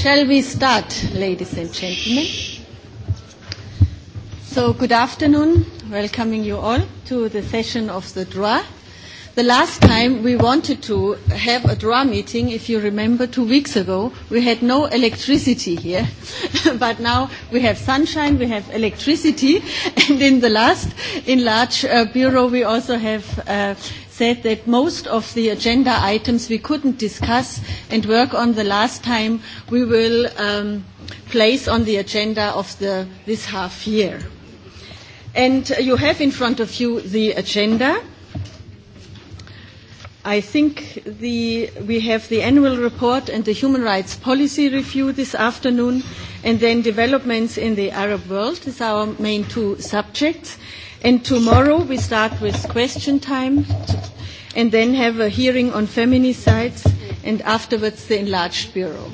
Shall we start, ladies and gentlemen? So, good afternoon. Welcoming you all to the session of the DRA. The last time we wanted to have a DRA meeting, if you remember, two weeks ago, we had no electricity here. but now we have sunshine, we have electricity, and in the last in large uh, bureau we also have uh, said that most of the agenda items we couldn't discuss and work on the last time we will um, place on the agenda of the, this half year. And you have in front of you the agenda. I think the, we have the annual report and the human rights policy review this afternoon, and then developments in the Arab world is our main two subjects. And tomorrow we start with question time and then have a hearing on feminicides and afterwards the enlarged bureau.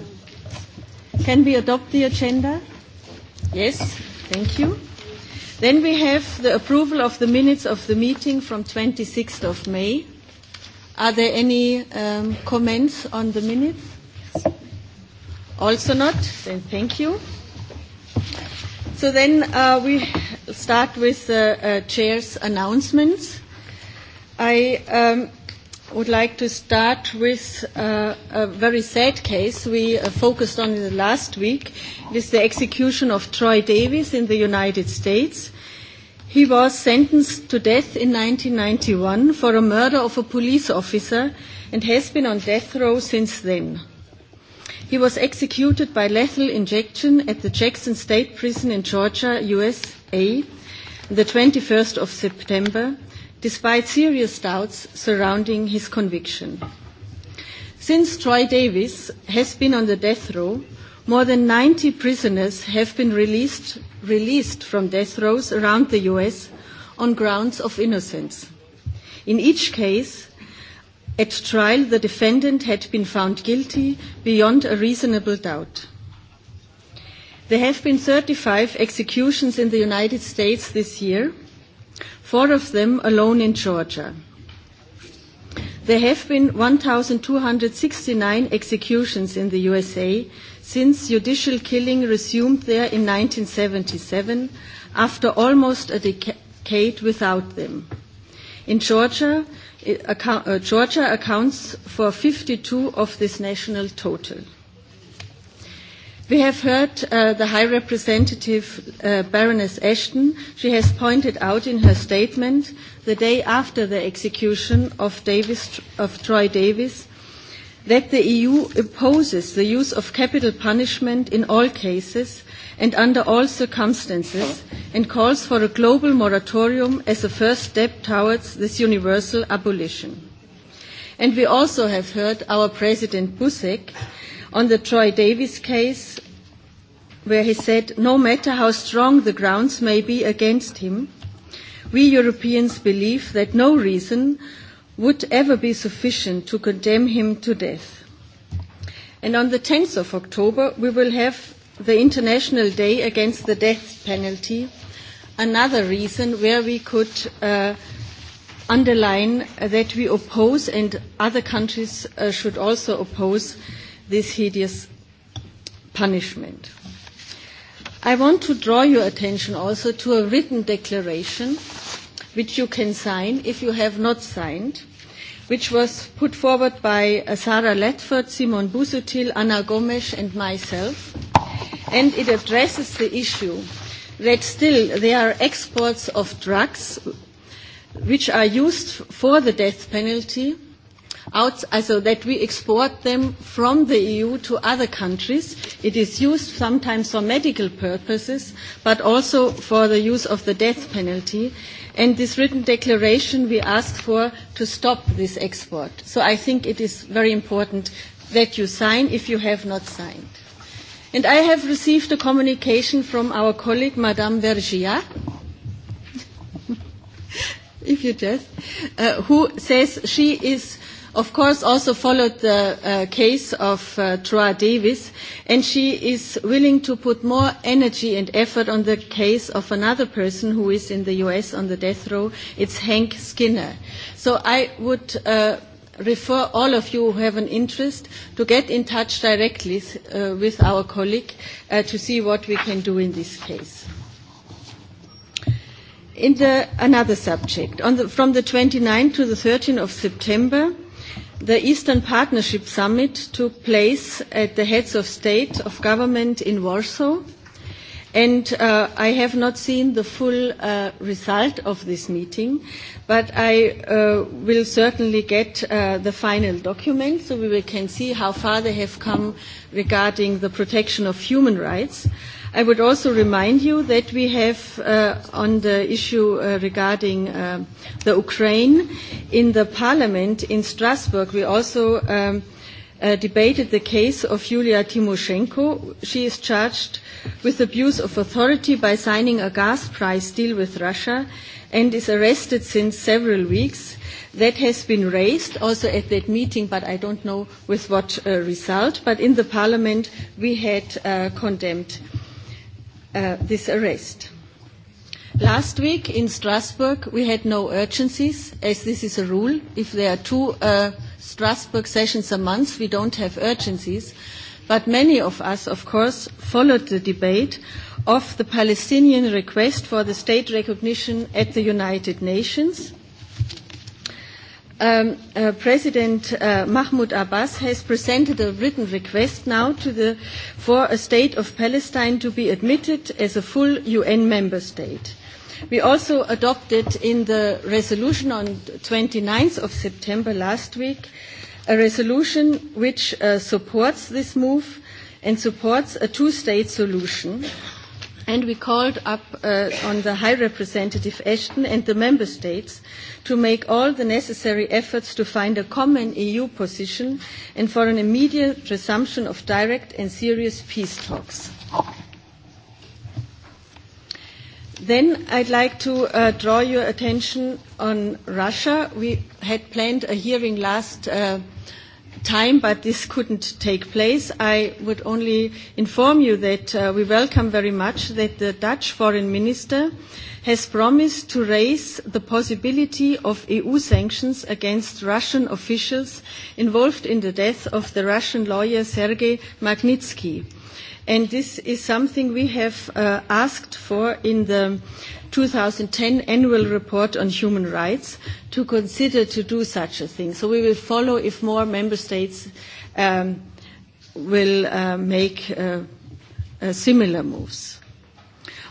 Can we adopt the agenda? Yes, thank you. Then we have the approval of the minutes of the meeting from 26th of May. Are there any um, comments on the minutes? Also not? Then thank you. So then uh, we start with the chair's announcements. I would like to start with a very sad case we focused on in the last week. It is the execution of Troy Davis in the United States. He was sentenced to death in 1991 for a murder of a police officer and has been on death row since then. He was executed by lethal injection at the Jackson State Prison in Georgia, US, A, the 21st of September, despite serious doubts surrounding his conviction. Since Troy Davis has been on the death row, more than 90 prisoners have been released, released from death rows around the US on grounds of innocence. In each case, at trial, the defendant had been found guilty beyond a reasonable doubt. There have been 35 executions in the United States this year, four of them alone in Georgia. There have been 1,269 executions in the USA since judicial killing resumed there in 1977 after almost a decade without them. In Georgia, Georgia accounts for 52 of this national total. We have heard uh, the High Representative uh, Baroness Ashton. She has pointed out in her statement the day after the execution of, Davis, of Troy Davis that the EU opposes the use of capital punishment in all cases and under all circumstances and calls for a global moratorium as a first step towards this universal abolition. And we also have heard our President Busek on the Troy Davis case, where he said, No matter how strong the grounds may be against him, we Europeans believe that no reason would ever be sufficient to condemn him to death. And on the 10th of October, we will have the International Day Against the Death Penalty, another reason where we could uh, underline that we oppose and other countries uh, should also oppose this hideous punishment. I want to draw your attention also to a written declaration which you can sign if you have not signed, which was put forward by Sarah Ledford, Simon Busutil, Anna Gomes and myself, and it addresses the issue that still there are exports of drugs which are used for the death penalty outs also that we export them from the EU to other countries. It is used sometimes for medical purposes, but also for the use of the death penalty. And this written declaration we ask for to stop this export. So I think it is very important that you sign if you have not signed. And I have received a communication from our colleague, Madame Vergia, if you just, uh, who says she is of course, also followed the case of uh, Troa Davis, and she is willing to put more energy and effort on the case of another person who is in the US on the death row. It's Hank Skinner. So I would refer all of you who have an interest to get in touch directly with our colleague to see what we can do in this case. In the, another subject, on the, from the 29th to the 13th of September, The Eastern Partnership Summit took place at the heads of state of government in Warsaw. And uh, I have not seen the full uh, result of this meeting, but I uh, will certainly get uh, the final document so we can see how far they have come regarding the protection of human rights. Uh, I would also remind you that we have on the issue regarding the Ukraine in the parliament in Strasbourg, we also debated the case of Yulia Tymoshenko. She is charged with abuse of authority by signing a gas price deal with Russia and is arrested since several weeks. That has been raised also at that meeting, but I don't know with what result. But in the parliament, we had condemned this arrest. Last week in Strasbourg, we had no urgencies, as this is a rule. If there are two uh, Strasbourg sessions a month, we don't have urgencies. But many of us, of course, followed the debate of the Palestinian request for the state recognition at the United Nations President Mahmoud Abbas has presented a written request now for a state of Palestine to be admitted as a full UN member state. We also adopted in the resolution on 29th of September last week a resolution which supports this move and supports a two-state solution and we called up uh, on the High Representative Ashton and the Member States to make all the necessary efforts to find a common EU position and for an immediate resumption of direct and serious peace talks. Then I'd like to uh, draw your attention on Russia. We had planned a hearing last uh, time, but this couldn't take place. I would only inform you that uh, we welcome very much that the Dutch foreign minister has promised to raise the possibility of EU sanctions against Russian officials involved in the death of the Russian lawyer Sergei Magnitsky. And this is something we have uh, asked for in the 2010 annual report on human rights to consider to do such a thing. So we will follow if more member states um, will uh, make uh, uh, similar moves.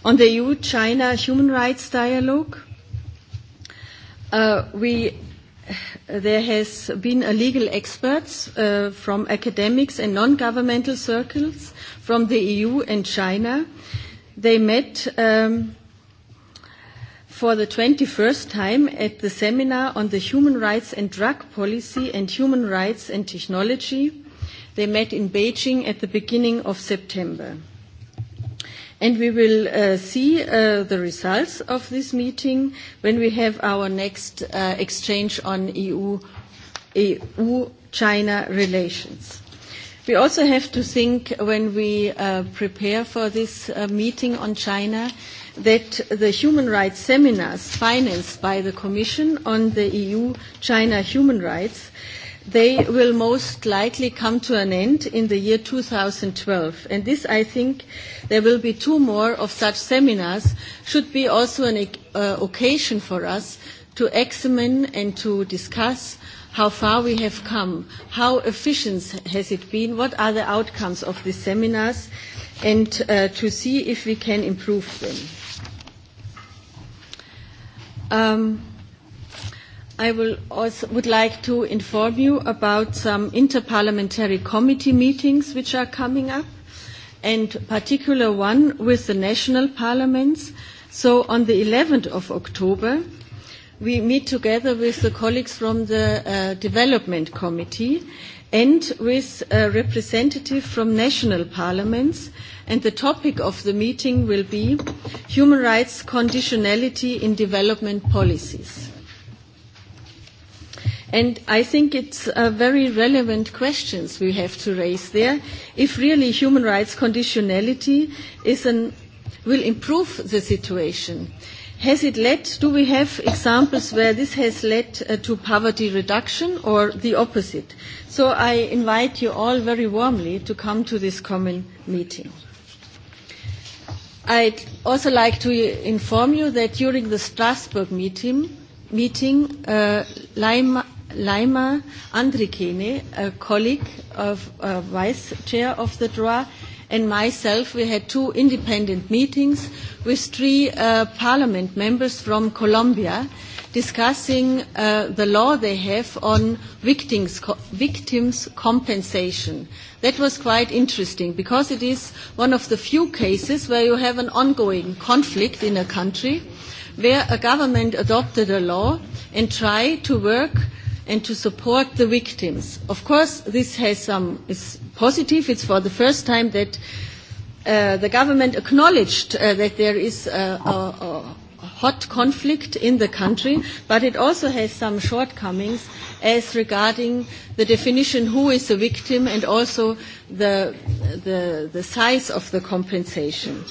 On the EU-China human rights dialogue, uh, we there has been a legal experts uh, from academics and non-governmental circles from the EU and China. They met um, for the 21st time at the seminar on the human rights and drug policy and human rights and technology. They met in Beijing at the beginning of September. And we will uh, see uh, the results of this meeting when we have our next uh, exchange on EU, EU China relations. We also have to think when we uh, prepare for this uh, meeting on China that the human rights seminars financed by the Commission on the EU-China human rights, they will most likely come to an end in the year 2012. And this, I think, there will be two more of such seminars, should be also an uh, occasion for us to examine and to discuss how far we have come, how efficient has it been, what are the outcomes of the seminars, and uh, to see if we can improve them. Um, I will also would like to inform you about some interparliamentary committee meetings which are coming up, and particular one with the national parliaments. So on the 11th of October, we meet together with the colleagues from the uh, development committee, and with a representative from national parliaments. And the topic of the meeting will be human rights conditionality in development policies. And I think it's a very relevant questions we have to raise there. If really human rights conditionality is an, will improve the situation, Has it led, do we have examples where this has led uh, to poverty reduction or the opposite? So I invite you all very warmly to come to this common meeting. I'd also like to inform you that during the Strasbourg meeting, meeting uh, Laima, Laima Andrikene, a colleague of uh, vice chair of the DROA, and myself, we had two independent meetings with three uh, parliament members from Colombia discussing uh, the law they have on victims, co- victims compensation. That was quite interesting because it is one of the few cases where you have an ongoing conflict in a country where a government adopted a law and tried to work and to support the victims. Of course, this has some, is positive. It's for the first time that uh, the government acknowledged uh, that there is a, a, a hot conflict in the country, but it also has some shortcomings as regarding the definition who is a victim and also the, the, the size of the compensation.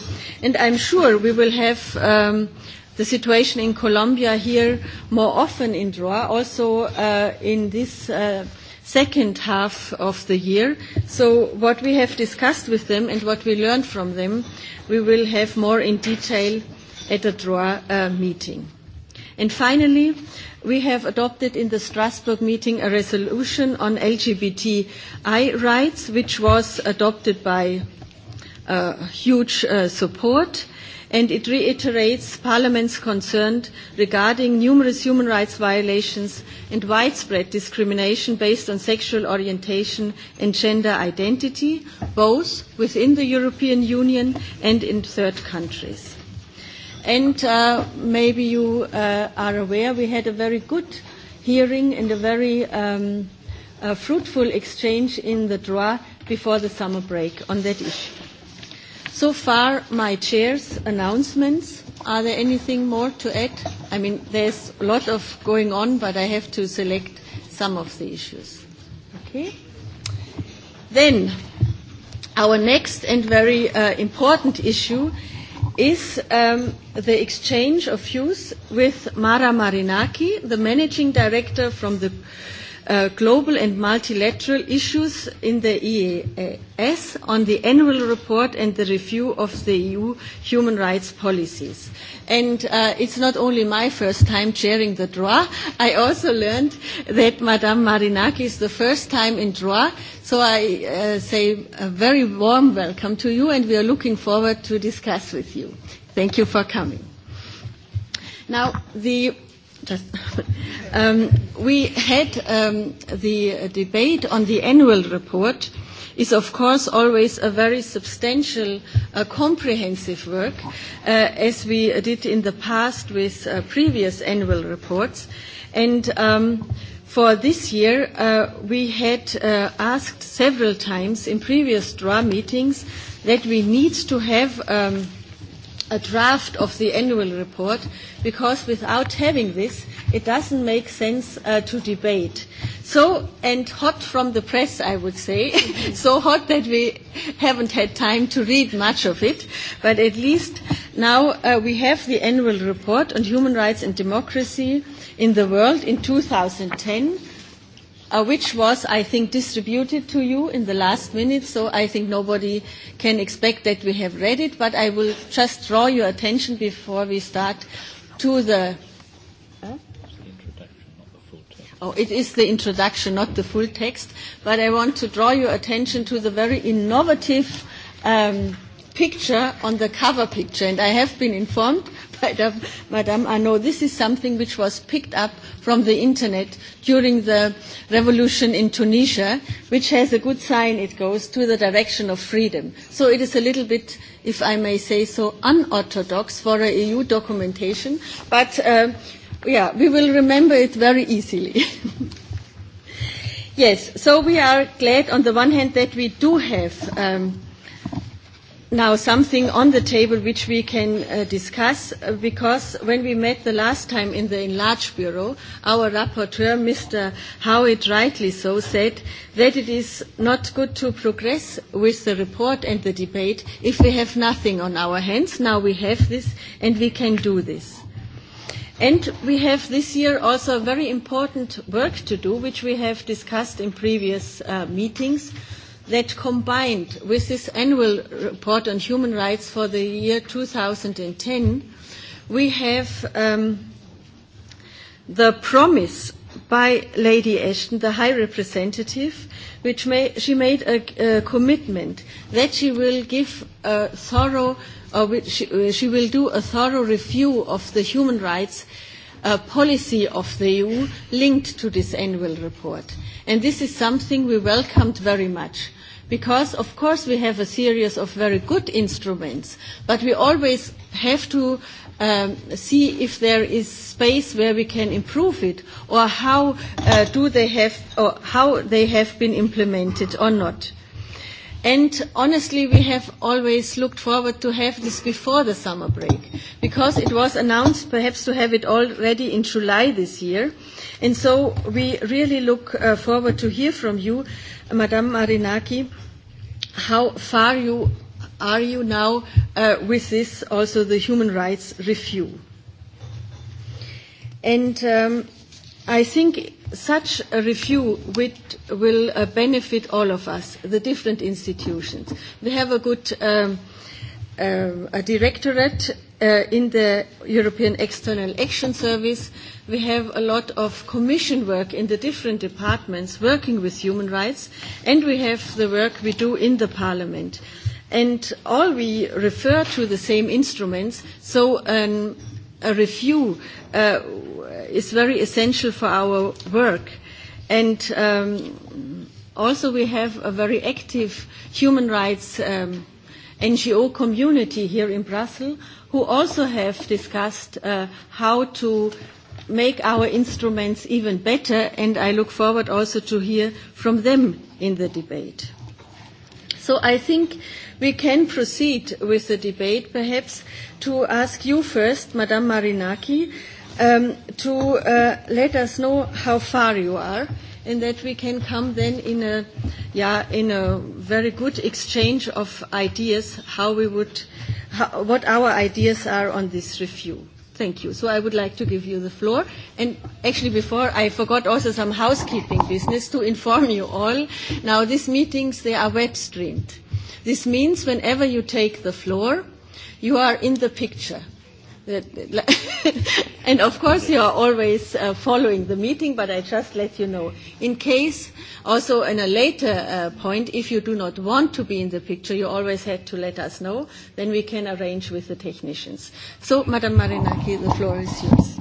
And I'm sure we will have um, – the situation in Colombia here more often in draw, also uh, in this uh, second half of the year. So what we have discussed with them and what we learned from them, we will have more in detail at the draw uh, meeting. And finally, we have adopted in the Strasbourg meeting a resolution on LGBTI rights, which was adopted by uh, huge uh, support and it reiterates Parliament's concern regarding numerous human rights violations and widespread discrimination based on sexual orientation and gender identity, both within the European Union and in third countries. And uh, maybe you uh, are aware we had a very good hearing and a very um, fruitful exchange in the DROA before the summer break on that issue. So far, my chair's announcements. Are there anything more to add? I mean, there's a lot of going on, but I have to select some of the issues. Okay. Then, our next and very uh, important issue is um, the exchange of views with Mara Marinaki, the managing director from the global and multilateral issues in the EAS on the annual report and the review of the EU human rights policies. And uh, it's not only my first time chairing the DROA, I also learned that Madame Marinaki is the first time in DROA, so I uh, say a very warm welcome to you and we are looking forward to discuss with you. Thank you for coming. Now, the Just, um, we had um, the debate on the annual report is of course always a very substantial, uh, comprehensive work, uh, as we did in the past with uh, previous annual reports. And um, for this year, uh, we had uh, asked several times in previous draw meetings that we need to have um, a draft of the annual report because without having this, it doesn't make sense uh, to debate. So, and hot from the press, I would say, so hot that we haven't had time to read much of it, but at least now uh, we have the annual report on human rights and democracy in the world in 2010 uh, which was, I think, distributed to you in the last minute, so I think nobody can expect that we have read it, but I will just draw your attention before we start to the... Oh, it is the introduction, not the full text, but I want to draw your attention to the very innovative um, picture on the cover picture, and I have been informed replied Madame Arnaud, this is something which was picked up from the internet during the revolution in Tunisia, which has a good sign, it goes to the direction of freedom. So it is a little bit, if I may say so, unorthodox for an EU documentation, but uh, yeah, we will remember it very easily. yes, so we are glad on the one hand that we do have. Um, now something on the table which we can uh, discuss uh, because when we met the last time in the enlarged bureau, our rapporteur, Mr. Howitt, rightly so said that it is not good to progress with the report and the debate if we have nothing on our hands. Now we have this and we can do this. And we have this year also very important work to do, which we have discussed in previous uh, meetings that combined with this annual report on human rights for the year 2010, we have um, the promise by Lady Ashton, the High Representative, which may, she made a, a commitment that she will give a thorough, or she, she will do a thorough review of the human rights uh, policy of the EU linked to this annual report. And this is something we welcomed very much Because, of course, we have a series of very good instruments, but we always have to um, see if there is space where we can improve it, or how uh, do they have, or how they have been implemented or not. And honestly, we have always looked forward to have this before the summer break, because it was announced perhaps to have it already in July this year. And so we really look uh, forward to hear from you, Madame Marinaki, how far you are you now uh, with this, also the human rights review. And um, I think such a review which will uh, benefit all of us, the different institutions. We have a good um, uh, a directorate uh, in the European External Action Service. We have a lot of commission work in the different departments working with human rights, and we have the work we do in the Parliament. And all we refer to the same instruments, so an a review uh, is very essential for our work. And um, also we have a very active human rights um, NGO community here in Brussels who also have discussed uh, how to make our instruments even better and I look forward also to hear from them in the debate. So I think We can proceed with the debate, perhaps to ask you first, Madame Marinaki, um, to uh, let us know how far you are and that we can come then in a, yeah, in a very good exchange of ideas how we would, how, what our ideas are on this review. Thank you. So I would like to give you the floor. And actually, before I forgot also some housekeeping business to inform you all. Now, these meetings, they are web streamed. This means whenever you take the floor, you are in the picture. and of course, you are always uh, following the meeting, but I just let you know. In case, also in a later uh, point, if you do not want to be in the picture, you always have to let us know. Then we can arrange with the technicians. So, Madam Marinaki, the floor is yours.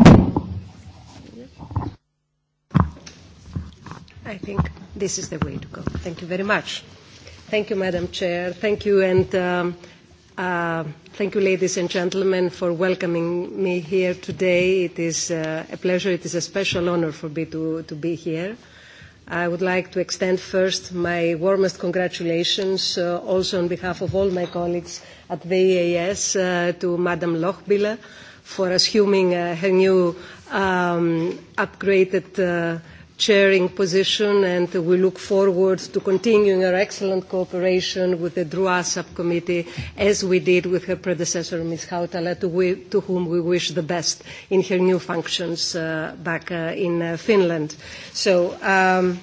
I think this is the way to go. Thank you very much. Thank you, Madam Chair. Thank you, and um, uh, thank you, ladies and gentlemen, for welcoming me here today. It is uh, a pleasure. It is a special honor for me to, to be here. I would like to extend first my warmest congratulations uh, also on behalf of all my colleagues at the EAS uh, to Madam Lochbiller for assuming uh, her new um, upgraded uh, chairing position, and we look forward to continuing our excellent cooperation with the DRUA subcommittee, as we did with her predecessor, Ms. Hautala, to, whom we wish the best in her new functions back in Finland. So. Um,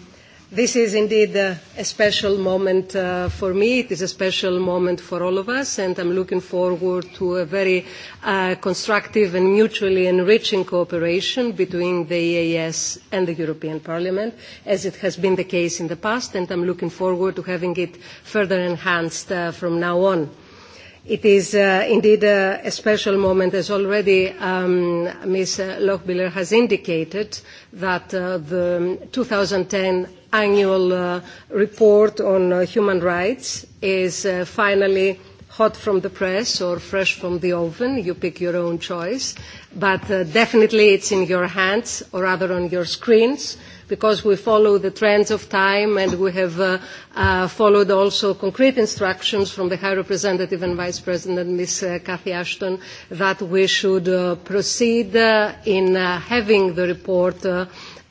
This is indeed a, a special moment uh, for me. It is a special moment for all of us, and I'm looking forward to a very uh, constructive and mutually enriching cooperation between the EAS and the European Parliament, as it has been the case in the past, and I'm looking forward to having it further enhanced uh, from now on. It is uh, indeed a, a special moment, as already um, Ms. Lochbiller has indicated, that uh, the 2010 annual report on human rights is finally hot from the press or fresh from the oven. You pick your own choice. But definitely it's in your hands, or rather on your screens, because we follow the trends of time and we have followed also concrete instructions from the High Representative and Vice President, Ms. Cathy Ashton, that we should proceed in having the report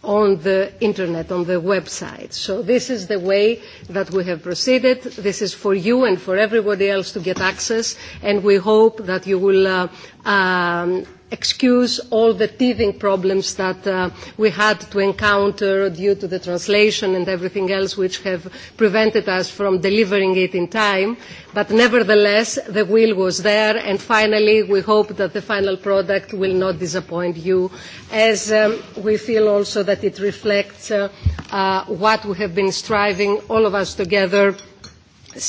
on the internet, on the website. So this is the way that we have proceeded. This is for you and for everybody else to get access, and we hope that you will um excuse all the teething problems that uh, we had to encounter due to the translation and everything else which have prevented us from delivering it in time. But nevertheless, the will was there, and finally, we hope that the final product will not disappoint you, as um, we feel also that it reflects uh, uh, what we have been striving, all of us together,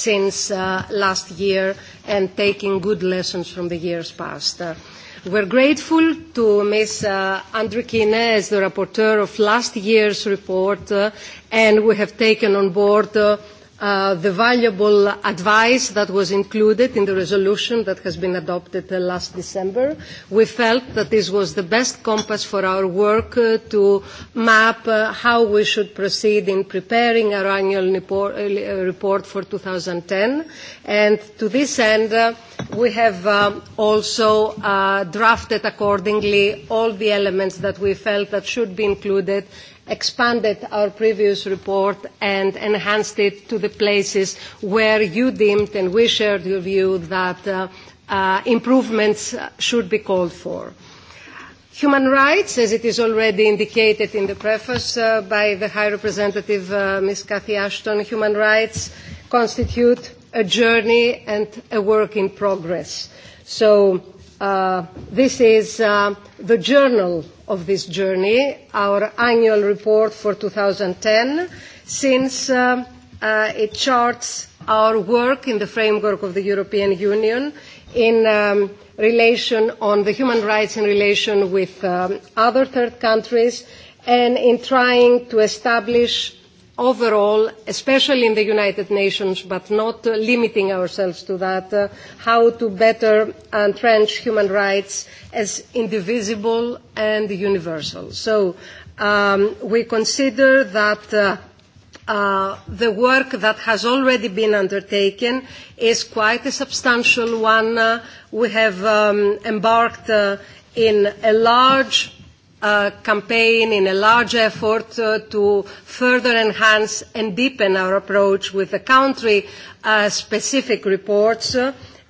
since uh, last year and taking good lessons from the years past. Uh, We're grateful to Ms. Uh, Andrikine as the rapporteur of last year's report, and we have taken on board the valuable advice that was included in the resolution that has been adopted last December. We felt that this was the best compass for our work to map how we should proceed in preparing our annual report for ten, And to this end, we have also drafted accordingly all the elements that we felt that should be included expanded our previous report and enhanced it to the places where you deemed and we shared your view that improvements should be called for. Human rights, as it is already indicated in the preface by the High Representative Ms. Cathy Ashton, human rights constitute a journey and a work in progress. So this is uh, the journal of this journey, our annual report for 2010, since uh, uh, it charts our work in the framework of the European Union in um, relation on the human rights in relation with um, other third countries and in trying to establish overall, especially in the United Nations, but not limiting ourselves to that, how to better entrench human rights as indivisible and universal. So we consider that the work that has already been undertaken is quite a substantial one. we have embarked in a large a campaign in a large effort uh, to further enhance and deepen our approach with the country uh, specific reports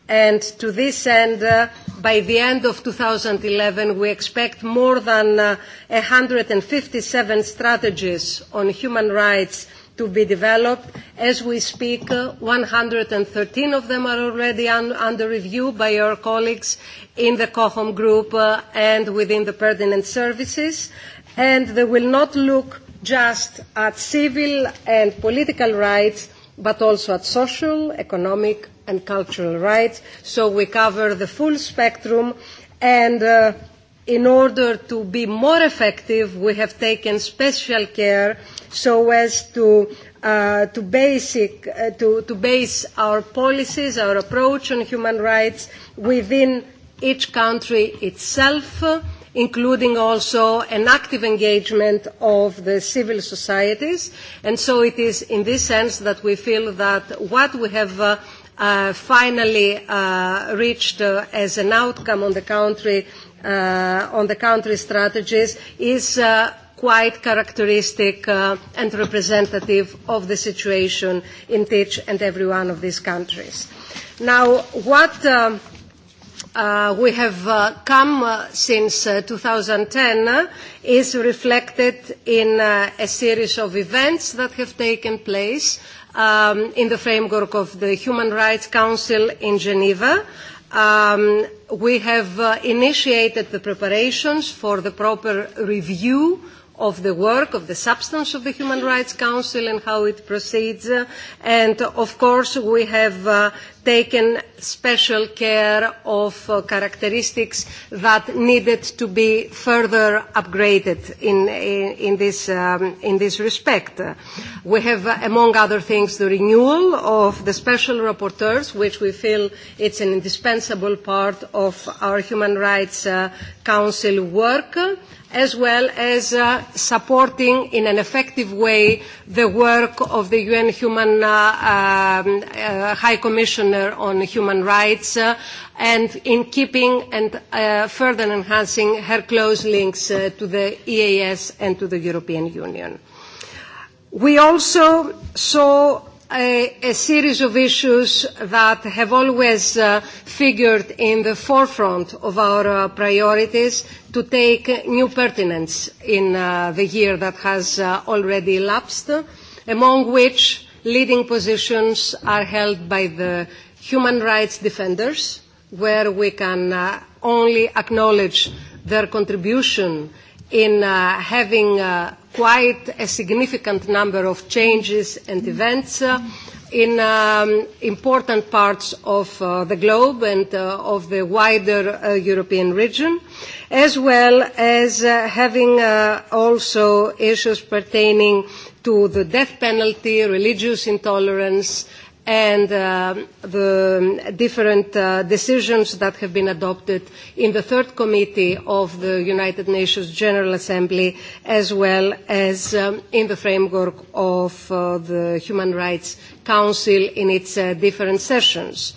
and to this end uh, by the end of 2011 we expect more than uh, 157 strategies on human rights to be developed. As we speak, 113 of them are already un under review by our colleagues in the COHOM group uh, and within the pertinent services. And they will not look just at civil and political rights, but also at social, economic, and cultural rights. So we cover the full spectrum and uh, in order to be more effective, we have taken special care so as to to basic uh, to to base our policies, our approach on human rights within each country itself, including also an active engagement of the civil societies. And so it is in this sense that we feel that what we have uh, uh, finally uh, reached uh, as an outcome on the country uh, on the country strategies is uh, quite characteristic uh, and representative of the situation in each and every one of these countries. Now, what um, uh, we have uh, come uh, since uh, 2010 uh, is reflected in uh, a series of events that have taken place um, in the framework of the Human Rights Council in Geneva. Um, we have uh, initiated the preparations for the proper review of the work, of the substance of the Human Rights Council and how it proceeds. And of course, we have uh, taken special care of uh, characteristics that needed to be further upgraded in, in, in, this, um, in this respect. We have, among other things, the renewal of the special rapporteurs, which we feel it's an indispensable part of our Human Rights uh, Council work as well as supporting in an effective way the work of the UN Human High Commissioner on Human Rights and in keeping and further enhancing her close links to the EAS and to the European Union. We also saw a, a series of issues that have always uh, figured in the forefront of our uh, priorities to take new pertinence in uh, the year that has uh, already elapsed, among which leading positions are held by the human rights defenders, where we can uh, only acknowledge their contribution in uh, having uh, quite a significant number of changes and events uh, in um, important parts of uh, the globe and uh, of the wider uh, European region, as well as uh, having uh, also issues pertaining to the death penalty, religious intolerance, uh, and the different decisions that have been adopted in the third committee of the United Nations General Assembly, as well as in the framework of the Human Rights Council in its different sessions.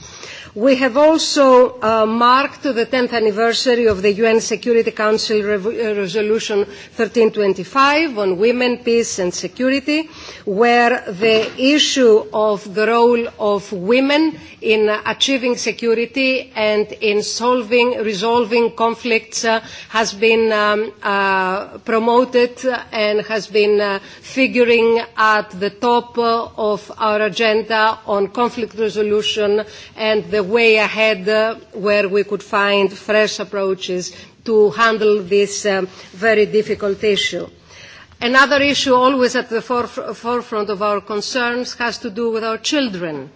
We have also uh, marked the 10th anniversary of the UN Security Council Re- Resolution 1325 on women, peace and security, where the issue of the role of women in uh, achieving security and in solving, resolving conflicts uh, has been um, uh, promoted and has been uh, figuring at the top uh, of our agenda on conflict resolution and the way ahead where we could find fresh approaches to handle this um, very difficult issue. Another issue always at the forefront of our concerns has to do with our children.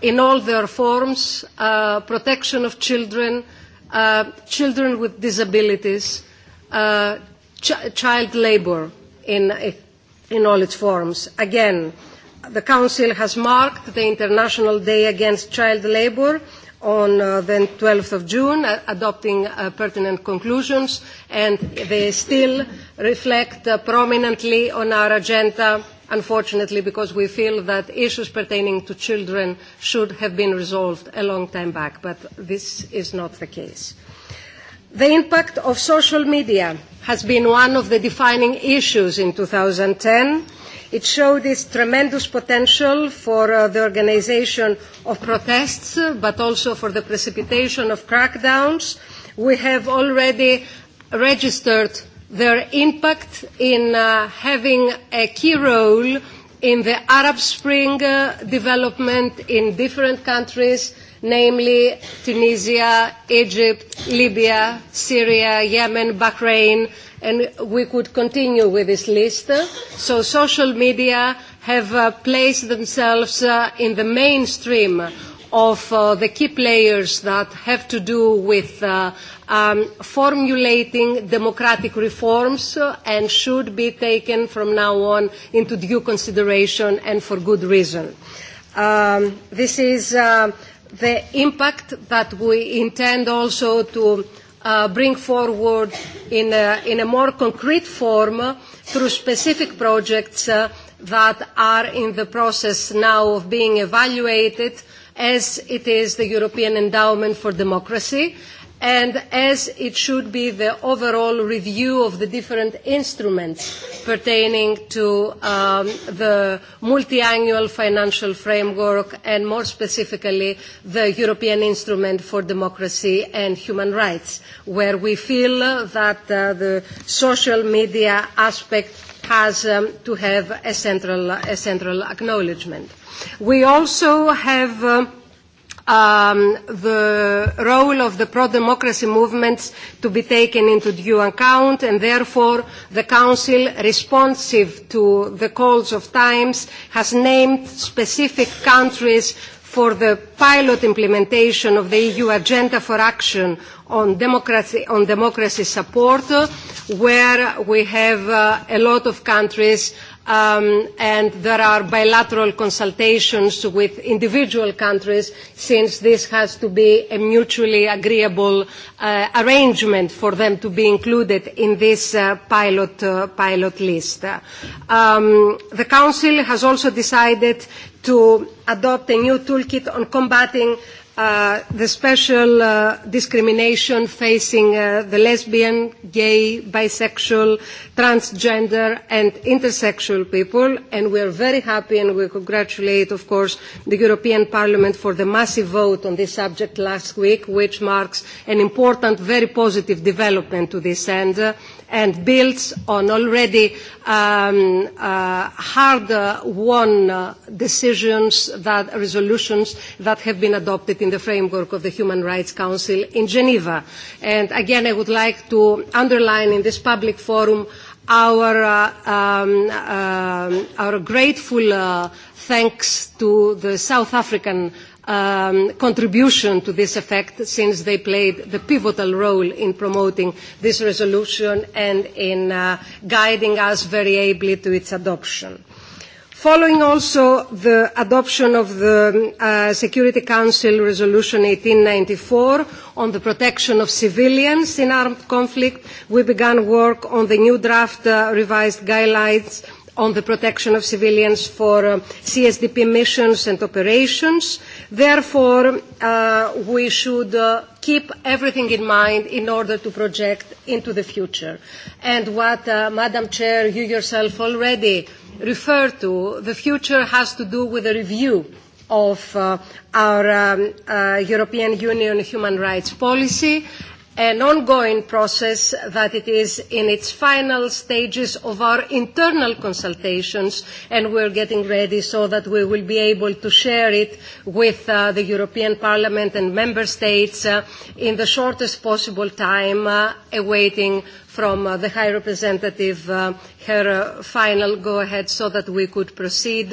In all their forms, uh, protection of children, uh, children with disabilities, uh, ch- child labour in, in all its forms. Again, the Council has marked the International Day Against Child Labour on uh, the 12th of June, uh, adopting uh, pertinent conclusions, and they still reflect uh, prominently on our agenda, unfortunately, because we feel that issues pertaining to children should have been resolved a long time back, but this is not the case. The impact of social media has been one of the defining issues in 2010. It showed its tremendous potential for uh, the organization of protests, but also for the precipitation of crackdowns. We have already registered their impact in uh, having a key role in the Arab Spring uh, development in different countries namely Tunisia, Egypt, Libya, Syria, Yemen, Bahrain, and we could continue with this list. So social media have placed themselves in the mainstream of the key players that have to do with formulating democratic reforms and should be taken from now on into due consideration and for good reason. this is the impact that we intend also to uh, bring forward in a, in a more concrete form through specific projects uh, that are in the process now of being evaluated as it is the European Endowment for Democracy and as it should be the overall review of the different instruments pertaining to the multiannual financial framework and more specifically the European Instrument for Democracy and Human Rights, where we feel that the social media aspect has to have a central, acknowledgement. We also have the role of the pro-democracy movements to be taken into due account and therefore the Council, responsive to the calls of times, has named specific countries for the pilot implementation of the EU Agenda for Action on democracy, on democracy support, where we have uh, a lot of countries um, and there are bilateral consultations with individual countries since this has to be a mutually agreeable uh, arrangement for them to be included in this uh, pilot, uh, pilot list. Um, the Council has also decided to adopt a new toolkit on combating uh, the special uh, discrimination facing uh, the lesbian, gay, bisexual, transgender and intersexual people. And we are very happy and we congratulate, of course, the European Parliament for the massive vote on this subject last week, which marks an important, very positive development to this end. Uh, and builds on already hard-won decisions that resolutions that have been adopted in the framework of the Human Rights Council in Geneva. And again, I would like to underline in this public forum our grateful thanks to the South African contribution to this effect since they played the pivotal role in promoting this resolution and in guiding us very ably to its adoption. Following also the adoption of the Security Council Resolution ninety four on the protection of civilians in armed conflict, we began work on the new draft revised guidelines on the protection of civilians for CSDP missions and operations Therefore, uh, we should uh, keep everything in mind in order to project into the future. And what, uh, Madam Chair, you yourself already referred to, the future has to do with a review of uh, our um, uh, European Union human rights policy an ongoing process that it is in its final stages of our internal consultations and we're getting ready so that we will be able to share it with uh, the European Parliament and Member States uh, in the shortest possible time uh, awaiting from the High Representative her final go-ahead so that we could proceed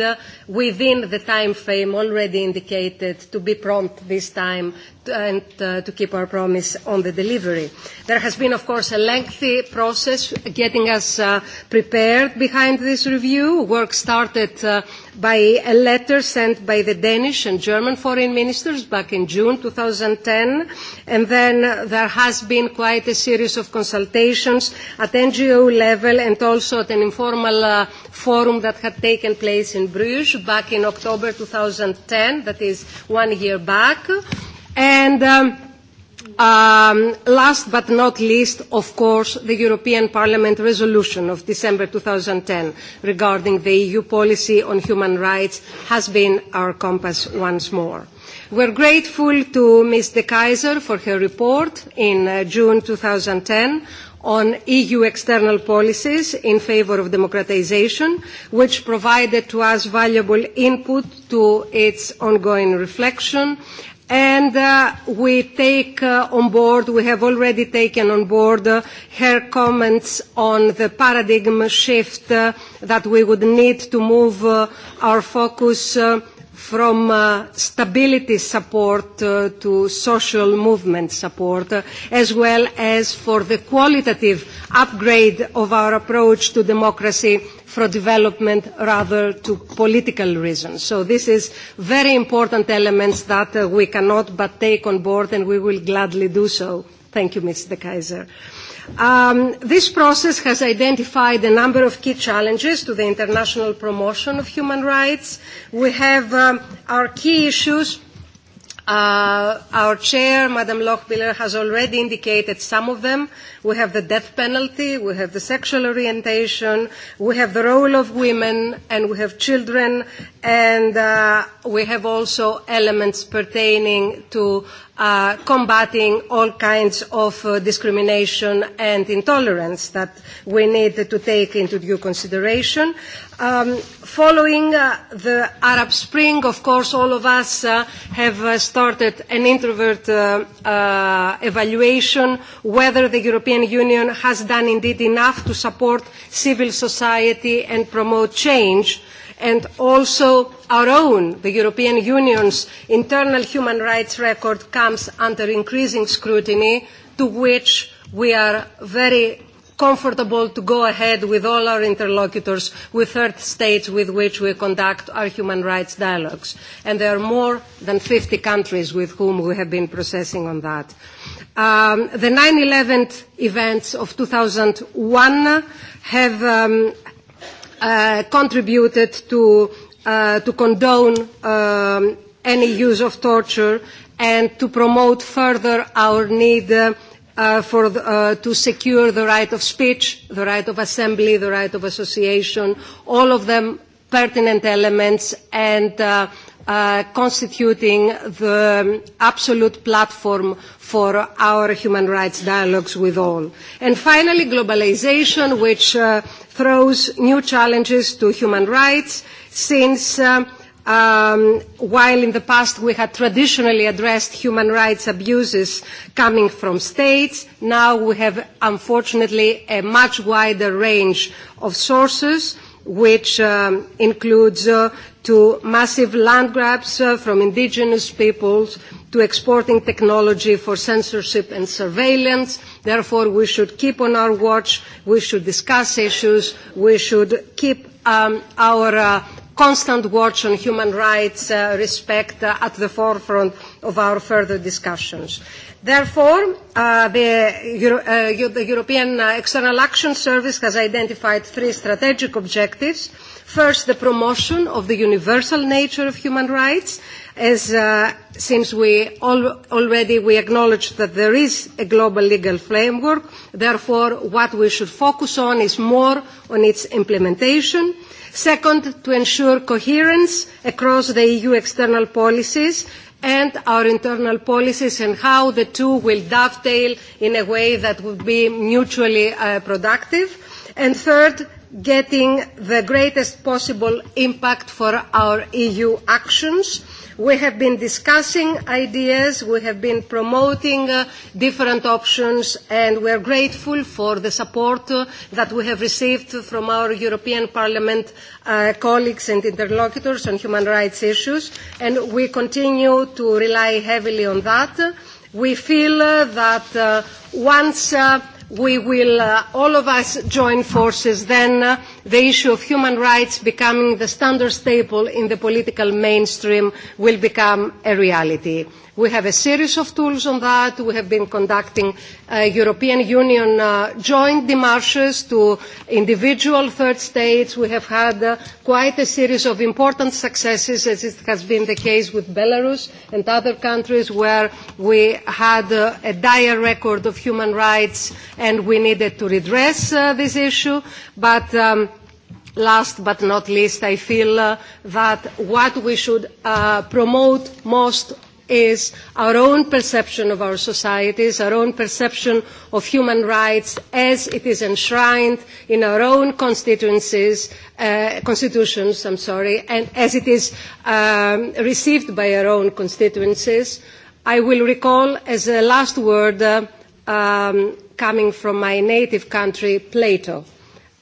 within the time frame already indicated to be prompt this time and to keep our promise on the delivery. There has been, of course, a lengthy process getting us prepared behind this review. Work started uh by a letter sent by the Danish and German foreign ministers back in June 2010. And then there has been quite a series of consultations at NGO level and also at an informal uh, forum that had taken place in Bruges back in October 2010, that is one year back. And... Um, last but not least, of course, the European Parliament resolution of December ten regarding the EU policy on human rights has been our compass once more. We are grateful to Ms. De Keyser for her report in uh, June ten on EU external policies in favour of democratisation, which provided to us valuable input to its ongoing reflection and we take on board, we have already taken on board her comments on the paradigm shift that we would need to move our focus from stability support to social movement support, as well as for the qualitative upgrade of our approach to democracy for development rather to political reasons. So this is very important elements that we cannot but take on board and we will gladly do so. Thank you, Ms. De Keyser. this process has identified a number of key challenges to the international promotion of human rights. We have our key issues Uh, our chair, Madam Lochbiller, has already indicated some of them. We have the death penalty, we have the sexual orientation, we have the role of women, and we have children, and uh, we have also elements pertaining to uh, combating all kinds of uh, discrimination and intolerance that we need to take into due consideration. Uh, Um, following uh, the Arab Spring, of course, all of us uh, have uh, started an introvert uh, uh, evaluation whether the European Union has done indeed enough to support civil society and promote change and also our own, the European Union's internal human rights record comes under increasing scrutiny to which we are very comfortable to go ahead with all our interlocutors, with third states with which we conduct our human rights dialogues. And there are more than 50 countries with whom we have been processing on that. Um, the 9-11 events of 2001 have um, uh, contributed to, uh, to condone um, any use of torture and to promote further our need uh, for to secure the right of speech, the right of assembly, the right of association, all of them pertinent elements and constituting the absolute platform for our human rights dialogues with all. And finally, globalization, which throws new challenges to human rights since um, while in the past we had traditionally addressed human rights abuses coming from states, now we have unfortunately a much wider range of sources which um, includes uh, to massive land grabs uh, from indigenous peoples to exporting technology for censorship and surveillance. Therefore, we should keep on our watch, we should discuss issues, we should keep um, our uh, constant watch on human rights uh, respect uh, at the forefront of our further discussions. Therefore, uh, the, Euro- uh, the European External Action Service has identified three strategic objectives. First, the promotion of the universal nature of human rights, as uh, since we all, already we acknowledge that there is a global legal framework, therefore what we should focus on is more on its implementation. Second, to ensure coherence across the EU external policies and our internal policies and how the two will dovetail in a way that would be mutually productive. And third, getting the greatest possible impact for our EU actions We have been discussing ideas, we have been promoting uh, different options, and we are grateful for the support uh, that we have received from our European Parliament uh, colleagues and interlocutors on human rights issues, and we continue to rely heavily on that. We feel uh, that uh, once uh, we will, uh, all of us join forces, then uh, the issue of human rights becoming the standard staple in the political mainstream will become a reality. We have a series of tools on that. We have been conducting European Union joint demarches to individual third states. We have had quite a series of important successes, as it has been the case with Belarus and other countries where we had a dire record of human rights and we needed to redress this issue. But last but not least, I feel that what we should promote most is our own perception of our societies, our own perception of human rights as it is enshrined in our own constituencies, constitutions, I'm sorry, and as it is received by our own constituencies. I will recall as a last word coming from my native country, Plato.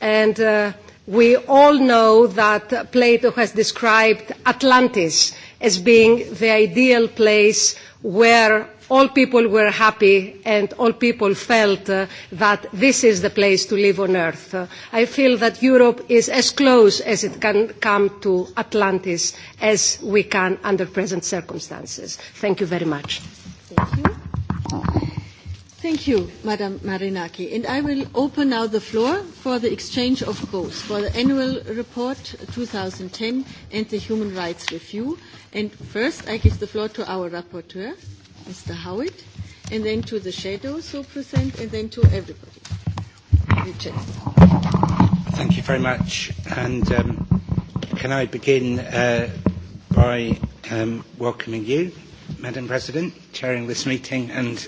And We all know that Plato has described Atlantis as being the ideal place where all people were happy and all people felt that this is the place to live on earth. I feel that Europe is as close as it can come to Atlantis as we can under present circumstances. Thank you very much. Thank you, Madam Marinaki. And I will open now the floor for the exchange of votes for the annual report 2010 and the human rights review. first, I give the floor to our rapporteur, Mr. Howitt, and then to the shadows who present, and then to everybody. Richard. Thank you very much. And can I begin by welcoming you, Madam President, chairing this meeting, and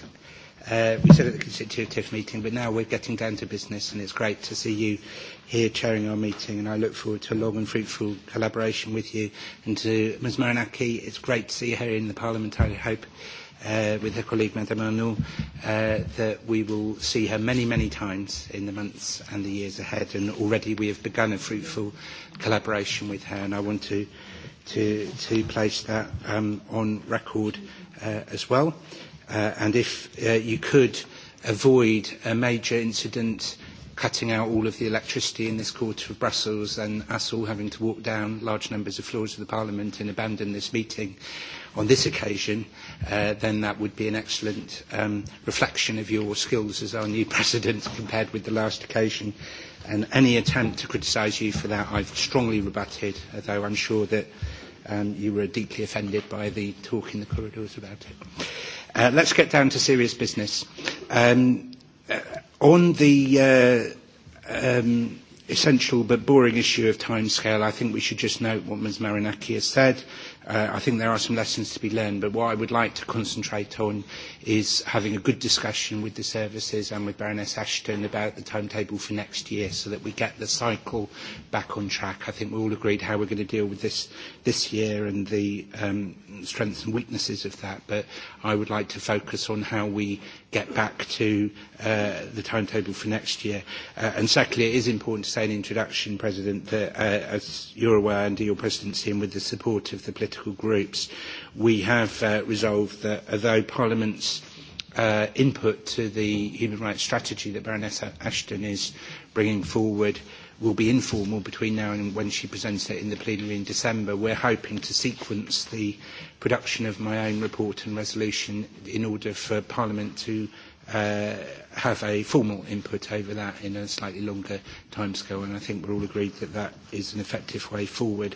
Uh, we said at the constitutive meeting, but now we're getting down to business, and it's great to see you here chairing our meeting, and I look forward to a long and fruitful collaboration with you. And to Ms Maranaki, it's great to see her in the Parliament. I hope uh, with her colleague Madame Arnault uh, that we will see her many, many times in the months and the years ahead. And already we have begun a fruitful collaboration with her, and I want to to, to place that um, on record uh, as well and if you could avoid a major incident cutting out all of the electricity in this quarter of Brussels and us all having to walk down large numbers of floors of the Parliament and abandon this meeting on this occasion, uh, then that would be an excellent um, reflection of your skills as our new President compared with the last occasion. And any attempt to criticise you for that, I've strongly rebutted, although I'm sure that um, you were deeply offended by the talk in the corridors about it. Uh, let's get down to serious business. Um, uh, on the uh, um, essential but boring issue of timescale, I think we should just note what Ms. Marinaki has said. Uh, Uh, I think there are some lessons to be learned, but what I would like to concentrate on is having a good discussion with the services and with Baroness Ashton about the timetable for next year so that we get the cycle back on track. I think we all agreed how we're going to deal with this this year and the um, strengths and weaknesses of that, but I would like to focus on how we get back to uh, the timetable for next year. Uh, and secondly, it is important to say in introduction, President, that uh, as you're aware, under your presidency and with the support of the political groups, we have uh, resolved that although Parliament's uh, input to the human rights strategy that Baroness Ashton is bringing forward will be informal between now and when she presents it in the plenary in December. We're hoping to sequence the production of my own report and resolution in order for Parliament to uh, have a formal input over that in a slightly longer timescale, and I think we're all agreed that that is an effective way forward.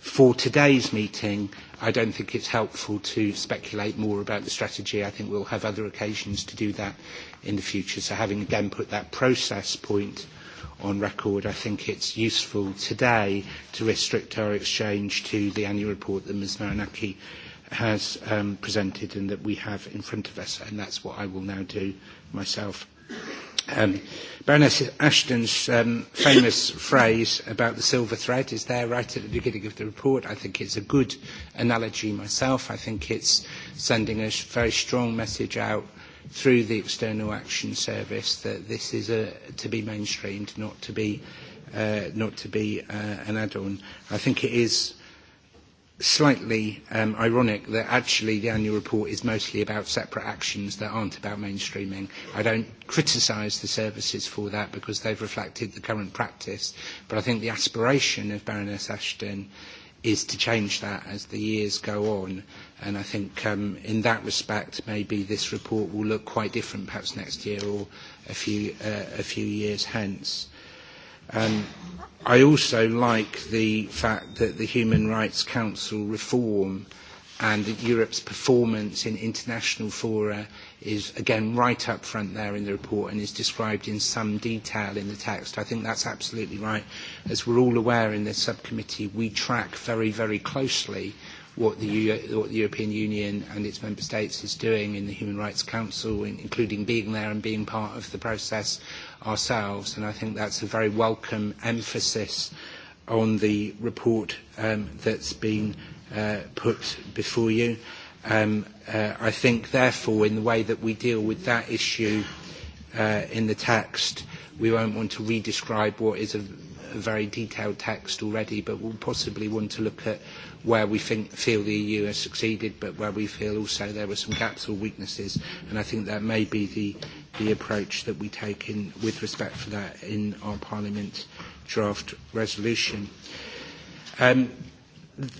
For today's meeting, I don't think it's helpful to speculate more about the strategy. I think we'll have other occasions to do that in the future. So having again put that process point on record, I think it's useful today to restrict our exchange to the annual report that Ms. Maranaki has um, presented and that we have in front of us, and that's what I will now do myself. Um, Baroness Ashton's um, famous phrase about the silver thread is there right at the beginning of the report. I think it's a good analogy myself. I think it's sending a very strong message out through the External Action Service that this is a, to be mainstreamed, not to be, uh, not to be uh, an add-on. I think it is slightly um, ironic that actually the annual report is mostly about separate actions that aren't about mainstreaming. I don't criticise the services for that because they've reflected the current practice, but I think the aspiration of Baroness Ashton is to change that as the years go on And I think um, in that respect, maybe this report will look quite different perhaps next year or a few, uh, a few years hence. Um, I also like the fact that the Human Rights Council reform and that Europe's performance in international fora is again right up front there in the report and is described in some detail in the text. I think that's absolutely right. As we're all aware in this subcommittee, we track very, very closely what the, EU, what the European Union and its member states is doing in the Human Rights Council, including being there and being part of the process ourselves. And I think that's a very welcome emphasis on the report um, that's been uh, put before you. Um, uh, I think, therefore, in the way that we deal with that issue uh, in the text, we won't want to re describe what is a a very detailed text already, but we'll possibly want to look at where we think, feel the EU has succeeded, but where we feel also there were some gaps or weaknesses. And I think that may be the, the approach that we take in, with respect for that in our Parliament draft resolution. Um,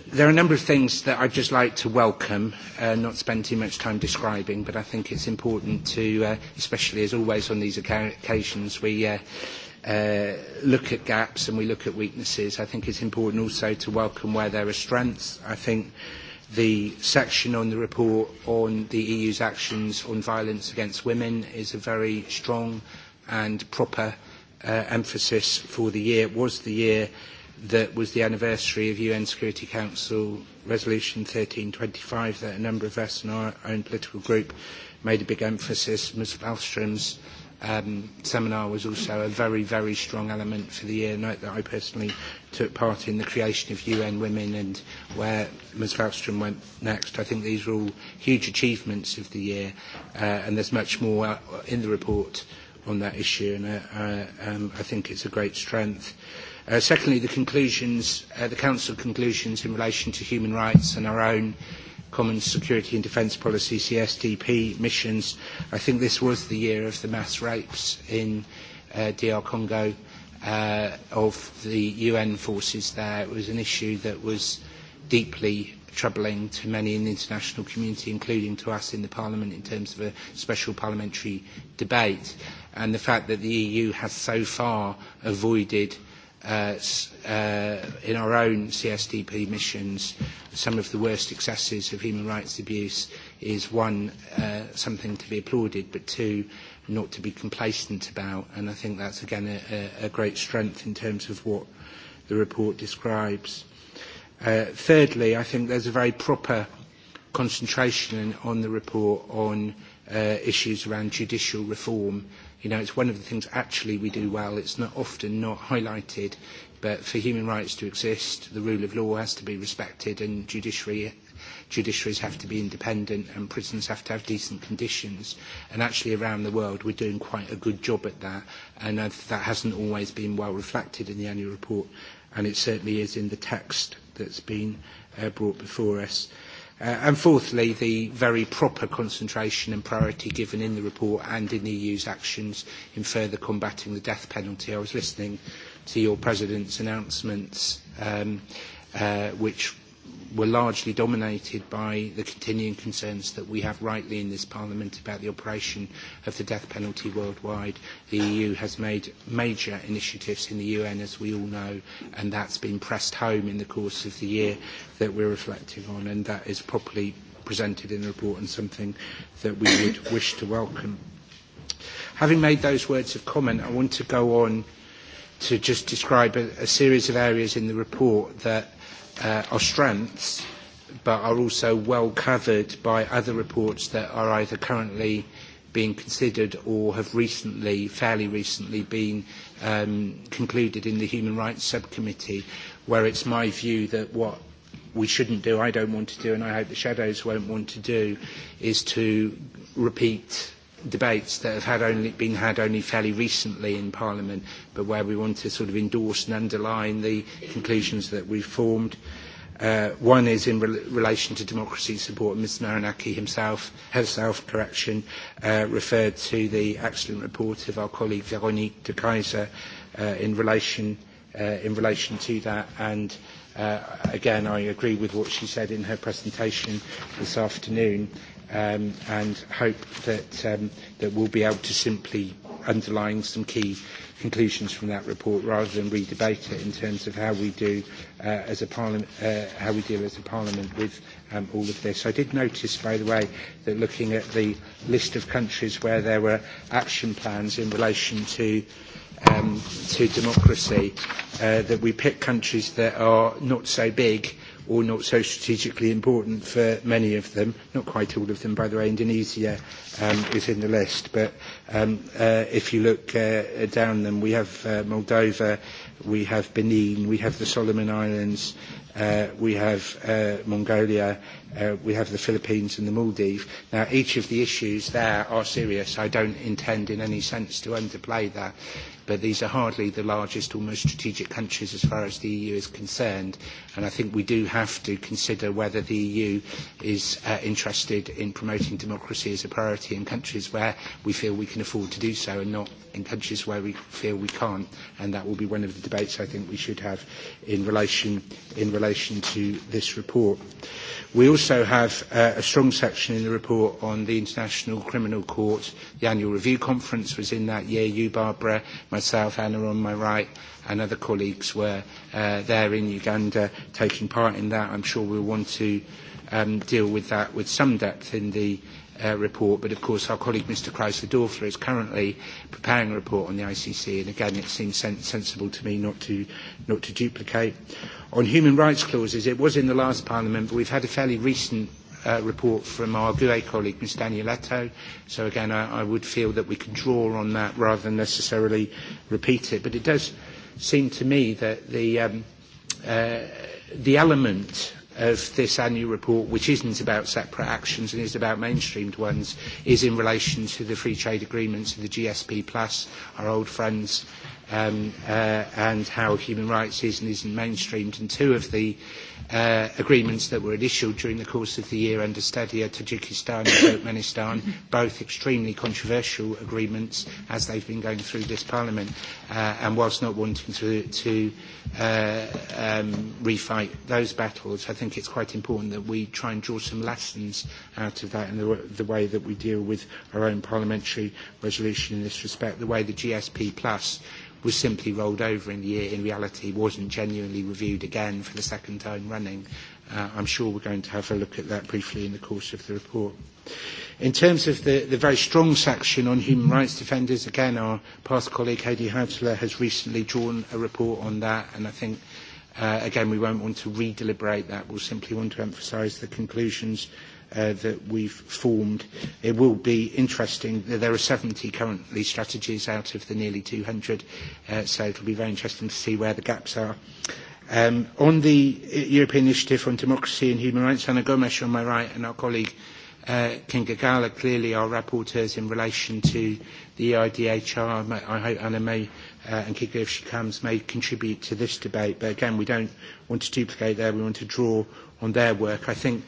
there are a number of things that I'd just like to welcome, uh, not spend too much time describing, but I think it's important to, uh, especially as always on these occasions, we uh, look at gaps and we look at weaknesses. I think it's important also to welcome where there are strengths. I think the section on the report on the EU's actions on violence against women is a very strong and proper emphasis for the year. It was the year that was the anniversary of UN Security Council Resolution twenty five that a number of us in our own political group made a big emphasis. Ms. Malmström's um, seminar was also a very, very strong element for the year. Note that I personally took part in the creation of UN Women and where Ms. Falstrom went next. I think these were all huge achievements of the year, uh, and there's much more in the report on that issue, and uh, um, I think it's a great strength. Uh, secondly, the conclusions, uh, the Council conclusions in relation to human rights and our own Common Security and Defence Policy, CSDP, missions. I think this was the year of the mass rapes in uh, DR Congo uh, of the UN forces there. It was an issue that was deeply troubling to many in the international community, including to us in the Parliament in terms of a special parliamentary debate. And the fact that the EU has so far avoided uh, in our own CSDP missions, some of the worst excesses of human rights abuse is one, uh, something to be applauded, but two, not to be complacent about. And I think that's, again, a, a great strength in terms of what the report describes. Uh, thirdly, I think there's a very proper concentration on the report on uh, issues around judicial reform You know, it's one of the things actually we do well. It's not often not highlighted, but for human rights to exist, the rule of law has to be respected, and judiciary judiciaries have to be independent and prisons have to have decent conditions. And actually around the world we're doing quite a good job at that. And that hasn't always been well reflected in the annual report. And it certainly is in the text that's been uh, brought before us and fourthly, the very proper concentration and priority given in the report and in the EU's actions in further combating the death penalty. I was listening to your President's announcements, which were largely dominated by the continuing concerns that we have rightly in this Parliament about the operation of the death penalty worldwide. The EU has made major initiatives in the UN, as we all know, and that's been pressed home in the course of the year that we're reflecting on, and that is properly presented in the report and something that we would wish to welcome. Having made those words of comment, I want to go on to just describe a, a series of areas in the report that are strengths, but are also well covered by other reports that are either currently being considered or have recently, fairly recently, been um, concluded in the Human Rights Subcommittee, where it's my view that what we shouldn't do, I don't want to do, and I hope the shadows won't want to do, is to repeat debates that have had only, been had only fairly recently in Parliament, but where we want to sort of endorse and underline the conclusions that we've formed. Uh, one is in re- relation to democracy support. Ms. Maranaki himself, herself, correction, uh, referred to the excellent report of our colleague Veronique de Kaiser uh, in relation uh, in relation to that and uh, again I agree with what she said in her presentation this afternoon and hope that, um, that we'll be able to simply underline some key conclusions from that report rather than re debate it in terms of how we do uh, as a parliament, uh, how we deal as a parliament with um, all of this. I did notice, by the way, that looking at the list of countries where there were action plans in relation to um, to democracy, uh, that we pick countries that are not so big or not so strategically important for many of them. Not quite all of them, by the way. Indonesia um, is in the list, but um, uh, if you look uh, down them, we have uh, Moldova, we have Benin, we have the Solomon Islands, uh, we have uh, Mongolia, uh, we have the Philippines and the Maldives. Now, each of the issues there are serious. I don't intend in any sense to underplay that but these are hardly the largest or most strategic countries as far as the EU is concerned. And I think we do have to consider whether the EU is uh, interested in promoting democracy as a priority in countries where we feel we can afford to do so and not in countries where we feel we can't, and that will be one of the debates I think we should have in relation, in relation to this report. We also have uh, a strong section in the report on the International Criminal Court. The annual review conference was in that year. You, Barbara, myself, Anna on my right, and other colleagues were uh, there in Uganda taking part in that. I'm sure we'll want to um, deal with that with some depth in the report, but of course our colleague Mr Chrysler Dorfler is currently preparing a report on the ICC, and again it seems sen- sensible to me not to, not to duplicate. On human rights clauses, it was in the last Parliament, but we've had a fairly recent uh, report from our GUE colleague, Ms Danieletto. So again, I, I would feel that we can draw on that rather than necessarily repeat it. But it does seem to me that the, um, uh, the element of this annual report, which isn't about separate actions and is about mainstreamed ones, is in relation to the free trade agreements of the GSP Plus, our old friends, um, uh, and how human rights is and isn't mainstreamed. And two of the uh, agreements that were at issue during the course of the year under Stadia, Tajikistan and Turkmenistan, both extremely controversial agreements as they've been going through this Parliament. Uh, and whilst not wanting to, to uh, um, refight those battles, I think it's quite important that we try and draw some lessons out of that and the, the way that we deal with our own parliamentary resolution in this respect, the way the GSP Plus was simply rolled over in the year in reality wasn't genuinely reviewed again for the second time and running. Uh, I'm sure we're going to have a look at that briefly in the course of the report. In terms of the, the very strong section on human rights defenders, again, our past colleague Heidi Hautala has recently drawn a report on that, and I think, uh, again, we won't want to re-deliberate that. We'll simply want to emphasise the conclusions uh, that we've formed. It will be interesting. There are 70 currently strategies out of the nearly 200, uh, so it'll be very interesting to see where the gaps are. Um, on the European Initiative on Democracy and Human Rights, Anna Gomes on my right and our colleague uh, Kinga Gala clearly are rapporteurs in relation to the EIDHR. I hope Anna May uh, and Kinga, if she comes, may contribute to this debate. But again, we don't want to duplicate there. We want to draw on their work. I think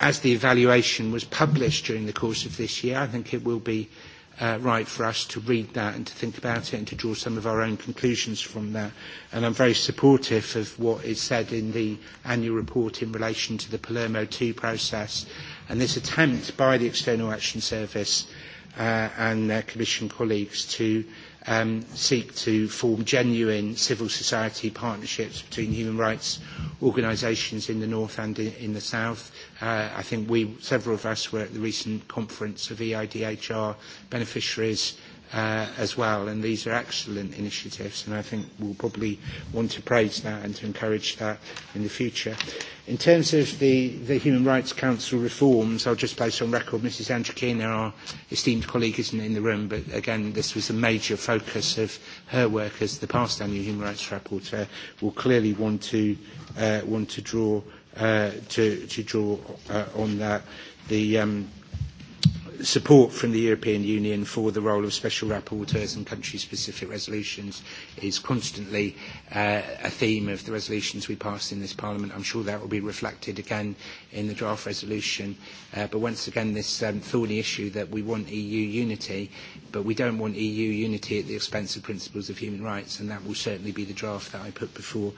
as the evaluation was published during the course of this year, I think it will be uh, right for us to read that and to think about it and to draw some of our own conclusions from that. And I'm very supportive of what is said in the annual report in relation to the Palermo 2 process and this attempt by the External Action Service uh, and their Commission colleagues to um, seek to form genuine civil society partnerships between human rights organisations in the north and in, in the south Uh, I think we, several of us were at the recent conference of EIDHR beneficiaries uh, as well, and these are excellent initiatives, and I think we'll probably want to praise that and to encourage that in the future. In terms of the, the Human Rights Council reforms, I'll just place on record Mrs. Andrikina, our esteemed colleague, isn't in the room, but again, this was a major focus of her work as the past annual Human Rights Rapporteur. will clearly want to, uh, want to draw to, to draw on that. The support from the European Union for the role of special rapporteurs and country-specific resolutions is constantly a theme of the resolutions we pass in this Parliament. I'm sure that will be reflected again in the draft resolution. but once again, this thorny issue that we want EU unity, but we don't want EU unity at the expense of principles of human rights, and that will certainly be the draft that I put before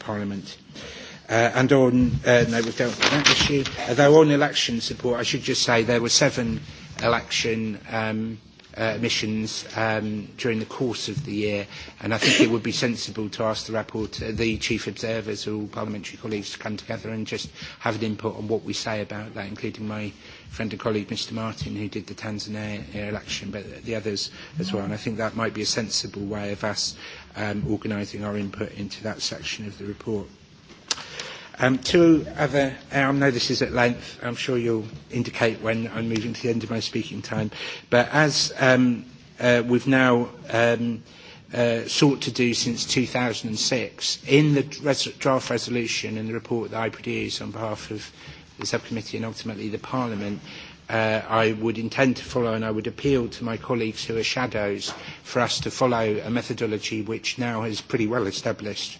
Parliament. Uh, and on, uh, no, we've dealt with that issue. Although on election support, I should just say there were seven election um, uh, missions um, during the course of the year, and I think it would be sensible to ask the rapporteur, the chief observers, or all parliamentary colleagues to come together and just have an input on what we say about that, including my friend and colleague, Mr. Martin, who did the Tanzania election, but the others as well. And I think that might be a sensible way of us um, organising our input into that section of the report. Um, two other, I know this is at length, I'm sure you'll indicate when I'm moving to the end of my speaking time, but as um, uh, we've now um, uh, sought to do since 2006, in the res draft resolution and the report that I produce on behalf of the subcommittee and ultimately the Parliament, uh, I would intend to follow and I would appeal to my colleagues who are shadows for us to follow a methodology which now is pretty well established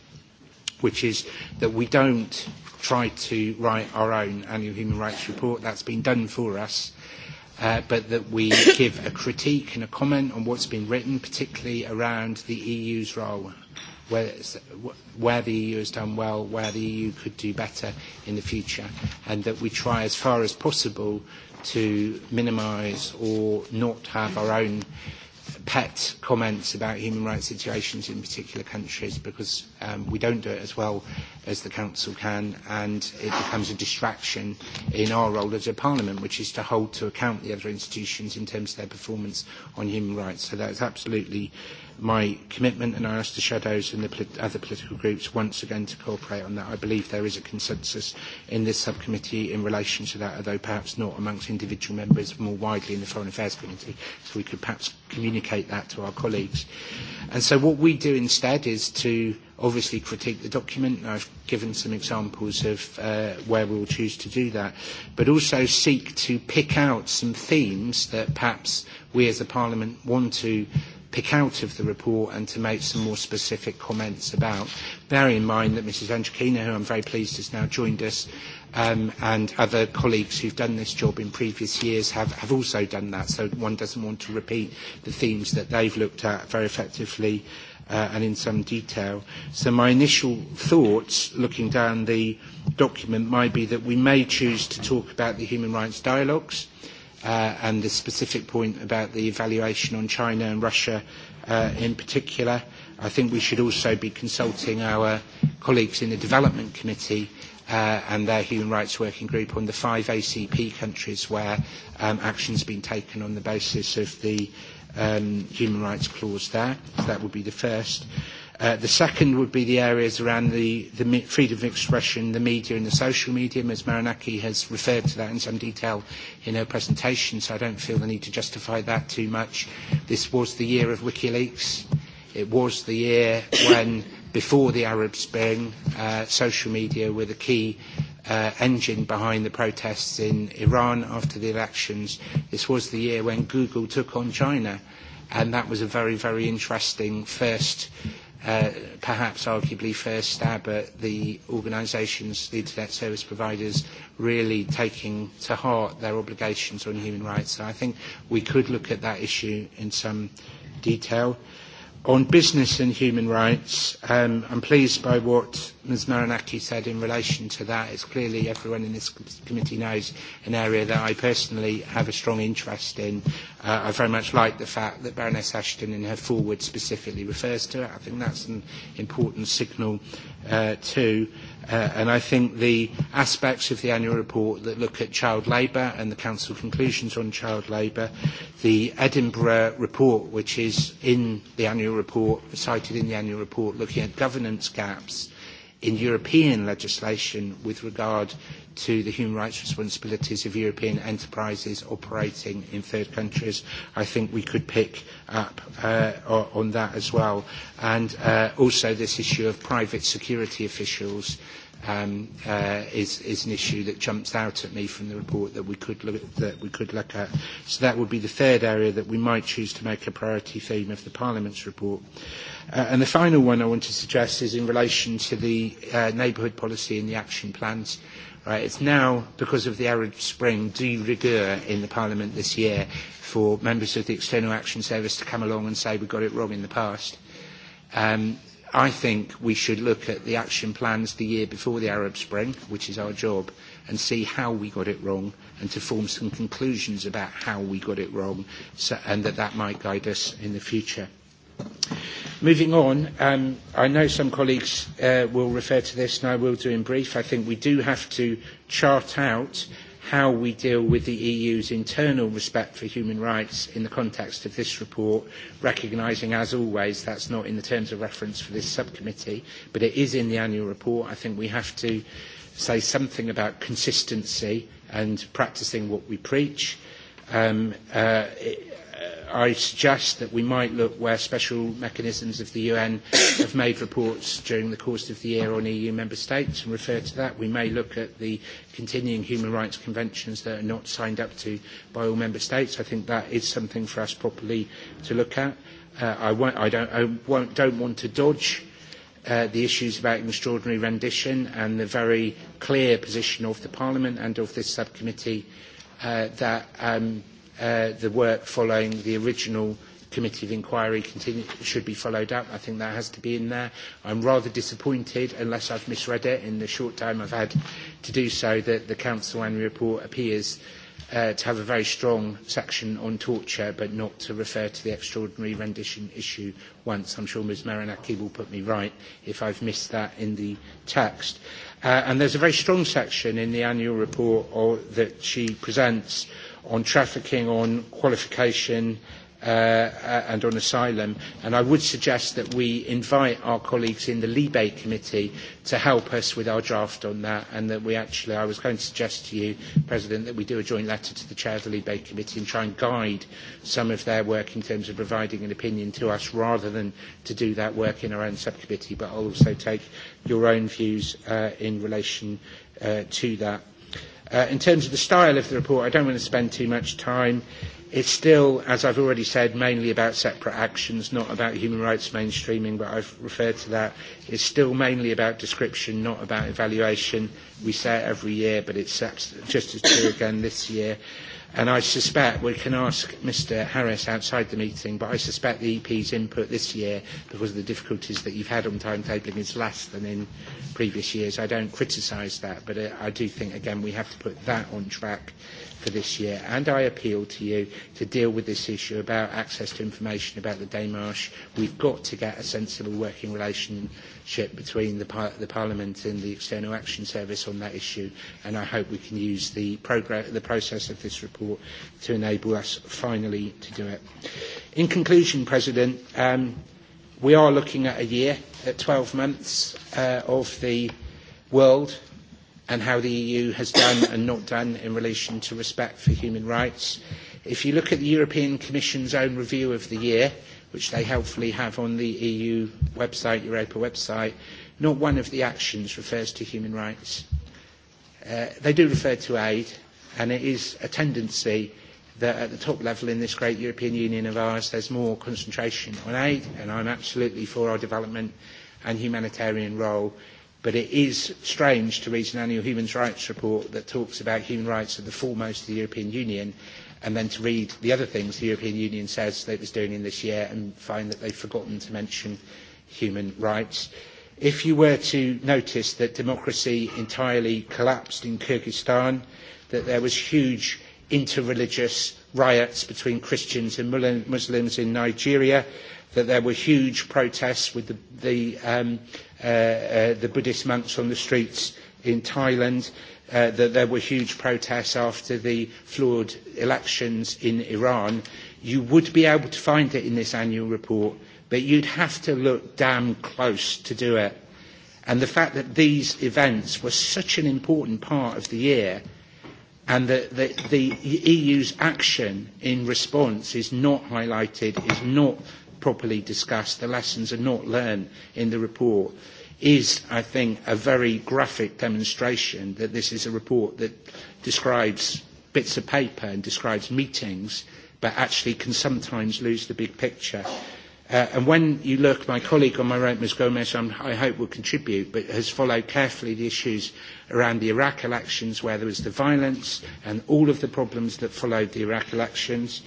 which is that we don't try to write our own annual human rights report. That's been done for us. Uh, but that we give a critique and a comment on what's been written, particularly around the EU's role, where, where the EU has done well, where the EU could do better in the future, and that we try as far as possible to minimise or not have our own pet comments about human rights situations in particular countries because um, we don't do it as well as the Council can and it becomes a distraction in our role as a Parliament which is to hold to account the other institutions in terms of their performance on human rights. So that is absolutely my commitment, and I ask the shadows and the other political groups once again to cooperate on that. I believe there is a consensus in this subcommittee in relation to that, although perhaps not amongst individual members, more widely in the Foreign Affairs Committee. So we could perhaps communicate that to our colleagues. And so what we do instead is to obviously critique the document. I've given some examples of uh, where we will choose to do that, but also seek to pick out some themes that perhaps we as a parliament want to pick out of the report and to make some more specific comments about. Bearing in mind that Mrs. Angelina, who I'm very pleased has now joined us, um, and other colleagues who've done this job in previous years have, have also done that, so one doesn't want to repeat the themes that they've looked at very effectively uh, and in some detail. So my initial thoughts, looking down the document, might be that we may choose to talk about the human rights dialogues, and the specific point about the evaluation on China and Russia in particular. I think we should also be consulting our colleagues in the Development Committee and their Human Rights Working Group on the five ACP countries where action has been taken on the basis of the Human Rights Clause there. So that would be the first. Uh, the second would be the areas around the, the freedom of expression, the media and the social media. Ms Maranaki has referred to that in some detail in her presentation, so I don't feel the need to justify that too much. This was the year of WikiLeaks. It was the year when, before the Arab Spring, uh, social media were the key uh, engine behind the protests in Iran after the elections. This was the year when Google took on China, and that was a very, very interesting first perhaps arguably first stab at the organisations, the internet service providers, really taking to heart their obligations on human rights. So I think we could look at that issue in some detail. On business and human rights, um, I'm pleased by what Ms Maranaki said in relation to that. It's clearly, everyone in this committee knows, an area that I personally have a strong interest in. Uh, I very much like the fact that Baroness Ashton in her forward specifically refers to it. I think that's an important signal uh, too and I think the aspects of the annual report that look at child labour and the Council conclusions on child labour, the Edinburgh report, which is in the annual report, cited in the annual report, looking at governance gaps, in European legislation with regard to the human rights responsibilities of European enterprises operating in third countries. I think we could pick up uh, on that as well. And uh, also this issue of private security officials um, uh, is, is an issue that jumps out at me from the report that we, could look at, that we could look at. So that would be the third area that we might choose to make a priority theme of the Parliament's report. Uh, and the final one I want to suggest is in relation to the uh, neighbourhood policy and the action plans. Right, it's now, because of the Arab Spring, de rigueur in the Parliament this year for members of the External Action Service to come along and say we got it wrong in the past. Um, I think we should look at the action plans the year before the Arab Spring, which is our job, and see how we got it wrong and to form some conclusions about how we got it wrong so, and that that might guide us in the future. Moving on, um, I know some colleagues uh, will refer to this and I will do in brief. I think we do have to chart out how we deal with the EU's internal respect for human rights in the context of this report, recognising, as always, that's not in the terms of reference for this subcommittee, but it is in the annual report. I think we have to say something about consistency and practising what we preach. Um, uh, it, I suggest that we might look where special mechanisms of the UN have made reports during the course of the year on EU member states and refer to that. We may look at the continuing human rights conventions that are not signed up to by all member states. I think that is something for us properly to look at. Uh, I, won't, I, don't, I won't, don't want to dodge the issues about an extraordinary rendition and the very clear position of the Parliament and of this subcommittee that um, the work following the original committee of inquiry continue, should be followed up. I think that has to be in there. I'm rather disappointed, unless I've misread it in the short time I've had to do so, that the Council annual report appears uh, to have a very strong section on torture, but not to refer to the extraordinary rendition issue once. I'm sure Ms Maranaki will put me right if I've missed that in the text. Uh, and there's a very strong section in the annual report or, that she presents on trafficking, on qualification, and on asylum. And I would suggest that we invite our colleagues in the Libe Committee to help us with our draft on that, and that we actually, I was going to suggest to you, President, that we do a joint letter to the Chair of the Libe Committee and try and guide some of their work in terms of providing an opinion to us rather than to do that work in our own subcommittee. But I'll also take your own views in relation to that Uh, in terms of the style of the report, I don't want to spend too much time. It's still, as I've already said, mainly about separate actions, not about human rights mainstreaming, but I've referred to that. It's still mainly about description, not about evaluation. We say it every year, but it's just as true again this year. And I suspect we can ask Mr Harris outside the meeting, but I suspect the EP's input this year, because of the difficulties that you've had on timetabling, is less than in previous years. I don't criticise that, but I do think, again, we have to put that on track for this year, and I appeal to you to deal with this issue about access to information about the Daymarsh. We've got to get a sensible working relationship between the, par- the Parliament and the External Action Service on that issue, and I hope we can use the, progr- the process of this report to enable us finally to do it. In conclusion, President, um, we are looking at a year, at 12 months uh, of the world and how the EU has done and not done in relation to respect for human rights. If you look at the European Commission's own review of the year, which they helpfully have on the EU website, Europa website, not one of the actions refers to human rights. they do refer to aid, and it is a tendency that at the top level in this great European Union of ours, there's more concentration on aid, and I'm absolutely for our development and humanitarian role But it is strange to read an annual human rights report that talks about human rights at the foremost of the European Union and then to read the other things the European Union says that it was doing in this year and find that they've forgotten to mention human rights. If you were to notice that democracy entirely collapsed in Kyrgyzstan, that there was huge interreligious riots between Christians and Muslims in Nigeria, that there were huge protests with the, the um, uh uh the Buddhist monks on the streets in Thailand, uh that there were huge protests after the flawed elections in Iran. You would be able to find it in this annual report, but you'd have to look damn close to do it. And the fact that these events were such an important part of the year and that the, the EU's action in response is not highlighted, is not properly discussed, the lessons are not learned in the report, is, I think, a very graphic demonstration that this is a report that describes bits of paper and describes meetings, but actually can sometimes lose the big picture. and when you look, my colleague on my right, Ms Gomez, I'm, I hope will contribute, but has followed carefully the issues around the Iraq elections where there was the violence and all of the problems that followed the Iraq elections.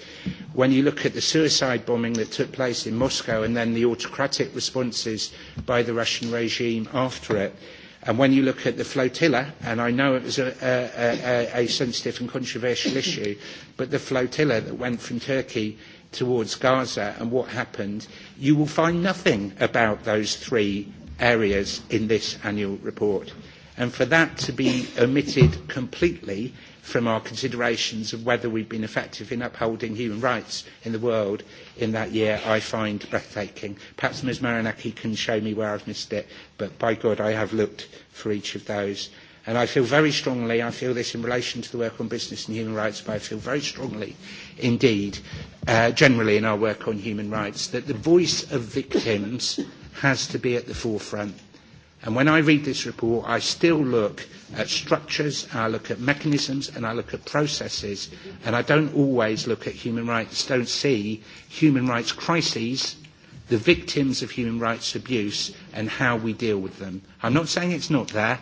When you look at the suicide bombing that took place in Moscow and then the autocratic responses by the Russian regime after it, And when you look at the flotilla, and I know it was a, a, a, a sensitive and controversial issue, but the flotilla that went from Turkey towards Gaza and what happened, you will find nothing about those three areas in this annual report and for that to be omitted completely from our considerations of whether we've been effective in upholding human rights in the world in that year, I find breathtaking. Perhaps Ms Maranaki can show me where I've missed it, but by God, I have looked for each of those. And I feel very strongly, I feel this in relation to the work on business and human rights, but I feel very strongly indeed, uh, generally in our work on human rights, that the voice of victims has to be at the forefront And when I read this report, I still look at structures, I look at mechanisms, and I look at processes, and I don't always look at human rights, don't see human rights crises, the victims of human rights abuse, and how we deal with them. I'm not saying it's not there.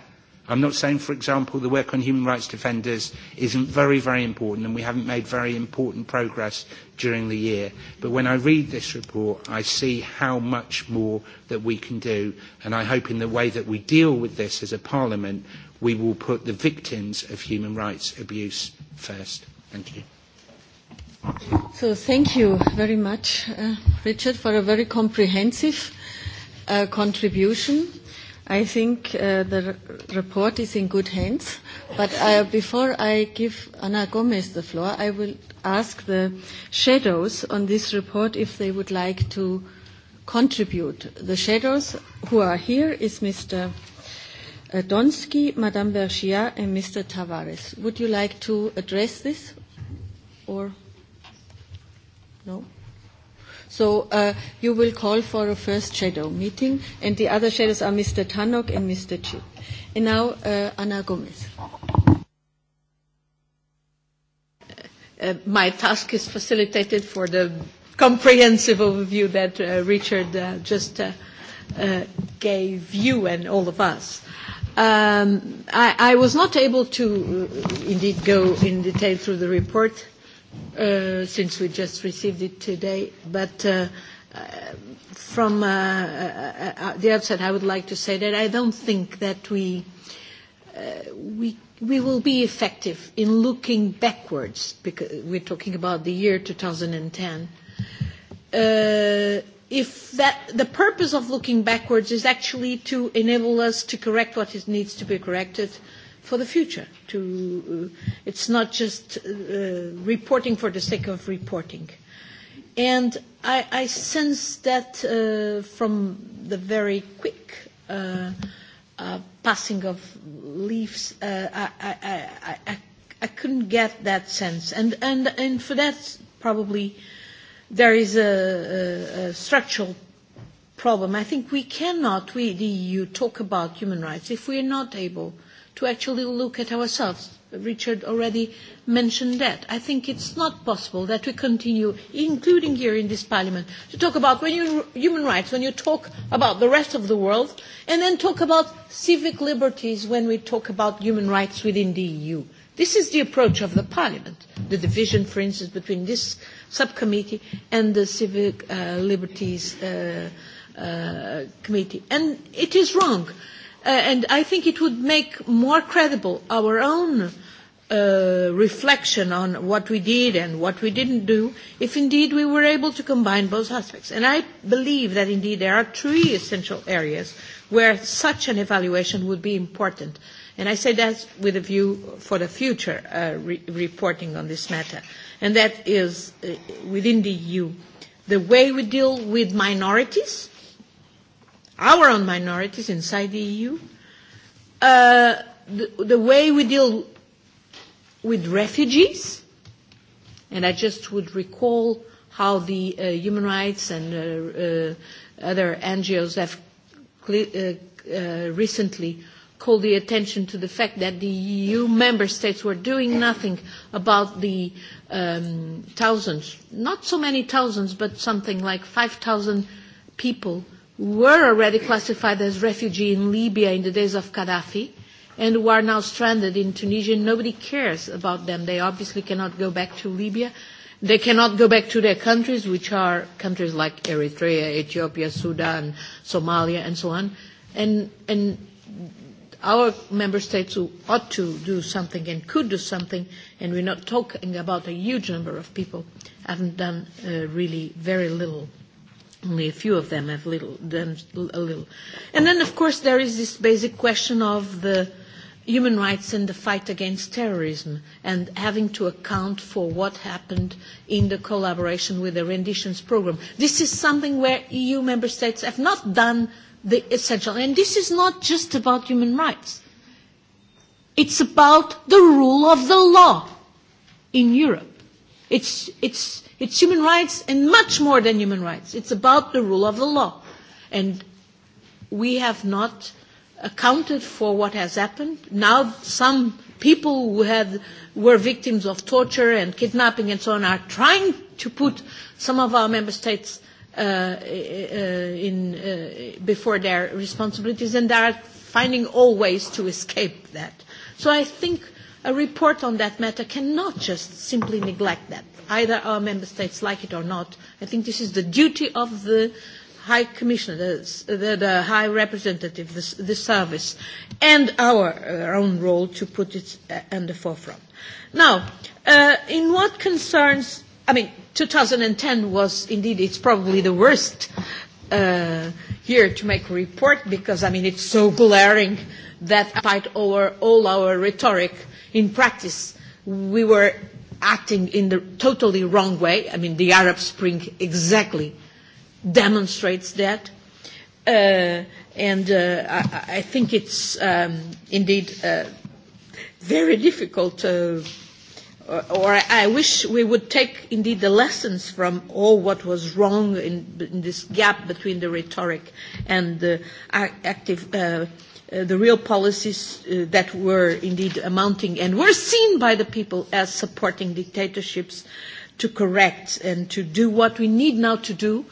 I'm not saying, for example, the work on human rights defenders isn't very, very important and we haven't made very important progress during the year. But when I read this report, I see how much more that we can do. And I hope in the way that we deal with this as a parliament, we will put the victims of human rights abuse first. Thank you. So thank you very much, uh, Richard, for a very comprehensive uh, contribution I think uh, the r- report is in good hands. But uh, before I give Ana Gomez the floor, I will ask the shadows on this report if they would like to contribute. The shadows who are here is Mr. Donsky, Madame Bergia, and Mr. Tavares. Would you like to address this? Or no? So uh, you will call for a first shadow meeting, and the other shadows are Mr. Tannock and Mr. Chip. And now, uh, Anna Gomez. Uh, my task is facilitated for the comprehensive overview that uh, Richard uh, just uh, uh, gave you and all of us. Um, I, I was not able to uh, indeed go in detail through the report uh, since we just received it today. But uh, from uh, uh, the outset, I would like to say that I don't think that we uh, we we will be effective in looking backwards because we're talking about the year 2010. Uh, if that the purpose of looking backwards is actually to enable us to correct what is, needs to be corrected uh, for the future. To, uh, it's not just uh, reporting for the sake of reporting. And I, I sense that uh, from the very quick uh, uh, passing of leaves, uh, I, I, I, I, I couldn't get that sense. And, and, and for that, probably there is a, a, a structural problem. I think we cannot, we, the EU, talk about human rights if we are not able – to actually look at ourselves. Richard already mentioned that. I think it's not possible that we continue, including here in this parliament, to talk about when you, human rights, when you talk about the rest of the world, and then talk about civic liberties when we talk about human rights within the EU. This is the approach of the parliament, the division, for instance, between this subcommittee and the civic uh, liberties uh, uh, committee. And it is wrong. Uh, and I think it would make more credible our own uh, reflection on what we did and what we didn't do if indeed we were able to combine both aspects. And I believe that indeed there are three essential areas where such an evaluation would be important. And I say that with a view for the future uh, re- reporting on this matter. And that is uh, within the EU, the way we deal with minorities, our own minorities inside the EU, uh, the, the way we deal with refugees, and I just would recall how the uh, human rights and uh, uh, other NGOs have cle- uh, uh, recently called the attention to the fact that the EU member states were doing nothing about the um, thousands, not so many thousands, but something like 5,000 people – were already classified as refugee in Libya in the days of Gaddafi and who are now stranded in Tunisia. Nobody cares about them. They obviously cannot go back to Libya. They cannot go back to their countries, which are countries like Eritrea, Ethiopia, Sudan, Somalia, and so on. And, and our member states who ought to do something and could do something, and we're not talking about a huge number of people, haven't done uh, really very little. Only a few of them have little, done a little. And then, of course, there is this basic question of the human rights and the fight against terrorism and having to account for what happened in the collaboration with the renditions program. This is something where EU member states have not done the essential. And this is not just about human rights. It's about the rule of the law in Europe. It's, it's, It's human rights and much more than human rights. It's about the rule of the law. And we have not accounted for what has happened. Now some people who have were victims of torture and kidnapping and so on are trying to put some of our member states uh, uh, in, uh, before their responsibilities and they are finding all ways to escape that. So I think A report on that matter cannot just simply neglect that. Either our member states like it or not. I think this is the duty of the High Commissioner, the, the, the High Representative, the, the service, and our, our own role to put it uh, in the forefront. Now, uh, in what concerns, I mean, 2010 was indeed, it's probably the worst uh, year to make a report because, I mean, it's so glaring that despite all our rhetoric, in practice, we were acting in the totally wrong way. I mean, the Arab Spring exactly demonstrates that. Uh, and uh, I, I think it's um, indeed uh, very difficult, to or I wish we would take indeed the lessons from all what was wrong in, in this gap between the rhetoric and the active. Uh, the real policies uh, that were indeed amounting and were seen by the people as supporting dictatorships to correct and to do what we need now to do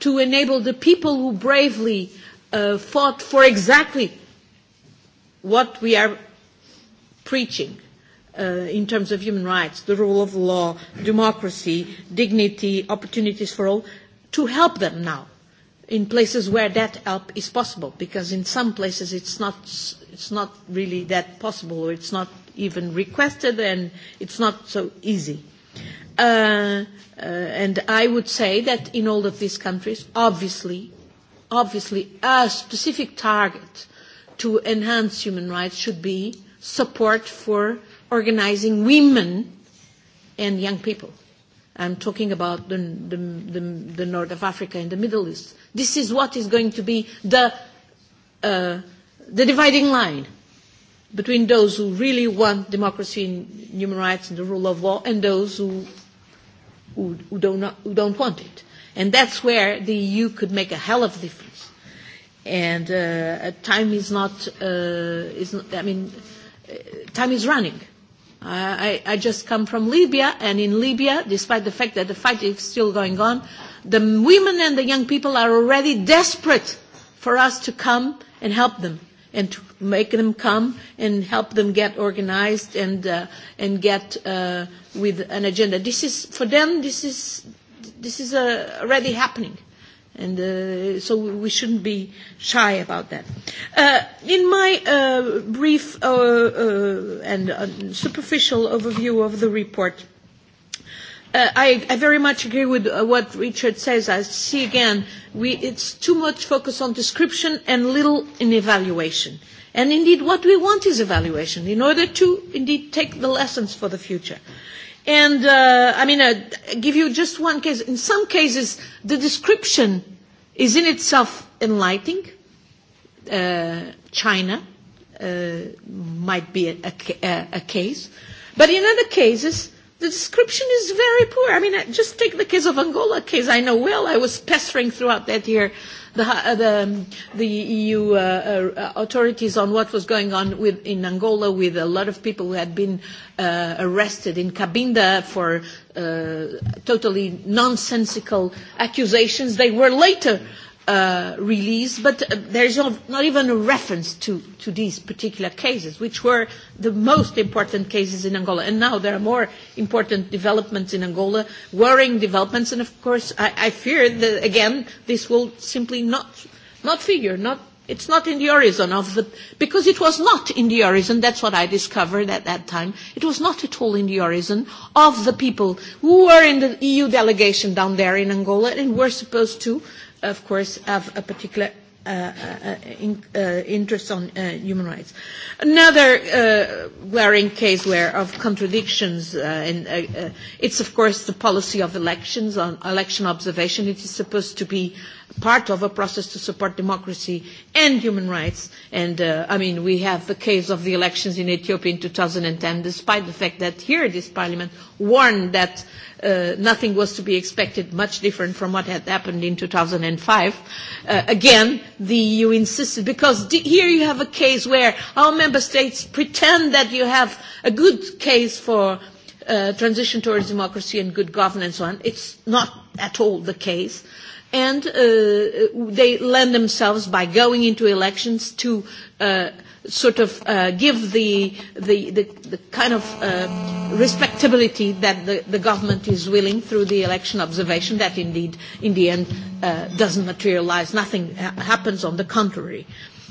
to enable the people who bravely uh, fought for exactly what we are preaching uh, in terms of human rights, the rule of law, democracy, dignity, opportunities for all, to help them now in places where that help is possible, because in some places it's not, it's not really that possible, or it's not even requested, and it's not so easy. Uh, uh, and I would say that in all of these countries, obviously, obviously, a specific target to enhance human rights should be support for organizing women and young people. I'm talking about the, the, the, the north of Africa and the Middle East This is what is going to be the, uh, the dividing line between those who really want democracy and human rights and the rule of law and those who, who, who, don't, not, who don't want it. And that's where the EU could make a hell of a difference. And uh, time is not, uh, is not, I mean, uh, time is running. I, I just come from Libya, and in Libya, despite the fact that the fight is still going on, The women and the young people are already desperate for us to come and help them and to make them come and help them get organized and uh, and get uh, with an agenda. This is for them. This is this is uh, already happening, and uh, so we shouldn't be shy about that. Uh, in my uh, brief uh, uh, and uh, superficial overview of the report. I, I very much agree with what Richard says. I see again, we, it's too much focus on description and little in evaluation. And indeed, what we want is evaluation in order to indeed take the lessons for the future. And uh, I mean, uh, give you just one case. In some cases, the description is in itself enlightening. Uh, China uh, might be a, a, a case. But in other cases, the description is very poor. I mean, just take the case of Angola case. I know well. I was pestering throughout that year the uh, the, the EU uh, uh, authorities on what was going on with in Angola with a lot of people who had been uh, arrested in Cabinda for uh, totally nonsensical accusations. They were later. Mm uh, release, but uh, there no, not even a reference to, to these particular cases, which were the most important cases in Angola. And now there are more important developments in Angola, worrying developments, and of course I, I fear that, again, this will simply not, not figure, not It's not in the horizon of the, because it was not in the horizon, that's what I discovered at that time, it was not at all in the horizon of the people who were in the EU delegation down there in Angola and were supposed to of course, have a particular interest on human rights. Another glaring case where of contradictions, and it's of course the policy of elections on election observation. It is supposed to be part of a process to support democracy and human rights. And I mean, we have the case of the elections in Ethiopia in 2010, despite the fact that here this parliament warned that uh, nothing was to be expected much different from what had happened in 2005. Uh, again, the EU insisted, because here you have a case where our member states pretend that you have a good case for uh, transition towards democracy and good governance on. It's not at all the case. And uh, they lend themselves by going into elections to uh, sort of uh, give the, the, the, the kind of uh, respectability that the, the government is willing through the election observation that indeed in the end uh, doesn't materialize. Nothing ha- happens on the contrary.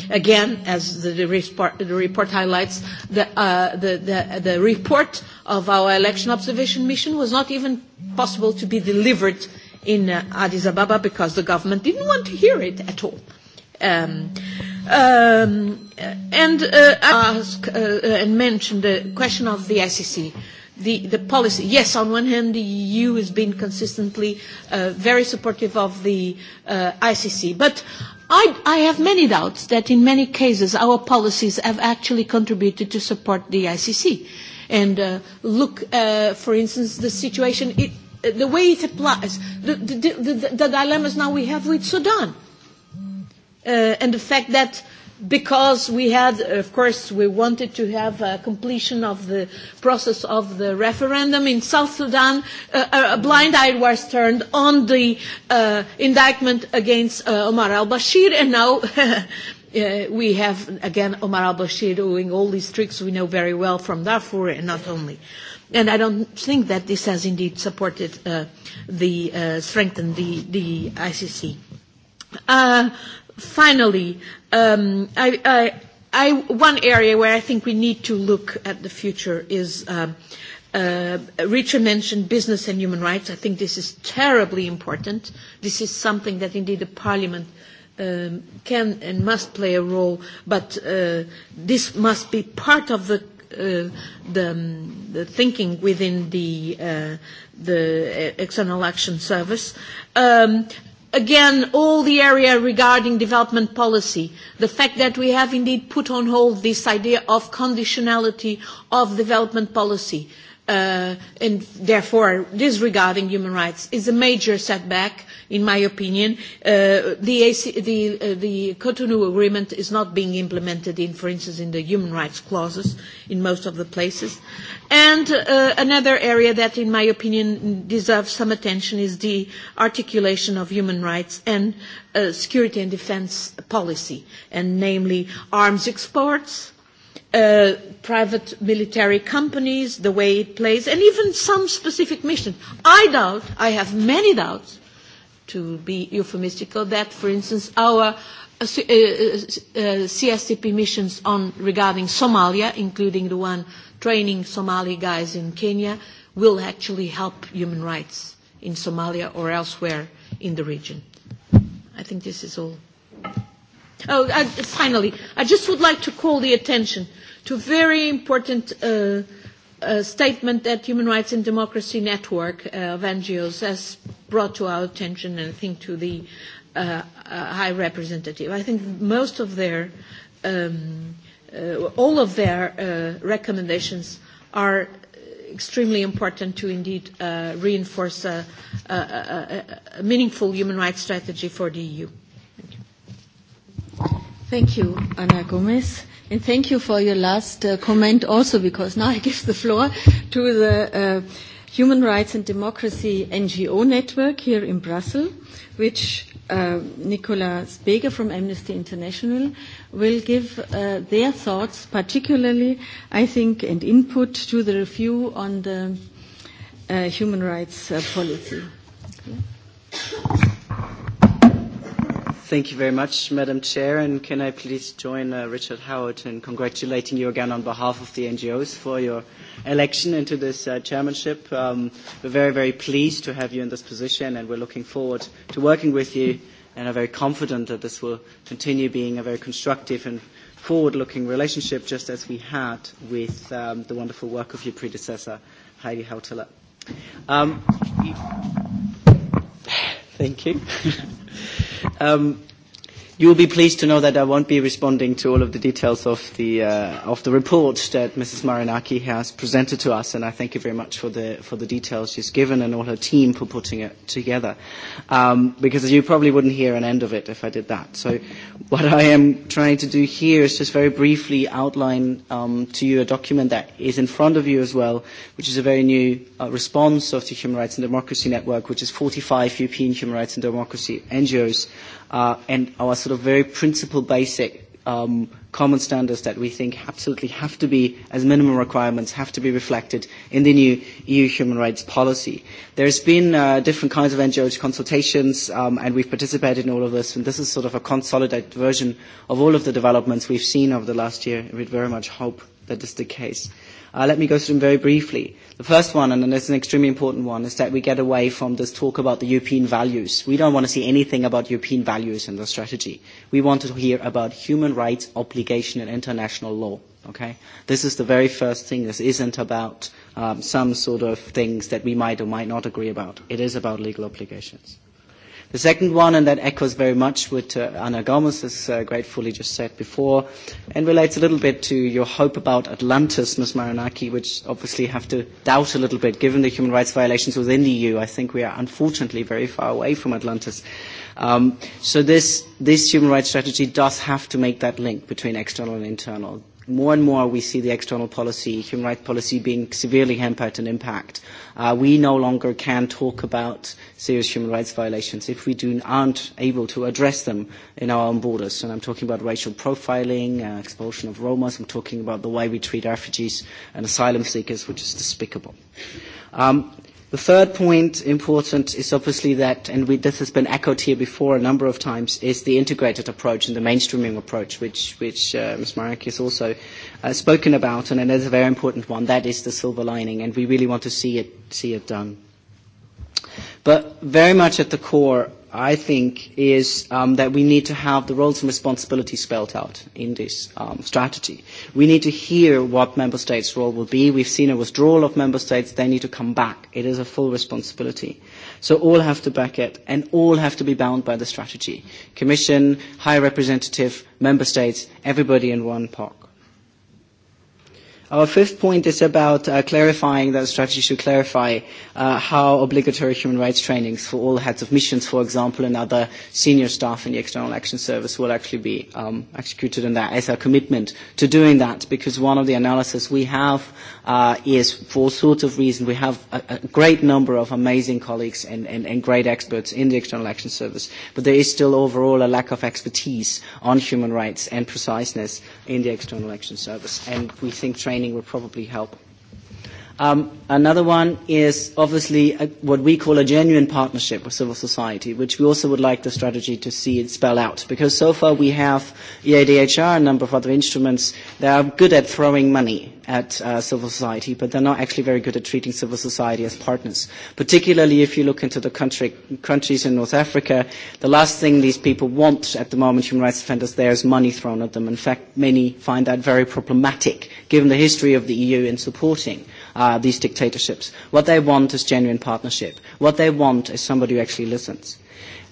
Again, as the, the, report, the report highlights, the, uh, the, the, the report of our election observation mission was not even possible to be delivered in uh, Addis Ababa because the government didn't want to hear it at all. Um, um, and uh, ask uh, and mention the question of the SEC. The, the policy, yes, on one hand, the EU has been consistently uh, very supportive of the uh, ICC, but I, I have many doubts that in many cases our policies have actually contributed to support the ICC. And uh, look, uh, for instance, the situation, it, the way it applies, the, the, the, the dilemmas now we have with Sudan, uh, and the fact that because we had, of course, we wanted to have a completion of the process of the referendum in South Sudan, uh, a blind eye was turned on the uh, indictment against uh, Omar al-Bashir, and now uh, we have, again, Omar al-Bashir doing all these tricks we know very well from Darfur, and not only. And I don't think that this has indeed supported uh, the, uh, strengthened the, the ICC. Uh, finally, Um, I, I, I, one area where I think we need to look at the future is uh, uh, Richard mentioned business and human rights. I think this is terribly important. This is something that indeed the Parliament um, can and must play a role, but uh, this must be part of the the, the thinking within the uh, the external action service um, again, all the area regarding development policy, the fact that we have indeed put on hold this idea of conditionality of development policy, uh, and therefore disregarding human rights is a major setback, in my opinion. Uh, the, AC, the, uh, the Cotonou Agreement is not being implemented in, for instance, in the human rights clauses in most of the places. And uh, another area that, in my opinion, deserves some attention is the articulation of human rights and uh, security and defense policy, and namely arms exports, private military companies, the way it plays, and even some specific missions. I doubt, I have many doubts, to be euphemistical, that, for instance, our CSTP missions on regarding Somalia, including the one training Somali guys in Kenya, will actually help human rights in Somalia or elsewhere in the region. I think this is all. Oh, I, finally, I just would like to call the attention to a very important uh, uh, statement that Human Rights and Democracy Network uh, of NGOs has brought to our attention, and I think to the uh, uh, High Representative. I think most of their, um, uh, all of their uh, recommendations are extremely important to indeed uh, reinforce a, a, a, a meaningful human rights strategy for the EU. Thank you, Ana Gomez. And thank you for your last uh, comment also, because now I give the floor to the uh, Human Rights and Democracy NGO Network here in Brussels, which uh, Nicola Speger from Amnesty International will give uh, their thoughts, particularly, I think, and input to the review on the uh, human rights uh, policy. Okay. Thank you very much, Madam Chair, and can I please join uh, Richard Howard in congratulating you again on behalf of the NGOs for your election into this uh, chairmanship. Um, we're very, very pleased to have you in this position, and we're looking forward to working with you, and are very confident that this will continue being a very constructive and forward-looking relationship, just as we had with um, the wonderful work of your predecessor, Heidi Hautala. Um, Thank you. um, You will be pleased to know that I won't be responding to all of the details of the, uh, of the report that Mrs. Marinaki has presented to us, and I thank you very much for the, for the details she's given and all her team for putting it together, um, because you probably wouldn't hear an end of it if I did that. So what I am trying to do here is just very briefly outline um, to you a document that is in front of you as well, which is a very new uh, response of the Human Rights and Democracy Network, which is 45 European human rights and democracy NGOs uh, and our sort of very principle basic um, common standards that we think absolutely have to be, as minimum requirements, have to be reflected in the new EU human rights policy. There's been uh, different kinds of NGO consultations, um, and we've participated in all of this, and this is sort of a consolidated version of all of the developments we've seen over the last year, and we very much hope that is the case. Uh, let me go through them very briefly. The first one, and it's an extremely important one, is that we get away from this talk about the European values. We don't want to see anything about European values in the strategy. We want to hear about human rights, obligation, and international law. Okay, this is the very first thing. This isn't about um, some sort of things that we might or might not agree about. It is about legal obligations. The second one, and that echoes very much what uh, Ana Gomez has uh, gratefully just said before, and relates a little bit to your hope about Atlantis, Ms. Maranaki, which obviously have to doubt a little bit given the human rights violations within the EU. I think we are unfortunately very far away from Atlantis. Um, so this, this human rights strategy does have to make that link between external and internal more and more we see the external policy, human rights policy being severely hampered and impact. Uh, we no longer can talk about serious human rights violations if we do, aren't able to address them in our own borders. And I'm talking about racial profiling, uh, expulsion of Romas, I'm talking about the way we treat refugees and asylum seekers, which is despicable. Um, The third point important is obviously that, and we, this has been echoed here before a number of times, is the integrated approach and the mainstreaming approach, which, which uh, Ms. Marek has also uh, spoken about, and another very important one, that is the silver lining, and we really want to see it, see it done. But very much at the core I think, is um, that we need to have the roles and responsibilities spelled out in this um, strategy. We need to hear what member states' role will be. We've seen a withdrawal of member states. They need to come back. It is a full responsibility. So all have to back it, and all have to be bound by the strategy. Commission, High Representative, member states, everybody in one pot Our fifth point is about uh, clarifying that strategy should clarify uh, how obligatory human rights trainings for all heads of missions, for example, and other senior staff in the External Action Service will actually be um, executed, in that as a commitment to doing that. Because one of the analysis we have uh, is, for sorts of reasons we have a, a great number of amazing colleagues and, and, and great experts in the External Action Service, but there is still overall a lack of expertise on human rights and preciseness in the External Action Service, and we think training training would probably help. Um, another one is obviously a, what we call a genuine partnership with civil society, which we also would like the strategy to see it spell out. Because so far we have EADHR, a number of other instruments that are good at throwing money at uh, civil society, but they're not actually very good at treating civil society as partners. Particularly if you look into the country, countries in North Africa, the last thing these people want at the moment, human rights defenders there, is money thrown at them. In fact, many find that very problematic, given the history of the EU in supporting uh, these dictatorships. What they want is genuine partnership. What they want is somebody who actually listens.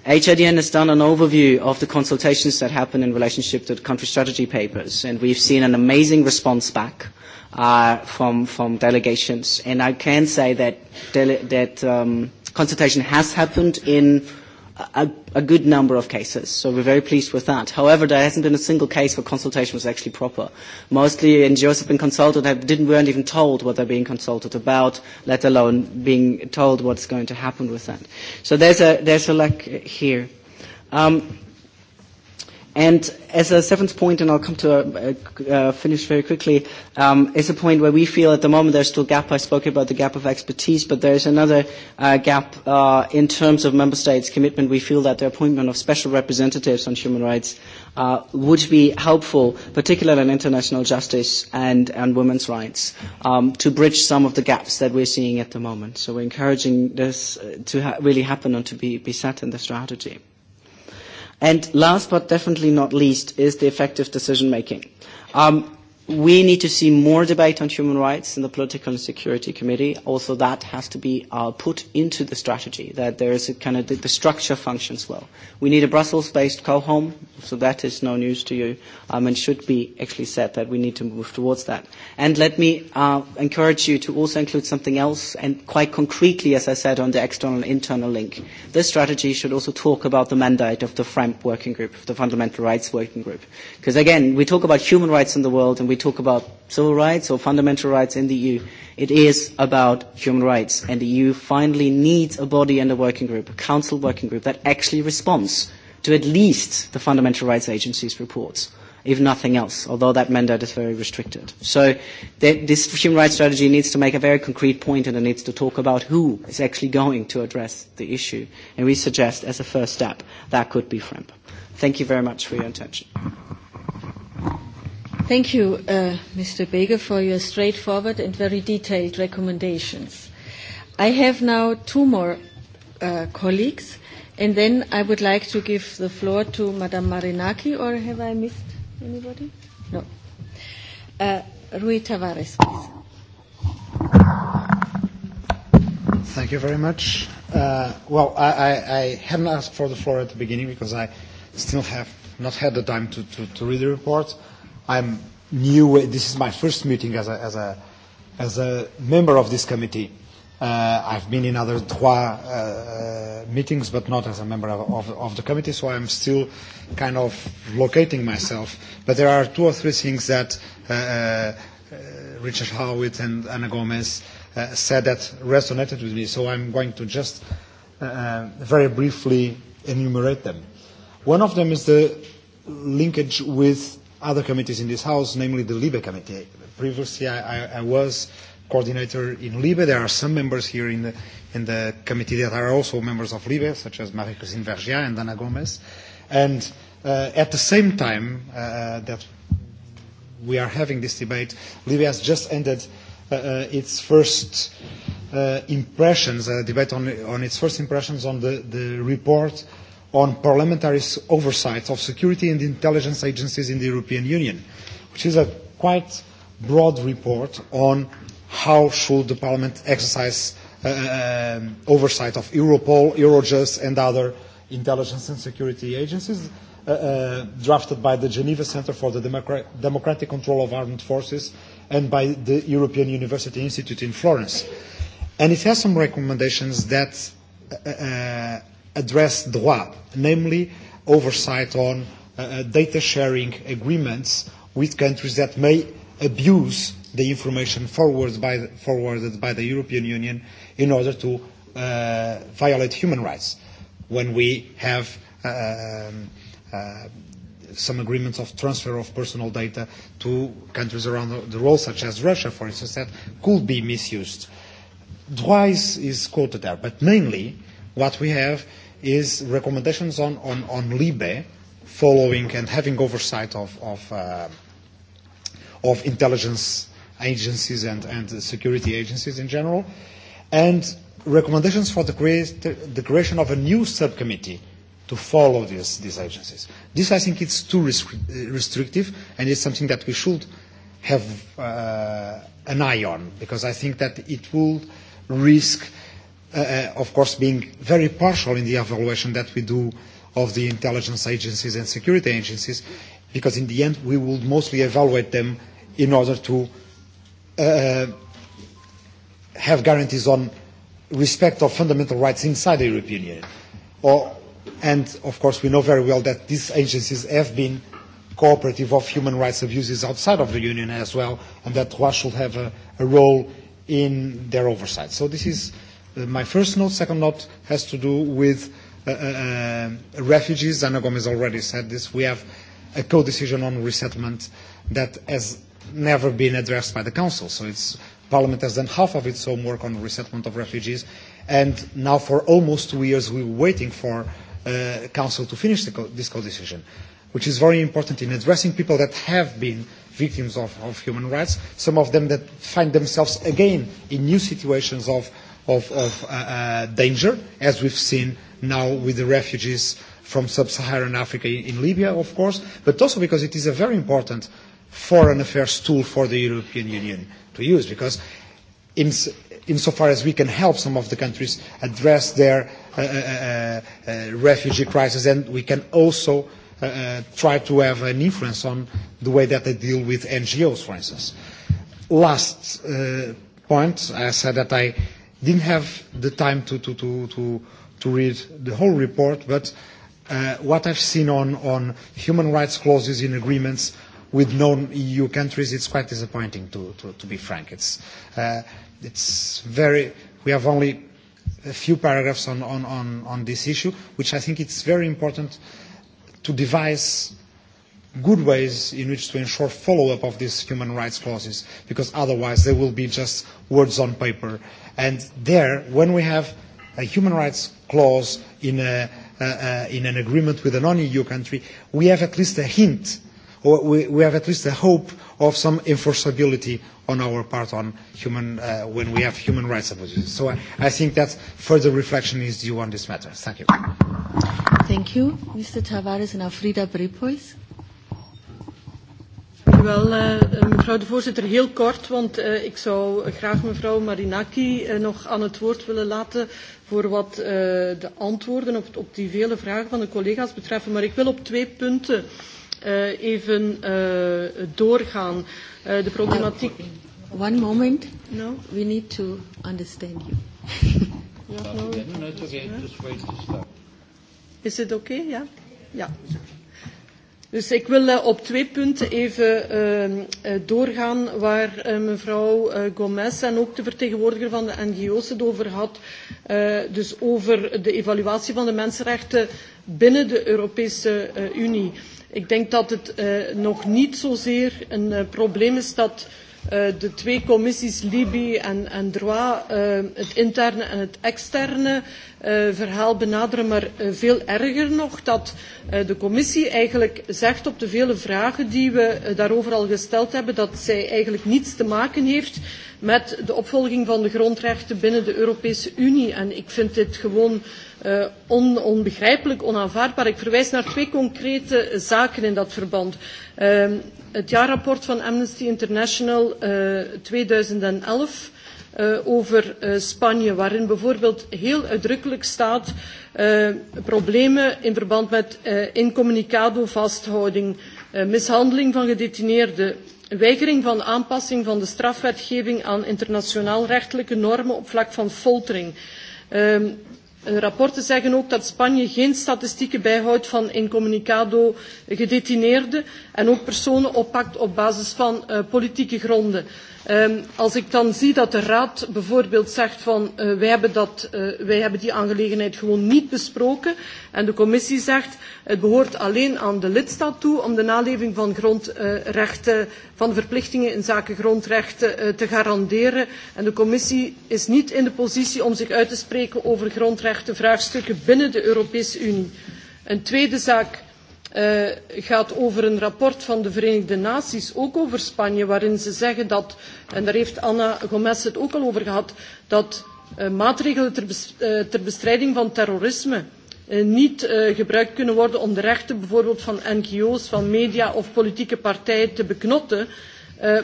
HIDN has done an overview of the consultations that happen in relationship to the country strategy papers, and we've seen an amazing response back uh, from, from delegations. And I can say that, dele- that um, consultation has happened in a, a good number of cases, so we're very pleased with that. However, there hasn't been a single case where consultation was actually proper. Mostly NGOs have been consulted and didn't, weren't even told what they're being consulted about, let alone being told what's going to happen with that. So there's a, there's a lack here. Um, And as a seventh point, and I'll come to a, uh, finish very quickly, um, is a point where we feel at the moment there's still a gap. I spoke about the gap of expertise, but there is another uh, gap uh, in terms of member states' commitment. We feel that the appointment of special representatives on human rights uh, would be helpful, particularly in international justice and, and women's rights, um, to bridge some of the gaps that we're seeing at the moment. So we're encouraging this to ha- really happen and to be, be set in the strategy. And last but definitely not least is the effective decision making. Um, we need to see more debate on human rights in the Political and Security Committee. Also, that has to be uh, put into the strategy, that there is a kind of the, the structure functions well. We need a Brussels-based co-home, so that is no news to you, um, and should be actually said that we need to move towards that. And let me uh, encourage you to also include something else, and quite concretely, as I said, on the external and internal link. This strategy should also talk about the mandate of the FRAMP working group, the Fundamental Rights Working Group. Because again, we talk about human rights in the world, and we we talk about civil rights or fundamental rights in the EU, it is about human rights. And the EU finally needs a body and a working group, a council working group, that actually responds to at least the Fundamental Rights Agency's reports, if nothing else, although that mandate is very restricted. So this human rights strategy needs to make a very concrete point and it needs to talk about who is actually going to address the issue. And we suggest, as a first step, that could be FREMP. Thank you very much for your attention. Thank you, uh, Mr. Beger, for your straightforward and very detailed recommendations. I have now two more uh, colleagues, and then I would like to give the floor to Madame Marinaki, or have I missed anybody? No. Uh, Rui Tavares, please. Thank you very much. Uh, well, I, I, I hadn't asked for the floor at the beginning because I still have not had the time to, to, to read the report. Uh, I'm new. This is my first meeting as a, as a, as a member of this committee. Uh, I've been in other trois uh, meetings, but not as a member of, of, of the committee, so I'm still kind of locating myself. But there are two or three things that uh, uh, Richard Howitt and Ana Gomez uh, said that resonated with me, so I'm going to just uh, very briefly enumerate them. One of them is the linkage with other committees in this House, namely the LIBE committee. Previously, I, I, I was coordinator in LIBE. There are some members here in the, in the committee that are also members of LIBE, such as Marie-Christine Vergia and Ana Gomez. And uh, at the same time uh, that we are having this debate, LIBE has just ended uh, uh, its first uh, impressions, a debate on, on its first impressions on the, the report on parliamentary oversight of security and intelligence agencies in the European Union, which is a quite broad report on how should the parliament exercise oversight of Europol, Eurojust and other intelligence and security agencies drafted by the Geneva Center for the Democratic Control of Armed Forces and by the European University Institute in Florence. And it has some recommendations that address DROIT, namely oversight on uh, data sharing agreements with countries that may abuse the information forwarded by the, forwarded by the European Union in order to uh, violate human rights. When we have um, uh, some agreements of transfer of personal data to countries around the world, such as Russia, for instance, that could be misused. Droit is quoted there, but mainly what we have is recommendations on, on, on LIBE following and having oversight of, of, uh, of intelligence agencies and, and security agencies in general, and recommendations for the, create, the creation of a new subcommittee to follow these, these agencies. This, I think, is too restrictive, and it's something that we should have uh, an eye on, because I think that it will risk uh, of course, being very partial in the evaluation that we do of the intelligence agencies and security agencies, because in the end we would mostly evaluate them in order to uh, have guarantees on respect of fundamental rights inside the European Union. Or, and of course, we know very well that these agencies have been cooperative of human rights abuses outside of the Union as well, and that Russia should have a, a role in their oversight. So this is my first note, second note, has to do with uh, uh, refugees. Ana Gomez already said this. We have a co-decision on resettlement that has never been addressed by the Council. So it's, Parliament has done half of its homework on resettlement of refugees. And now for almost two years, we were waiting for uh, Council to finish the co- this co-decision, which is very important in addressing people that have been victims of, of human rights, some of them that find themselves again in new situations of of, of uh, uh, danger, as we've seen now with the refugees from sub-Saharan Africa in Libya, of course, but also because it is a very important foreign affairs tool for the European Union to use, because in, insofar as we can help some of the countries address their uh, uh, uh, refugee crisis, and we can also uh, try to have an influence on the way that they deal with NGOs, for instance. Last uh, point, I said that I didn't have the time to, to, to, to, to read the whole report, but uh, what I've seen on, on human rights clauses in agreements with non-EU countries, it's quite disappointing, to, to, to be frank. It's, uh, it's very, we have only a few paragraphs on, on, on, on this issue, which I think it's very important to devise good ways in which to ensure follow-up of these human rights clauses, because otherwise they will be just words on paper uh, And there, when we have a human rights clause in, a, in an agreement with a non-EU country, we have at least a hint, or we, we have at least a hope of some enforceability on our part on human, uh, when we have human rights abuses. So I, I think that further reflection is due on this matter. Thank you. Thank you, Mr. Tavares and Bripois wel, mevrouw de voorzitter. Heel kort, want ik zou graag mevrouw Marinaki nog aan het woord willen laten voor wat de antwoorden op, op die vele vragen van de collega's betreffen. Maar ik wil op twee punten even doorgaan. de problematiek. One moment. No? We need to understand you. yeah, no, it's okay. Just wait to start. Is it okay? Yeah? Yeah. Dus ik wil op twee punten even doorgaan waar mevrouw Gomez en ook de vertegenwoordiger van de NGO's het over had. dus over de evaluatie van de mensenrechten binnen de Europese Unie. Ik denk dat het nog niet zozeer een probleem is dat de twee commissies Libi en, Droit het interne en het externe verhaal benaderen, maar veel erger nog dat de commissie eigenlijk zegt op de vele vragen die we daarover al gesteld hebben, dat zij eigenlijk niets te maken heeft met de opvolging van de grondrechten binnen de Europese Unie. En ik vind dit gewoon uh, on, onbegrijpelijk, onaanvaardbaar. Ik verwijs naar twee concrete zaken in dat verband. Uh, het jaarrapport van Amnesty International uh, 2011 over Spanje, waarin bijvoorbeeld heel uitdrukkelijk staat problemen in verband met incommunicado vasthouding, mishandeling van gedetineerden, weigering van aanpassing van de strafwetgeving aan internationaal rechtelijke normen op vlak van foltering rapporten zeggen ook dat Spanje geen statistieken bijhoudt van incommunicado gedetineerden en ook personen oppakt op basis van politieke gronden. als ik dan zie dat de Raad bijvoorbeeld zegt van wij, hebben dat, wij hebben die aangelegenheid gewoon niet besproken en de commissie zegt het behoort alleen aan de lidstaat toe om de naleving van, grondrechten, van verplichtingen in zaken grondrechten te garanderen en de commissie is niet in de positie om zich uit te spreken over grondrechten mensenrechtenvraagstukken vraagstukken binnen de Europese Unie. Een tweede zaak gaat over een rapport van de Verenigde Naties, ook over Spanje, waarin ze zeggen dat, en daar heeft Anna Gomes het ook al over gehad, dat maatregelen ter, bestrijding van terrorisme niet gebruikt kunnen worden om de rechten bijvoorbeeld van NGO's, van media of politieke partijen te beknotten,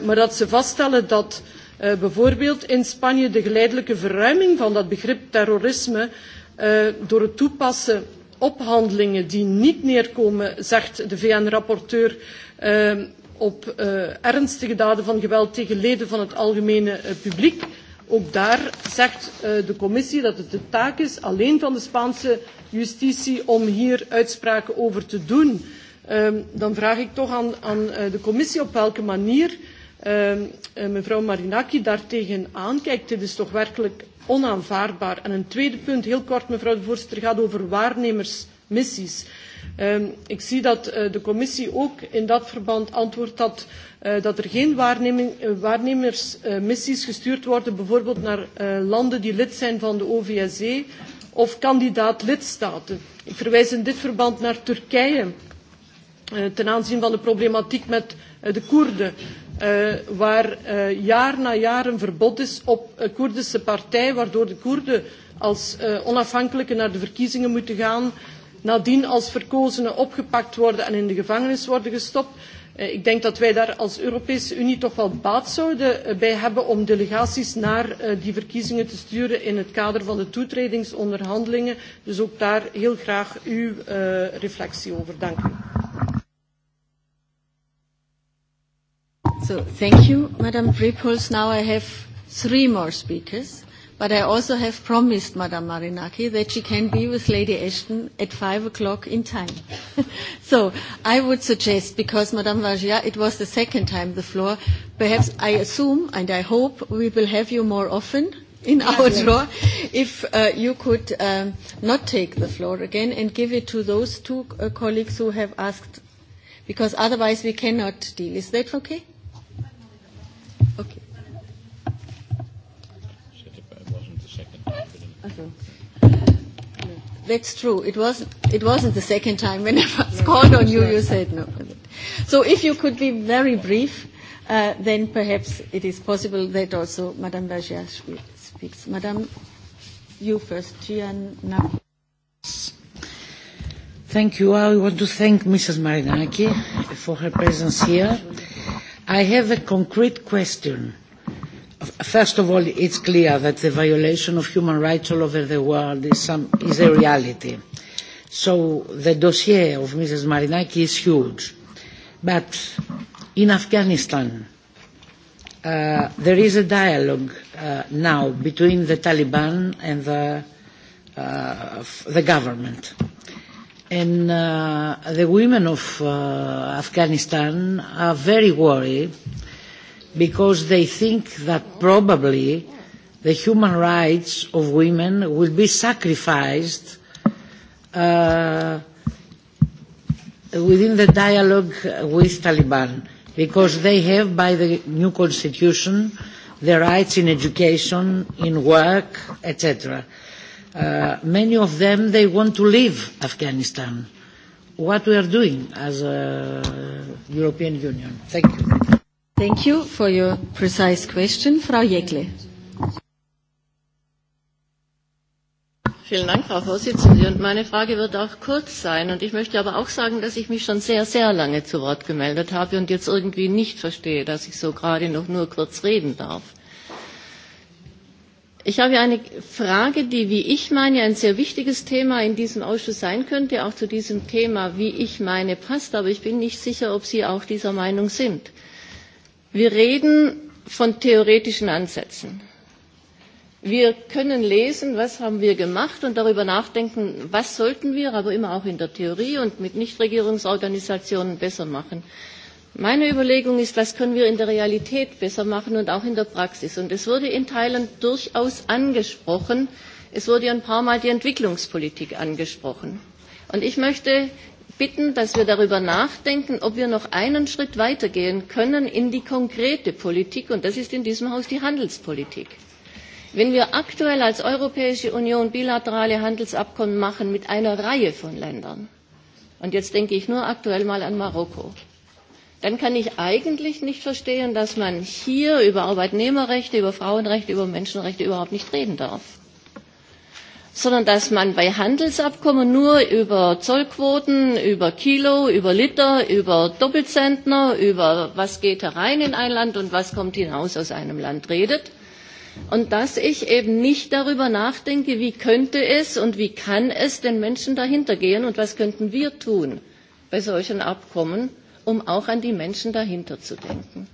maar dat ze vaststellen dat bijvoorbeeld in Spanje de geleidelijke verruiming van dat begrip terrorisme door het toepassen op handelingen die niet neerkomen, zegt de VN-rapporteur, op ernstige daden van geweld tegen leden van het algemene publiek. Ook daar zegt de commissie dat het de taak is alleen van de Spaanse justitie om hier uitspraken over te doen. dan vraag ik toch aan, de commissie op welke manier mevrouw Marinaki daartegen aankijkt. Dit is toch werkelijk onaanvaardbaar. En een tweede punt, heel kort mevrouw de voorzitter, gaat over waarnemersmissies. Ik zie dat de commissie ook in dat verband antwoordt dat, dat er geen waarnemersmissies gestuurd worden, bijvoorbeeld naar landen die lid zijn van de OVSE of kandidaat lidstaten. Ik verwijs in dit verband naar Turkije ten aanzien van de problematiek met de Koerden waar jaar na jaar een verbod is op een Koerdische partij, waardoor de Koerden als onafhankelijke naar de verkiezingen moeten gaan, nadien als verkozenen opgepakt worden en in de gevangenis worden gestopt. Ik denk dat wij daar als Europese Unie toch wel baat zouden bij hebben om delegaties naar die verkiezingen te sturen in het kader van de toetredingsonderhandelingen. Dus ook daar heel graag uw reflectie over. Dank u. So thank you, Madam Prepols. Now I have three more speakers, but I also have promised Madam Marinaki that she can be with Lady Ashton at five o'clock in time. so I would suggest, because Madam Vagia, it was the second time the floor, perhaps I assume and I hope we will have you more often in our draw if uh, you could um, not take the floor again and give it to those two uh, colleagues who have asked because otherwise we cannot deal. Is that okay? that's true. It, was, it wasn't the second time when I was no, called on you, Sure. you said no. So if you could be very brief, uh, then perhaps it is possible that also Madame Bajia speaks. Madame, you first. Gianna. Thank you. I want to thank Mrs. Marinaki for her presence here. I have a concrete question First of all, it's clear that the violation of human rights all over the world is, some, is a reality. So the dossier of Mrs. Marinaki is huge. But in Afghanistan, uh, there is a dialogue uh, now between the Taliban and the, uh, the government. And uh, the women of uh, Afghanistan are very worried because they think that probably the human rights of women will be sacrificed uh, within the dialogue with Taliban because they have by the new constitution the rights in education, in work, etc. Uh, many of them, they want to leave Afghanistan. What we are doing as a European Union. Thank you. Thank you for your precise question. Frau Jekle. Vielen Dank, Frau Vorsitzende. Und meine Frage wird auch kurz sein. Und ich möchte aber auch sagen, dass ich mich schon sehr, sehr lange zu Wort gemeldet habe und jetzt irgendwie nicht verstehe, dass ich so gerade noch nur kurz reden darf. Ich habe eine Frage, die, wie ich meine, ein sehr wichtiges Thema in diesem Ausschuss sein könnte, auch zu diesem Thema, wie ich meine, passt. Aber ich bin nicht sicher, ob Sie auch dieser Meinung sind. Wir reden von theoretischen Ansätzen. Wir können lesen, was haben wir gemacht und darüber nachdenken, was sollten wir, aber immer auch in der Theorie und mit Nichtregierungsorganisationen besser machen. Meine Überlegung ist, was können wir in der Realität besser machen und auch in der Praxis. Und es wurde in Teilen durchaus angesprochen. Es wurde ein paar Mal die Entwicklungspolitik angesprochen. Und ich möchte bitten, dass wir darüber nachdenken, ob wir noch einen Schritt weitergehen können in die konkrete Politik, und das ist in diesem Haus die Handelspolitik. Wenn wir aktuell als Europäische Union bilaterale Handelsabkommen machen mit einer Reihe von Ländern, und jetzt denke ich nur aktuell mal an Marokko, dann kann ich eigentlich nicht verstehen, dass man hier über Arbeitnehmerrechte, über Frauenrechte, über Menschenrechte überhaupt nicht reden darf sondern dass man bei Handelsabkommen nur über Zollquoten, über Kilo, über Liter, über Doppelzentner, über was geht herein in ein Land und was kommt hinaus aus einem Land redet. Und dass ich eben nicht darüber nachdenke, wie könnte es und wie kann es den Menschen dahinter gehen und was könnten wir tun bei solchen Abkommen, um auch an die Menschen dahinter zu denken.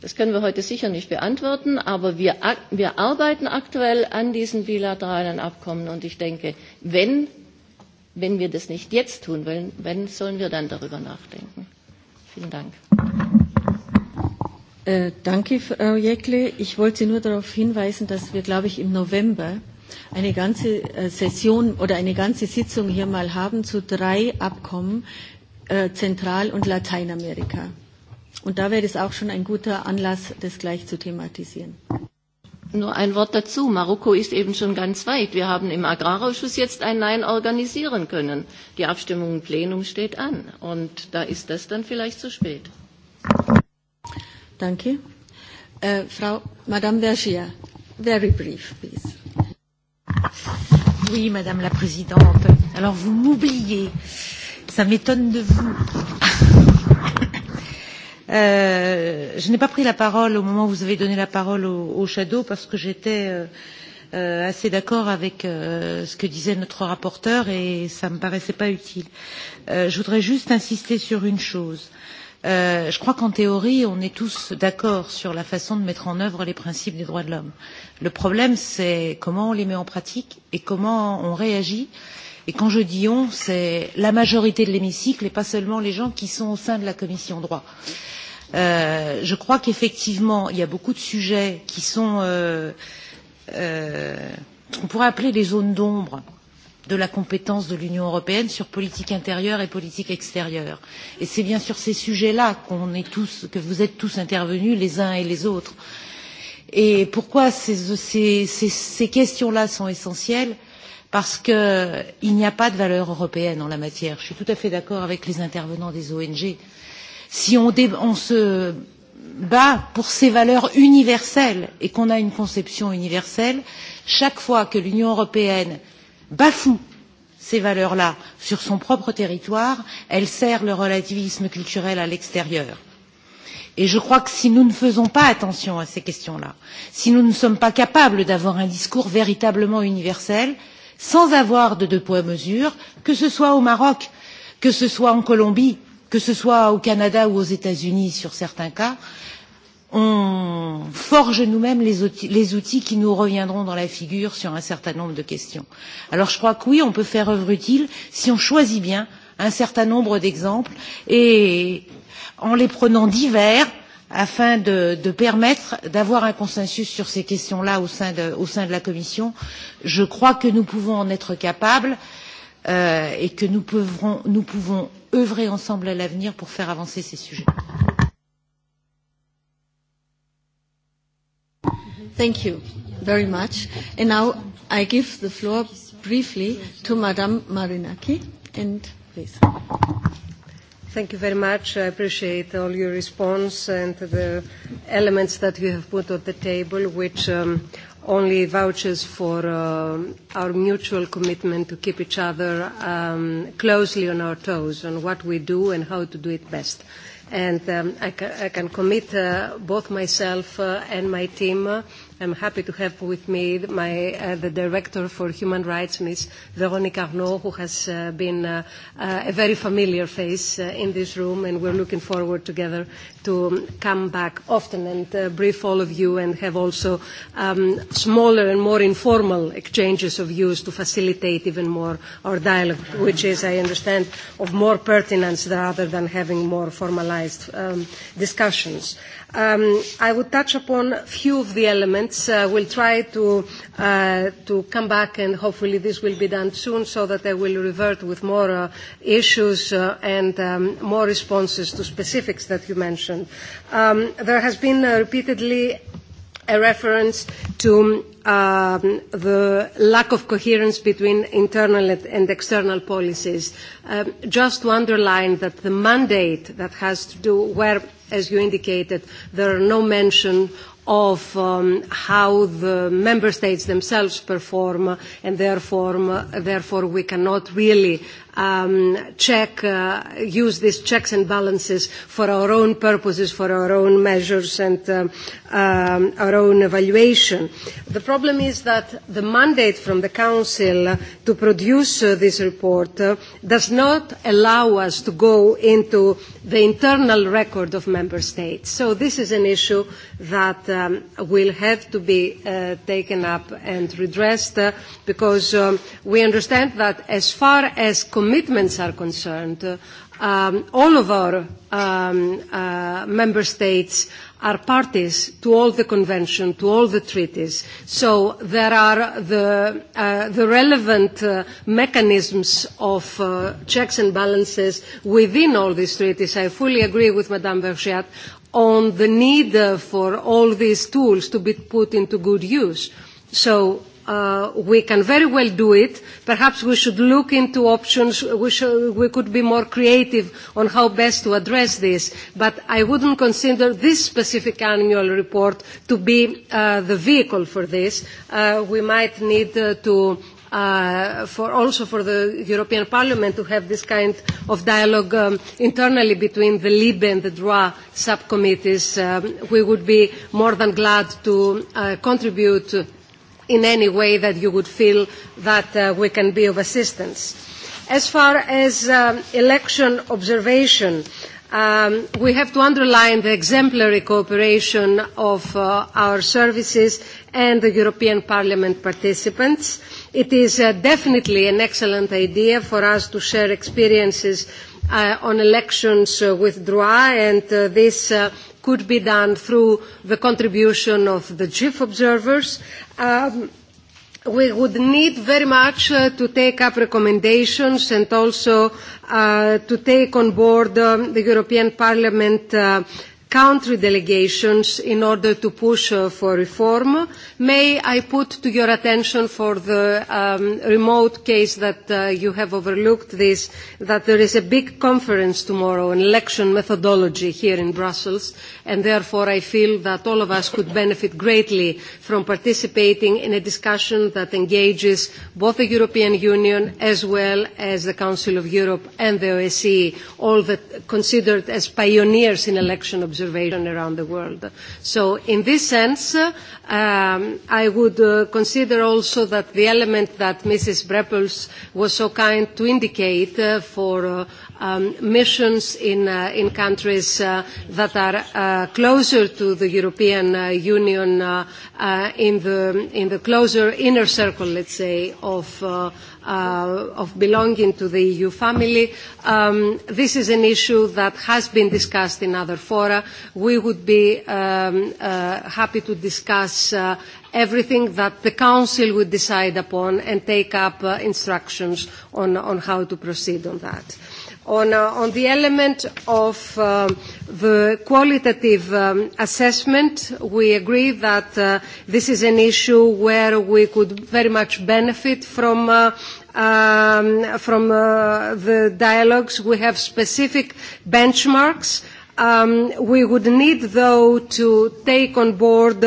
Das können wir heute sicher nicht beantworten, aber wir, wir arbeiten aktuell an diesen bilateralen Abkommen und ich denke, wenn, wenn wir das nicht jetzt tun wollen, wenn sollen wir dann darüber nachdenken? Vielen Dank. Danke, Frau Jekle. Ich wollte nur darauf hinweisen, dass wir, glaube ich, im November eine ganze Session oder eine ganze Sitzung hier mal haben zu drei Abkommen Zentral- und Lateinamerika. Und da wäre es auch schon ein guter Anlass, das gleich zu thematisieren. Nur ein Wort dazu. Marokko ist eben schon ganz weit. Wir haben im Agrarausschuss jetzt ein Nein organisieren können. Die Abstimmung im Plenum steht an. Und da ist das dann vielleicht zu spät. Danke. Äh, Frau Madame Bergier, very brief, please. Oui, Madame la Présidente. Alors, vous m'oubliez. Ça m'étonne de vous je n'ai pas pris la parole au moment où vous avez donné la parole au, au shadow parce que j'étais euh, assez d'accord avec euh, ce que disait notre rapporteur et ça ne me paraissait pas utile. Euh, je voudrais juste insister sur une chose. Euh, je crois qu'en théorie, on est tous d'accord sur la façon de mettre en œuvre les principes des droits de l'homme. Le problème, c'est comment on les met en pratique et comment on réagit Et quand je dis on, c'est la majorité de l'hémicycle et pas seulement les gens qui sont au sein de la commission droit. Euh, je crois qu'effectivement, il y a beaucoup de sujets qui sont euh, euh, qu'on pourrait appeler les zones d'ombre de la compétence de l'Union européenne sur politique intérieure et politique extérieure. Et c'est bien sur ces sujets-là qu que vous êtes tous intervenus les uns et les autres. Et pourquoi ces, ces, ces, ces questions-là sont essentielles Parce qu'il n'y a pas de valeur européenne en la matière. Je suis tout à fait d'accord avec les intervenants des ONG. Euh, si on, on se bat pour ces valeurs universelles et qu'on a une conception universelle, chaque fois que l'Union européenne bafoue ces valeurs là sur son propre territoire, elle sert le relativisme culturel à l'extérieur. Et je crois que si nous ne faisons pas attention à ces questions là, si nous ne sommes pas capables d'avoir un discours véritablement universel, sans avoir de deux poids mesures, que ce soit au Maroc, que ce soit en Colombie, que ce soit au Canada ou aux États-Unis sur certains cas, on forge nous-mêmes les outils, qui nous reviendront dans la figure sur un certain nombre de questions. Alors je crois que oui, on peut faire œuvre utile si on choisit bien un certain nombre d'exemples et en les prenant divers afin de, permettre d'avoir un consensus sur ces questions-là au, sein de la Commission. Je crois que nous pouvons en être capables et que nous pouvons œuvrer ensemble à l'avenir pour faire avancer ces sujets. Thank you very much. And now I give the floor briefly to Madame Marinaki. And please. Thank you very much. I appreciate all your response and the elements that you have put on the table, which um, only vouches for our mutual commitment to keep each other closely on our toes on what we do and how to do it best. And I, can commit both myself and my team I'm happy to have with me my, uh, the Director for Human Rights, Ms. Véronique Arnaud, who has uh, been uh, uh, a very familiar face uh, in this room, and we're looking forward together to come back often and uh, brief all of you and have also um, smaller and more informal exchanges of views to facilitate even more our dialogue, which is, I understand, of more pertinence rather than having more formalized um, discussions. Um, I would touch upon a few of the elements. Uh, we'll try to, uh, to come back, and hopefully this will be done soon, so that I will revert with more uh, issues uh, and um, more responses to specifics that you mentioned. Um, there has been uh, repeatedly a reference to the lack of coherence between internal and external policies. Just to underline that the mandate that has to do where, as you indicated, there are no mention of how the member states themselves perform, and therefore we cannot really um, check, uh, use these checks and balances for our own purposes, for our own measures and um, our own evaluation. The problem is that the mandate from the Council to produce uh, this report uh, does not allow us to go into the internal record of Member States. So this is an issue that um, will have to be uh, taken up and redressed uh, because um, we understand that as far as com- commitments are concerned, all of our member states are parties to all the convention, to all the treaties. So there are the, relevant mechanisms of checks and balances within all these treaties. I fully agree with Madame Vergiat on the need for all these tools to be put into good use. So uh, we can very well do it. Perhaps we should look into options. We, should, we could be more creative on how best to address this. But I wouldn't consider this specific annual report to be uh, the vehicle for this. Uh, we might need uh, to uh, for also for the European Parliament to have this kind of dialogue um, internally between the LIBE and the DROA subcommittees. Um, we would be more than glad to uh, contribute in any way that you would feel that uh, we can be of assistance. As far as um, election observation, um, we have to underline the exemplary cooperation of uh, our services and the European Parliament participants. It is uh, definitely an excellent idea for us to share experiences uh, on elections uh, with DROA, and uh, this uh, could be done through the contribution of the chief observers. Um, we would need very much uh, to take up recommendations and also uh, to take on board um, the European Parliament uh, country delegations in order to push for reform. May I put to your attention for the remote case that you have overlooked this, that there is a big conference tomorrow on election methodology here in Brussels, and therefore I feel that all of us could benefit greatly from participating in a discussion that engages both the European Union as well as the Council of Europe and the OSCE, all that considered as pioneers in election observation observation around the world. So in this sense, um, I would uh, consider also that the element that Mrs. Breppels was so kind to indicate uh, for uh, missions in, countries that are closer to the European Union in, the, closer inner circle, let's say, of, belonging to the EU family. this is an issue that has been discussed in other fora. We would be happy to discuss everything that the Council would decide upon and take up instructions on, how to proceed on that on the element of the qualitative assessment, we agree that this is an issue where we could very much benefit from the dialogues. We have specific benchmarks. We would need, though, to take on board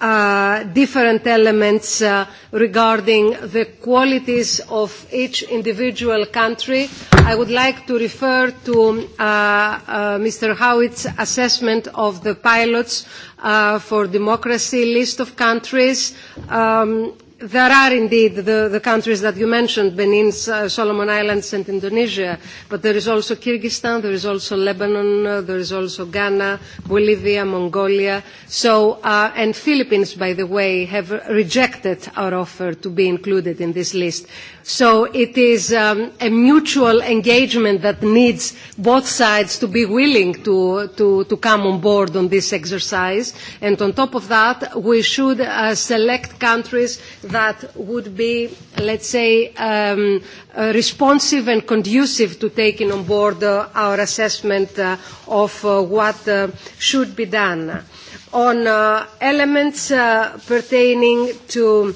uh, different elements uh, regarding the qualities of each individual country. I would like to refer to uh, uh, Mr. Howitt's assessment of the pilots uh, for democracy list of countries. Um, There are indeed the, the countries that you mentioned, Benin, uh, Solomon Islands and Indonesia, but there is also Kyrgyzstan, there is also Lebanon, uh, there is also Ghana, Bolivia, Mongolia. So, uh, and Philippines, by the way, have rejected our offer to be included in this list. So it is um, a mutual engagement that needs both sides to be willing to, to, to come on board on this exercise. And on top of that, we should uh, select countries that would be, let's say, um, uh, responsive and conducive to taking on board uh, our assessment uh, of uh, what uh, should be done. On uh, elements uh, pertaining to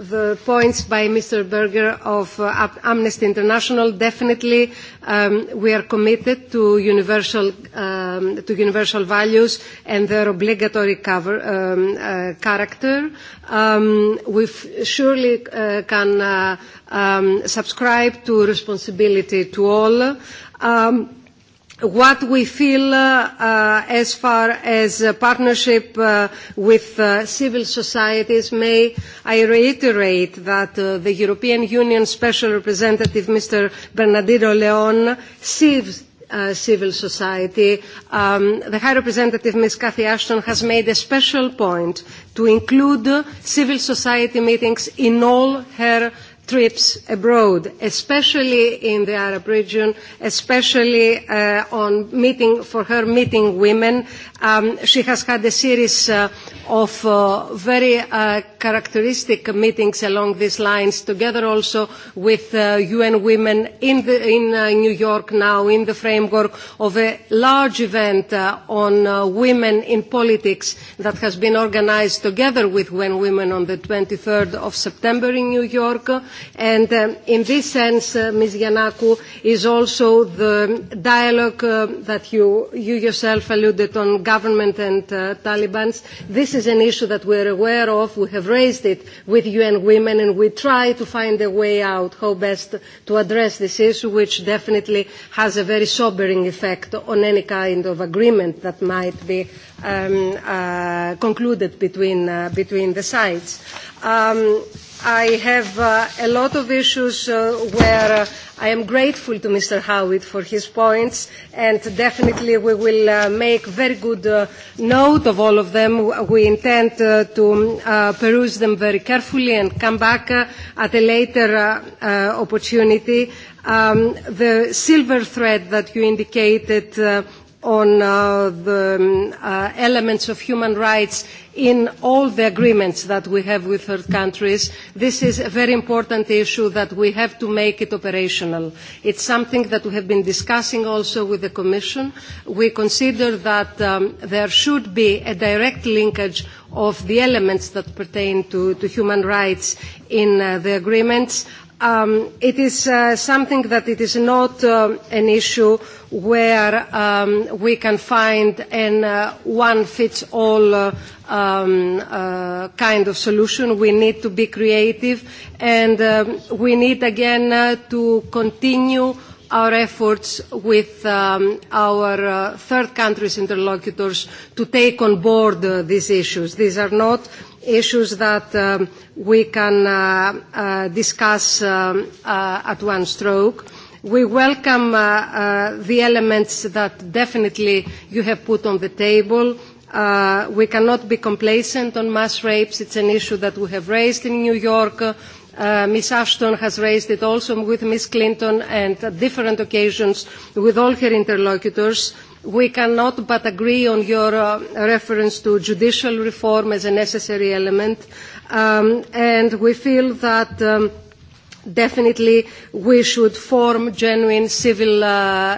the points by Mr. Berger of Amnesty International. Definitely, we are committed to universal, values and their obligatory character. we surely can subscribe to responsibility to all what we feel as far as partnership with civil societies may I reiterate that the European Union Special Representative Mr Bernardino Leon sees civil society. the High Representative, Ms. Cathy Ashton, has made a special point to include civil society meetings in all her trips abroad, especially in the Arab region, especially uh, on meeting, for her meeting women. Um, she has had a series uh, of uh, very uh, characteristic meetings along these lines, together also with uh, UN women in, the, in uh, New York now, in the framework of a large event uh, on uh, women in politics that has been organized together with UN Women on the 23rd of September in New York. Uh, And in this sense, Ms. Giannakou, is also the dialogue that you, you yourself alluded on government and Taliban. This is an issue that we are aware of. We have raised it with UN Women, and we try to find a way out how best to address this issue, which definitely has a very sobering effect on any kind of agreement that might be concluded between, the sides I have uh, a lot of issues uh, where uh, I am grateful to Mr. Howitt for his points, and definitely we will uh, make very good uh, note of all of them. We intend uh, to uh, peruse them very carefully and come back uh, at a later uh, uh, opportunity. Um, the silver thread that you indicated. Uh, on uh, the uh, elements of human rights in all the agreements that we have with third countries. This is a very important issue that we have to make it operational. It's something that we have been discussing also with the Commission. We consider that um, there should be a direct linkage of the elements that pertain to, to human rights in uh, the agreements it is something that it is not an issue where we can find an one-fits-all kind of solution. We need to be creative, and we need, again, to continue our efforts with our third countries interlocutors to take on board these issues. These are not issues that we can discuss at one stroke. We welcome the elements that definitely you have put on the table. We cannot be complacent on mass rapes. It's an issue that we have raised in New York. Ms. Ashton has raised it also with Ms. Clinton and at different occasions with all her interlocutors We cannot but agree on your reference to judicial reform as a necessary element, and we feel that definitely we should form genuine civil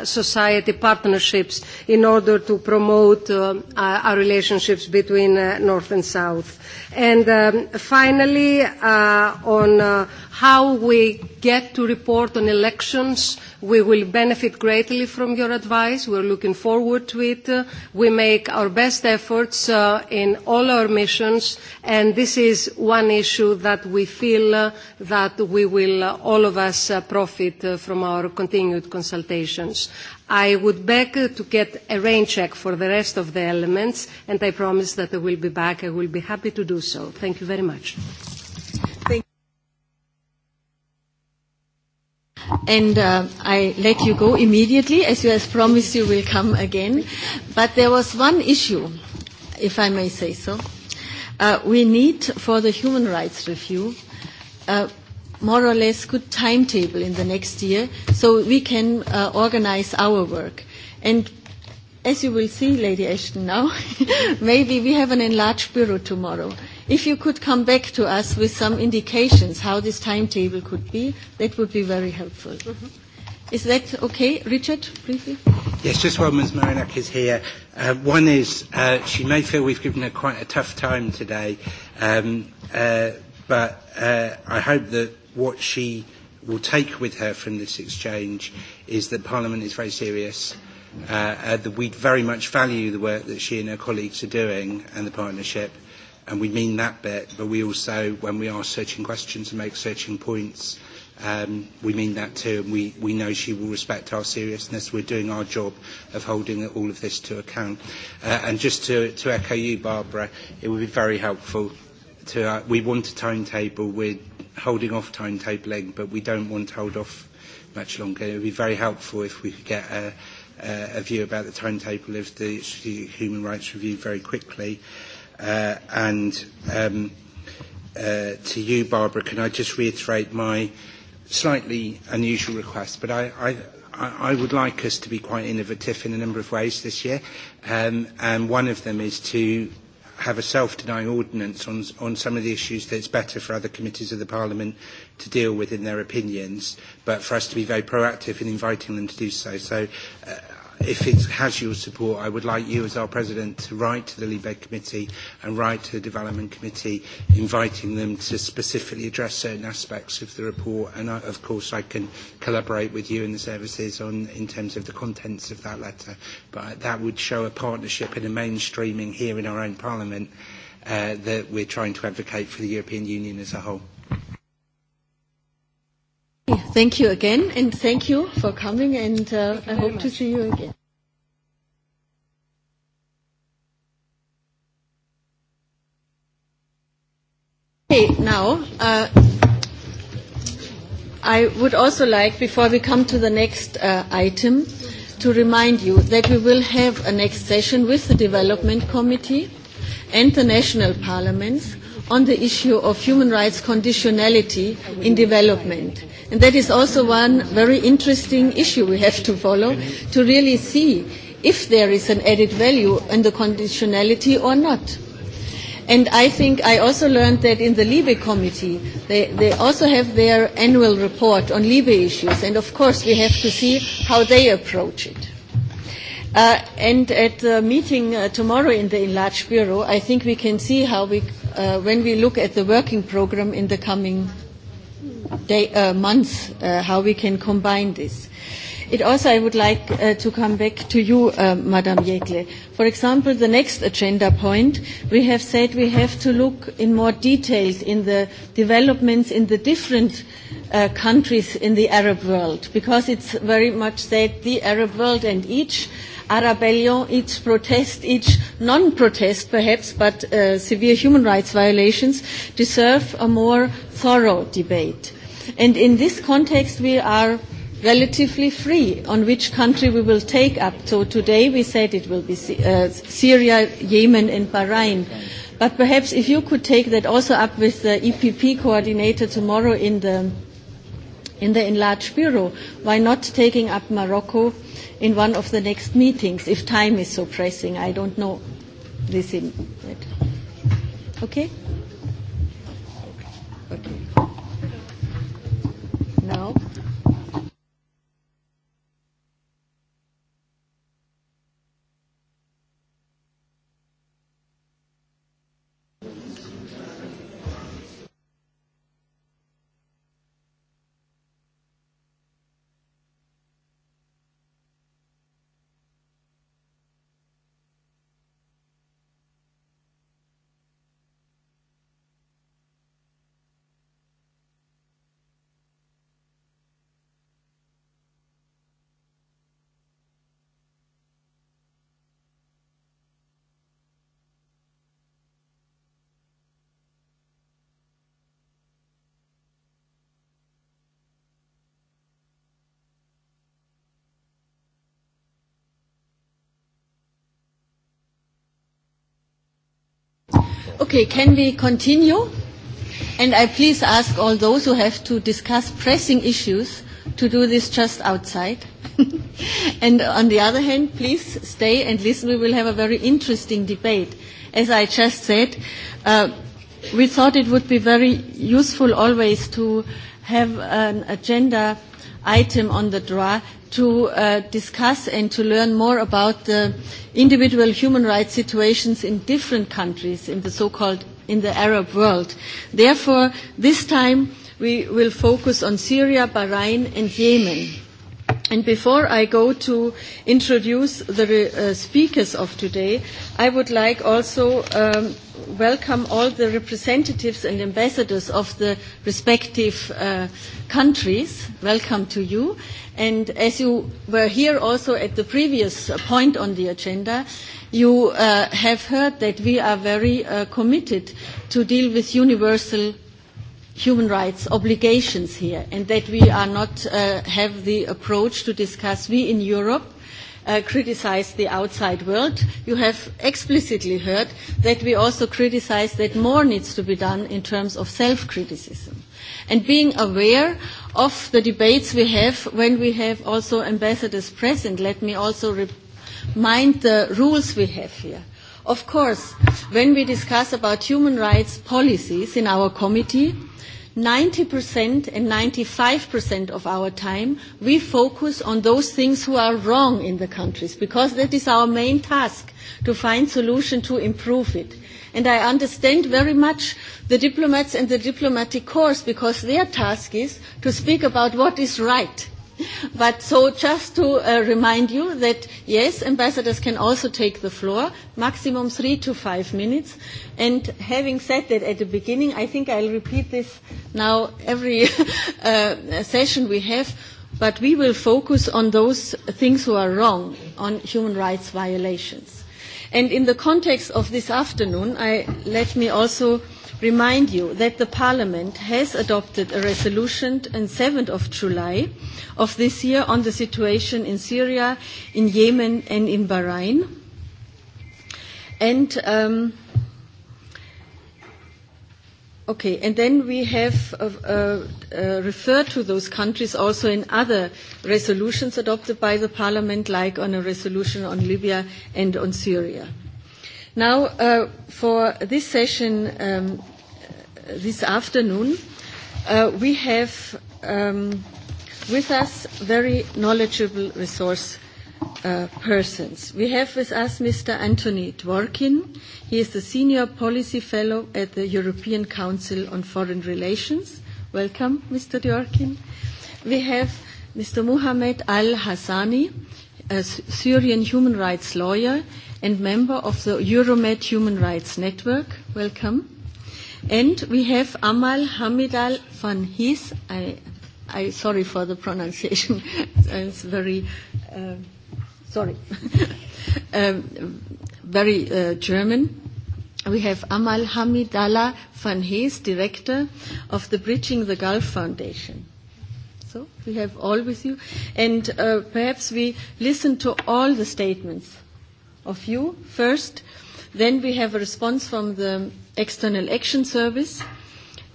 society partnerships in order to promote our relationships between North and South And um, finally, uh, on uh, how we get to report on elections, we will benefit greatly from your advice. We're looking forward to it. Uh, we make our best efforts uh, in all our missions, and this is one issue that we feel uh, that we will, uh, all of us, uh, profit uh, from our continued consultations. I would beg to get a rain check for the rest of the elements, and I promise that I will be back. I will be happy to do so. Thank you very much. and uh, I let you go immediately, as you have promised you will come again. But there was one issue, if I may say so. Uh, we need for the human rights review uh, more or less good timetable in the next year so we can uh, organize our work. And as you will see, Lady Ashton, now, maybe we have an enlarged bureau tomorrow. If you could come back to us with some indications how this timetable could be, that would be very helpful. Mm-hmm. Is that okay, Richard, briefly? Yes, just while Ms. Marinak is here. Uh, one is uh, she may feel we've given her quite a tough time today, um, uh, but uh, I hope that what she will take with her from this exchange is that Parliament is very serious, uh, uh, that we very much value the work that she and her colleagues are doing and the partnership, and we mean that bit, but we also, when we ask searching questions and make searching points, um, we mean that too, and we, we know she will respect our seriousness. We're doing our job of holding all of this to account. Uh, and just to, to echo you, Barbara, it would be very helpful to, uh, we want a timetable with holding off timetabling, but we don't want to hold off much longer. It would be very helpful if we could get a, a view about the timetable of the Strategic Human Rights Review very quickly. Uh, and um, uh, to you, Barbara, can I just reiterate my slightly unusual request, but I, I, I would like us to be quite innovative in a number of ways this year, um, and one of them is to have a self-denying ordinance on, on some of the issues that it's better for other committees of the Parliament to deal with in their opinions, but for us to be very proactive in inviting them to do so. So uh, if it has your support, I would like you as our president to write to the LIBE committee and write to the development committee, inviting them to specifically address certain aspects of the report. And I, of course, I can collaborate with you and the services on in terms of the contents of that letter. But that would show a partnership and a mainstreaming here in our own parliament uh, that we're trying to advocate for the European Union as a whole. Thank you again, and thank you for coming, and uh, I hope much. to see you again. Okay, now uh, I would also like, before we come to the next uh, item, to remind you that we will have a next session with the Development Committee and the national parliaments on the issue of human rights conditionality in development. And that is also one very interesting issue we have to follow to really see if there is an added value in the conditionality or not. And I think I also learned that in the Libe committee, they, they also have their annual report on Libe issues. And of course, we have to see how they approach it. Uh, and at the meeting uh, tomorrow in the enlarged bureau, I think we can see how we, uh, when we look at the working program in the coming day, uh, months, uh, how we can combine this. It also, I would like uh, to come back to you, uh, Madam Jekle. For example, the next agenda point, we have said we have to look in more details in the developments in the different uh, countries in the Arab world, because it's very much said the Arab world and each Arabellion, each protest, each non-protest perhaps, but uh, severe human rights violations deserve a more thorough debate. And in this context, we are relatively free on which country we will take up. So today we said it will be uh, Syria, Yemen, and Bahrain. But perhaps if you could take that also up with the EPP coordinator tomorrow in the in the enlarged bureau. Why not taking up Morocco in one of the next meetings if time is so pressing? I don't know this in it. Okay? Okay. Okay, can we continue? And I please ask all those who have to discuss pressing issues to do this just outside. and on the other hand, please stay and listen. We will have a very interesting debate. As I just said, uh, we thought it would be very useful always to have an agenda item on the draw to uh, discuss and to learn more about the individual human rights situations in different countries in the so-called in the Arab world. Therefore, this time we will focus on Syria, Bahrain and Yemen. And before I go to introduce the uh, speakers of today, I would like also um, welcome all the representatives and ambassadors of the respective uh, countries. Welcome to you. And as you were here also at the previous point on the agenda, you uh, have heard that we are very uh, committed to deal with universal human rights obligations here and that we are not uh, have the approach to discuss we in Europe uh, criticize the outside world. You have explicitly heard that we also criticize that more needs to be done in terms of self-criticism. And being aware of the debates we have when we have also ambassadors present, let me also remind the rules we have here Of course, when we discuss about human rights policies in our committee, 90% and 95% of our time we focus on those things who are wrong in the countries because that is our main task to find solution to improve it. And I understand very much the diplomats and the diplomatic corps because their task is to speak about what is right But so just to uh, remind you that yes, ambassadors can also take the floor, maximum three to five minutes. And having said that at the beginning, I think I'll repeat this now every uh, session we have but we will focus on those things who are wrong, on human rights violations. And in the context of this afternoon, I, let me also remind you that the Parliament has adopted a resolution on 7th of July of this year on the situation in Syria, in Yemen, and in Bahrain. And um, Okay, and then we have uh, uh, referred to those countries also in other resolutions adopted by the Parliament, like on a resolution on Libya and on Syria. Now, uh, for this session, um, this afternoon. Uh, we have um, with us very knowledgeable resource uh, persons. We have with us Mr. Anthony Dworkin. He is the Senior Policy Fellow at the European Council on Foreign Relations. Welcome, Mr. Dworkin. We have Mr. Mohamed Al Hassani, a Syrian human rights lawyer and member of the Euromed Human Rights Network. Welcome. And we have Amal Hamidal van Hees. I, I sorry for the pronunciation. it's very uh, sorry, um, very uh, German. We have Amal Hamidala van Hees, director of the Bridging the Gulf Foundation. So we have all with you, and uh, perhaps we listen to all the statements of you first Then we have a response from the External Action Service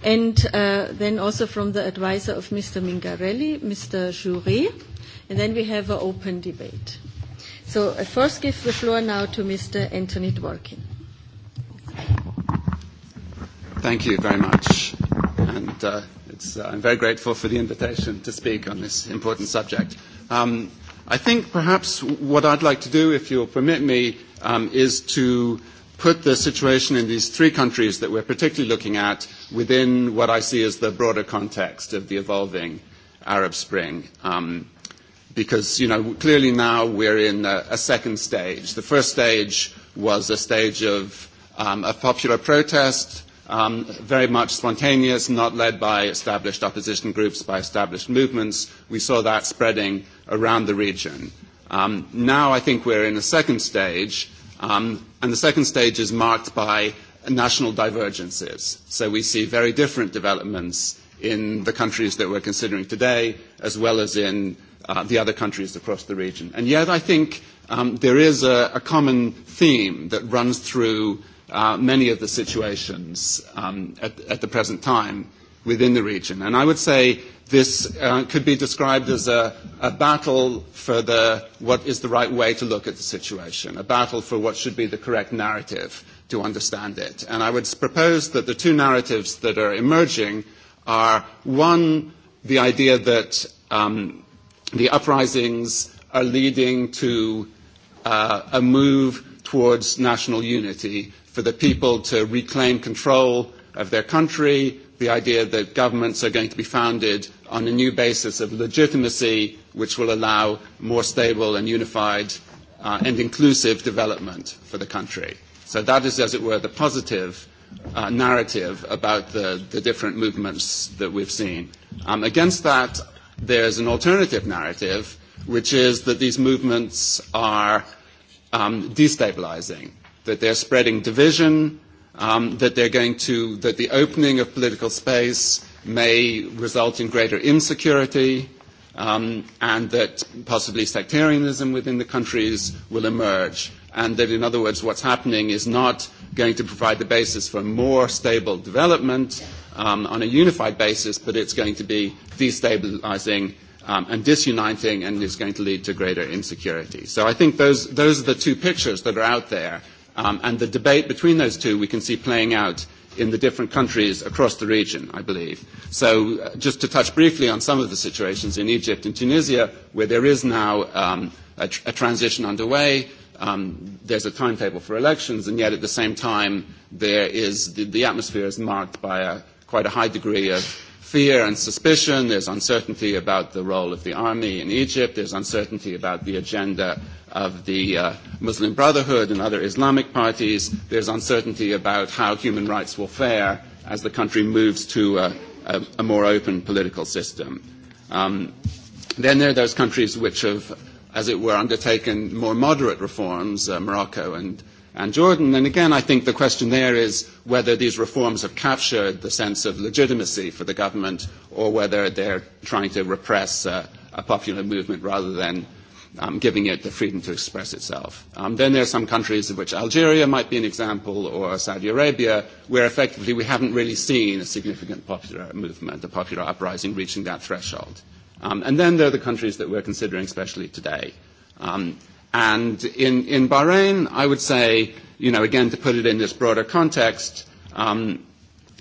and uh, then also from the advisor of Mr. Mingarelli, Mr. Jury, And then we have an open debate. So I first give the floor now to Mr. Anthony Dworkin. Thank you very much. And uh, it's, uh, I'm very grateful for the invitation to speak on this important subject. Um, I think perhaps what I'd like to do, if you'll permit me, um, is to put the situation in these three countries that we're particularly looking at within what I see as the broader context of the evolving Arab Spring. Um, because, you know, clearly now we're in a, a second stage. The first stage was a stage of um, a popular protest, um, very much spontaneous, not led by established opposition groups, by established movements. We saw that spreading around the region Um, now I think we're in a second stage, um, and the second stage is marked by national divergences. So we see very different developments in the countries that we're considering today, as well as in uh, the other countries across the region. And yet I think um, there is a, a common theme that runs through uh, many of the situations um, at, at the present time within the region. And I would say this uh, could be described as a, a battle for the, what is the right way to look at the situation, a battle for what should be the correct narrative to understand it. And I would propose that the two narratives that are emerging are one, the idea that um, the uprisings are leading to uh, a move towards national unity for the people to reclaim control of their country the idea that governments are going to be founded on a new basis of legitimacy, which will allow more stable and unified uh, and inclusive development for the country. So that is, as it were, the positive uh, narrative about the, the different movements that we've seen. Um, against that, there's an alternative narrative, which is that these movements are um, destabilizing, that they're spreading division, um, that they're going to, that the opening of political space may result in greater insecurity, um, and that possibly sectarianism within the countries will emerge. And that, in other words, what's happening is not going to provide the basis for more stable development um, on a unified basis, but it's going to be destabilizing um, and disuniting and it's going to lead to greater insecurity. So I think those, those are the two pictures that are out there Um, and the debate between those two we can see playing out in the different countries across the region, I believe. So uh, just to touch briefly on some of the situations in Egypt and Tunisia, where there is now um, a, tr- a transition underway, um, there's a timetable for elections, and yet at the same time, there is the, the atmosphere is marked by a, quite a high degree of fear and suspicion. There's uncertainty about the role of the army in Egypt. There's uncertainty about the agenda of the uh, Muslim Brotherhood and other Islamic parties. There's uncertainty about how human rights will fare as the country moves to a, a, a more open political system. Um, then there are those countries which have, as it were, undertaken more moderate reforms, uh, Morocco and and Jordan. And again, I think the question there is whether these reforms have captured the sense of legitimacy for the government or whether they're trying to repress uh, a popular movement rather than um, giving it the freedom to express itself. Um, then there are some countries of which Algeria might be an example or Saudi Arabia, where effectively we haven't really seen a significant popular movement, a popular uprising reaching that threshold. Um, and then there are the countries that we're considering, especially today. Um, And in, in Bahrain, I would say, you know, again, to put it in this broader context, um,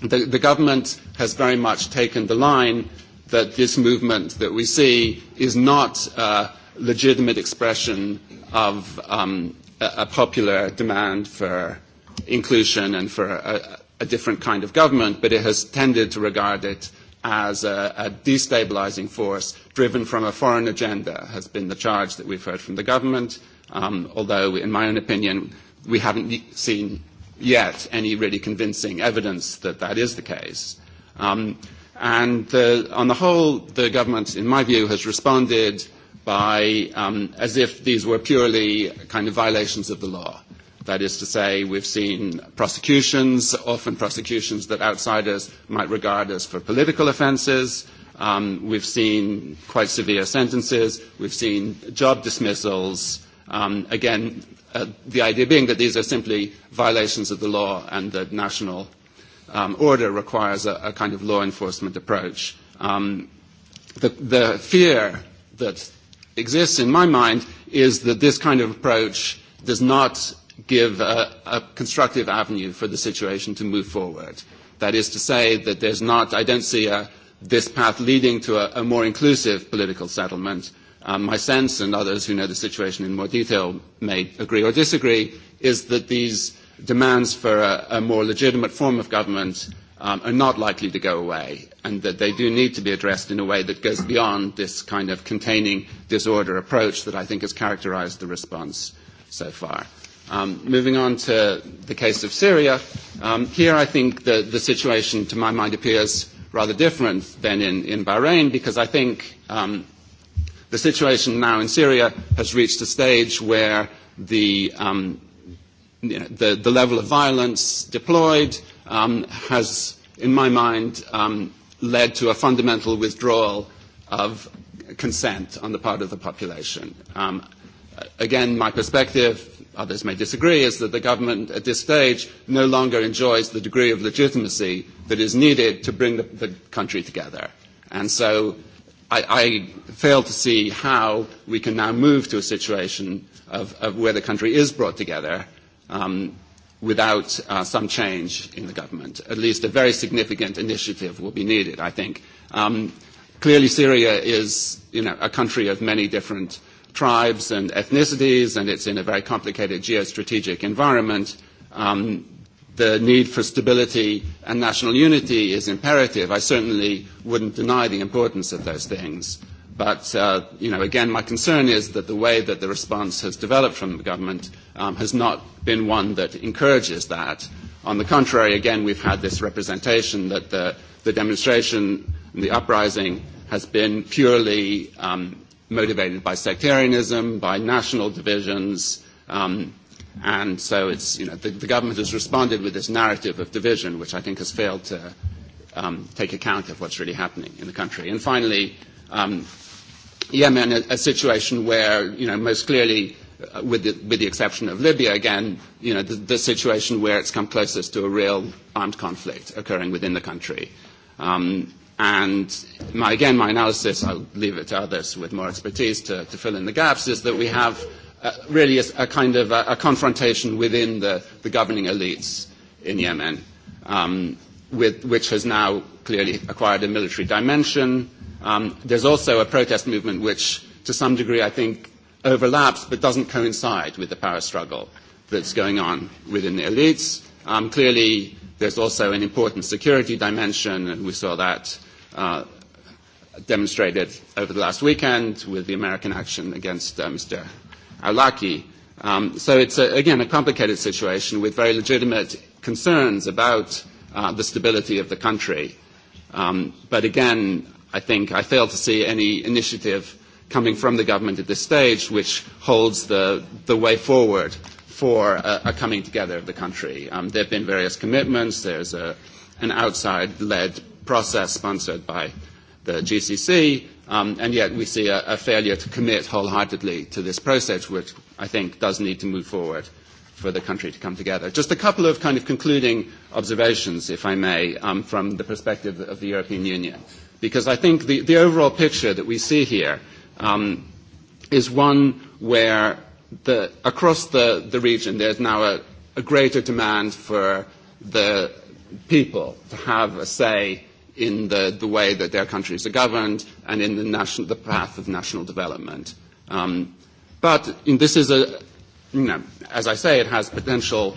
the, the government has very much taken the line that this movement that we see is not a legitimate expression of um, a, a popular demand for inclusion and for a, a different kind of government, but it has tended to regard it as a, a destabilizing force driven from a foreign agenda has been the charge that we've heard from the government, um, although, in my own opinion, we haven't seen yet any really convincing evidence that that is the case. Um, and the, on the whole, the government, in my view, has responded by um, as if these were purely kind of violations of the law. That is to say, we've seen prosecutions, often prosecutions that outsiders might regard as for political offences. Um, we've seen quite severe sentences. We've seen job dismissals. Um, again, uh, the idea being that these are simply violations of the law and that national um, order requires a, a kind of law enforcement approach. Um, the, the fear that exists in my mind is that this kind of approach does not give a, a constructive avenue for the situation to move forward. That is to say that there's not, I don't see a, this path leading to a, a more inclusive political settlement. Um, my sense, and others who know the situation in more detail may agree or disagree, is that these demands for a, a more legitimate form of government um, are not likely to go away, and that they do need to be addressed in a way that goes beyond this kind of containing disorder approach that I think has characterized the response so far. Um, moving on to the case of Syria, um, here I think the, the situation, to my mind, appears rather different than in, in Bahrain because I think um, the situation now in Syria has reached a stage where the, um, you know, the, the level of violence deployed um, has, in my mind, um, led to a fundamental withdrawal of consent on the part of the population. Um, again, my perspective others may disagree, is that the government at this stage no longer enjoys the degree of legitimacy that is needed to bring the, the country together. And so I, I fail to see how we can now move to a situation of, of where the country is brought together um, without uh, some change in the government. At least a very significant initiative will be needed, I think. Um, clearly, Syria is you know, a country of many different tribes and ethnicities, and it's in a very complicated geostrategic environment. Um, the need for stability and national unity is imperative. I certainly wouldn't deny the importance of those things. But, uh, you know, again, my concern is that the way that the response has developed from the government um, has not been one that encourages that. On the contrary, again, we've had this representation that the, the demonstration and the uprising has been purely um, motivated by sectarianism, by national divisions, um, and so it's, you know, the, the government has responded with this narrative of division, which I think has failed to um, take account of what's really happening in the country. And finally, um, Yemen, a, a situation where, you know, most clearly, uh, with, the, with the exception of Libya, again, you know, the, the situation where it's come closest to a real armed conflict occurring within the country. Um, And my, again, my analysis, I'll leave it to others with more expertise to, to fill in the gaps, is that we have uh, really a, a kind of a, a confrontation within the, the governing elites in Yemen, um, with, which has now clearly acquired a military dimension. Um, there's also a protest movement which, to some degree, I think overlaps but doesn't coincide with the power struggle that's going on within the elites. Um, clearly, there's also an important security dimension, and we saw that uh, demonstrated over the last weekend with the American action against uh, Mr. Arlaki. Um, so it's, a, again, a complicated situation with very legitimate concerns about uh, the stability of the country. Um, but again, I think I fail to see any initiative coming from the government at this stage which holds the, the way forward for a, a coming together of the country. Um, there have been various commitments. There's a, an outside-led process sponsored by the GCC, um, and yet we see a, a failure to commit wholeheartedly to this process, which I think does need to move forward for the country to come together. Just a couple of kind of concluding observations, if I may, um, from the perspective of the European Union, because I think the, the overall picture that we see here um, is one where the, across the, the region there's now a, a greater demand for the people to have a say in the, the way that their countries are governed and in the, national, the path of national development. Um, but in, this is a, you know, as I say, it has potential,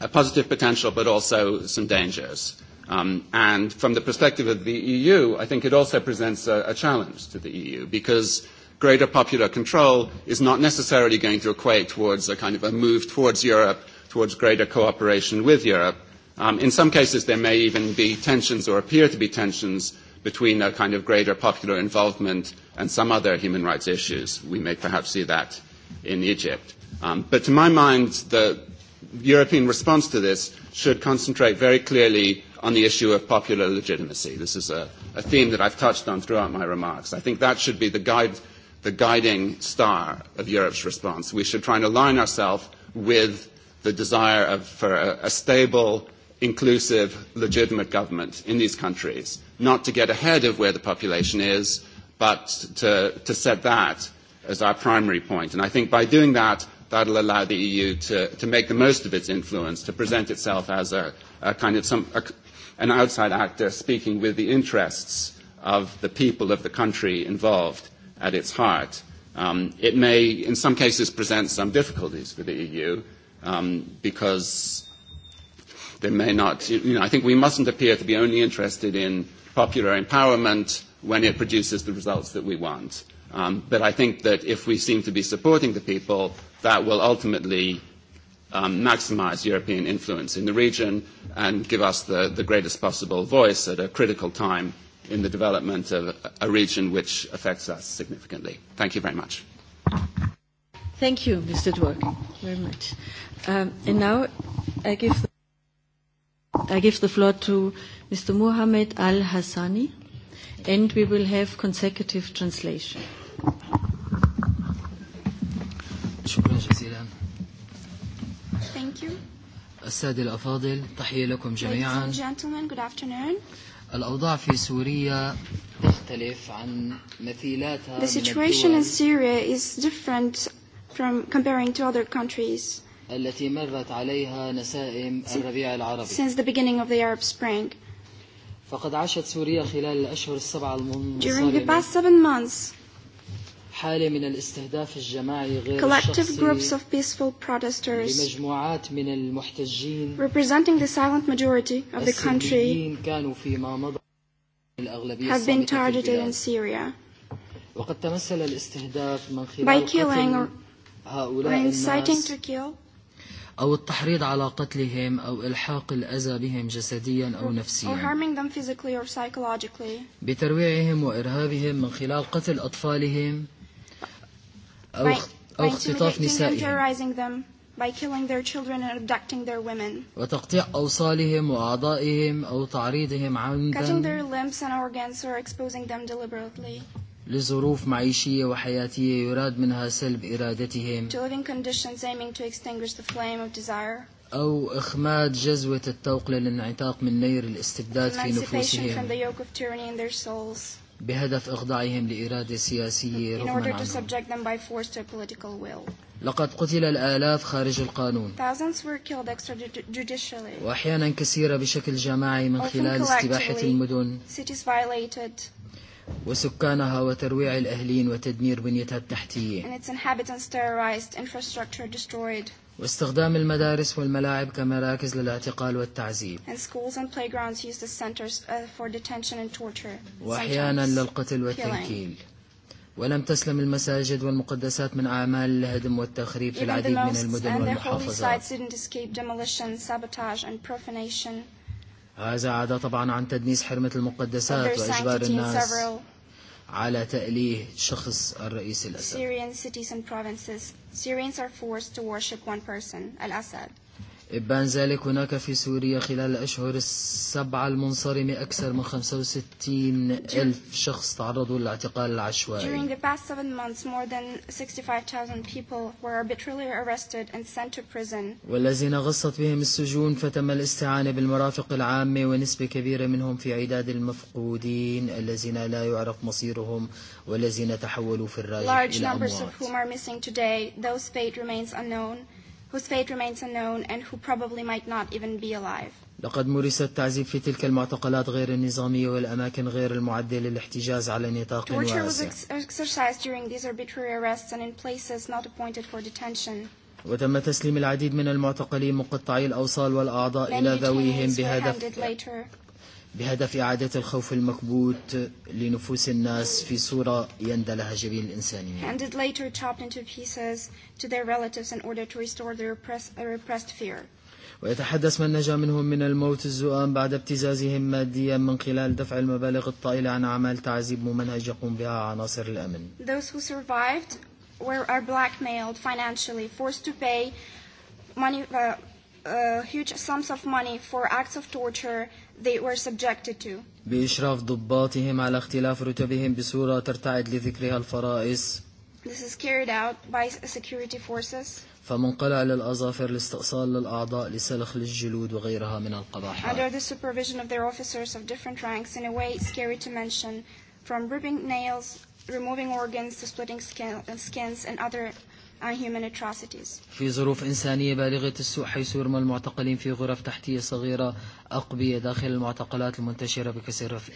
a positive potential, but also some dangers. Um, and from the perspective of the EU, I think it also presents a, a challenge to the EU because greater popular control is not necessarily going to equate towards a kind of a move towards Europe, towards greater cooperation with Europe Um, in some cases, there may even be tensions or appear to be tensions between a kind of greater popular involvement and some other human rights issues. We may perhaps see that in Egypt. Um, but to my mind, the European response to this should concentrate very clearly on the issue of popular legitimacy. This is a, a theme that I've touched on throughout my remarks. I think that should be the, guide, the guiding star of Europe's response. We should try and align ourselves with the desire of, for a, a stable inclusive, legitimate government in these countries, not to get ahead of where the population is, but to, to set that as our primary point. And I think by doing that, that'll allow the EU to, to make the most of its influence, to present itself as a, a kind of some, a, an outside actor speaking with the interests of the people of the country involved at its heart. Um, it may, in some cases, present some difficulties for the EU um, because They may not, you know, I think we mustn't appear to be only interested in popular empowerment when it produces the results that we want. Um, but I think that if we seem to be supporting the people, that will ultimately um, maximize European influence in the region and give us the, the greatest possible voice at a critical time in the development of a region which affects us significantly. Thank you very much. Thank you, Mr. Dworkin, very much. Um, and now I give the I give the floor to Mr. Mohammed Al Hassani, and we will have consecutive translation. Thank you. السادة الأفاضل تحية لكم جميعا الأوضاع في سوريا تختلف عن مثيلاتها The situation in Syria is different from comparing to other countries. التي مرت عليها نسائم الربيع العربي since the beginning of the Arab Spring. فقد عاشت سوريا خلال الأشهر السبعة المنصرمة during the past seven months حالة من الاستهداف الجماعي غير collective الشخصي groups of peaceful protesters لمجموعات من المحتجين representing the silent majority of the country كانوا فيما مضى الأغلبية have been targeted in Syria وقد تمثل الاستهداف من خلال by killing or, or inciting to kill أو التحريض على قتلهم أو إلحاق الأذى بهم جسديا أو نفسيا بترويعهم وإرهابهم من خلال قتل أطفالهم أو, أو اختطاف نسائهم by killing their children and abducting their women. وتقطيع أوصالهم وأعضائهم أو تعريضهم عمدا. Cutting their limbs and organs or exposing them deliberately. لظروف معيشية وحياتية يراد منها سلب إرادتهم أو إخماد جزوة التوق للانعتاق من نير الاستبداد في نفوسهم بهدف إخضاعهم لإرادة سياسية رغم عنهم لقد قتل الآلاف خارج القانون وأحيانا كثيرة بشكل جماعي من خلال استباحة المدن وسكانها وترويع الأهلين وتدمير بنيتها التحتية and its inhabitants terrorized, infrastructure destroyed. واستخدام المدارس والملاعب كمراكز للاعتقال والتعذيب and schools and playgrounds used as centers for detention and torture وأحيانا للقتل والتنكيل ولم تسلم المساجد والمقدسات من أعمال الهدم والتخريب في العديد من المدن والمحافظات هذا عدا طبعا عن تدنيس حرمة المقدسات وإجبار الناس على تأليه شخص الرئيس الأسد. Syrian cities and provinces. Syrians are forced to worship one person, al-Assad. بان ذلك هناك في سوريا خلال الأشهر السبعة المنصرمة أكثر من 65 ألف شخص تعرضوا للاعتقال العشوائي. During the past seven months, more than 65,000 people were arbitrarily arrested and sent to prison. والذين غصت بهم السجون فتم الاستعانة بالمرافق العامة ونسبة كبيرة منهم في عداد المفقودين الذين لا يعرف مصيرهم والذين تحولوا في الراجح إلى أموات. of whom are missing today, those fate remains unknown whose fate remains unknown and who probably might not even be alive. لقد مورس التعذيب في تلك المعتقلات غير النظامية والأماكن غير المعدة للاحتجاز على نطاق واسع. Torture was exercised during these arbitrary arrests and in places not appointed for detention. وتم تسليم العديد من المعتقلين مقطعي الأوصال والأعضاء إلى ذويهم بهدف بهدف إعادة الخوف المكبوت لنفوس الناس في صورة يندى لها جبين الإنسانية. And it later chopped into pieces to their relatives in order to restore their repressed, repressed fear. ويتحدث من نجا منهم من الموت الزؤام بعد ابتزازهم ماديا من خلال دفع المبالغ الطائلة عن أعمال تعذيب ممنهج يقوم بها عناصر الأمن. Those who survived were are blackmailed financially, forced to pay money, uh, uh, huge sums of money for acts of torture they were subjected to. بإشراف ضباطهم على اختلاف رتبهم بصورة ترتعد لذكرها الفرائس. This is carried out by security forces. فمنقلع للأظافر لاستئصال للأعضاء لسلخ للجلود وغيرها من القباحات. Under the supervision of their officers of different ranks in a way scary to mention, from ripping nails, removing organs to splitting skin, skins and other unhuman atrocities. في ظروف إنسانية بالغة السوء حيث يرمى المعتقلين في غرف تحتية صغيرة أقبية داخل المعتقلات المنتشرة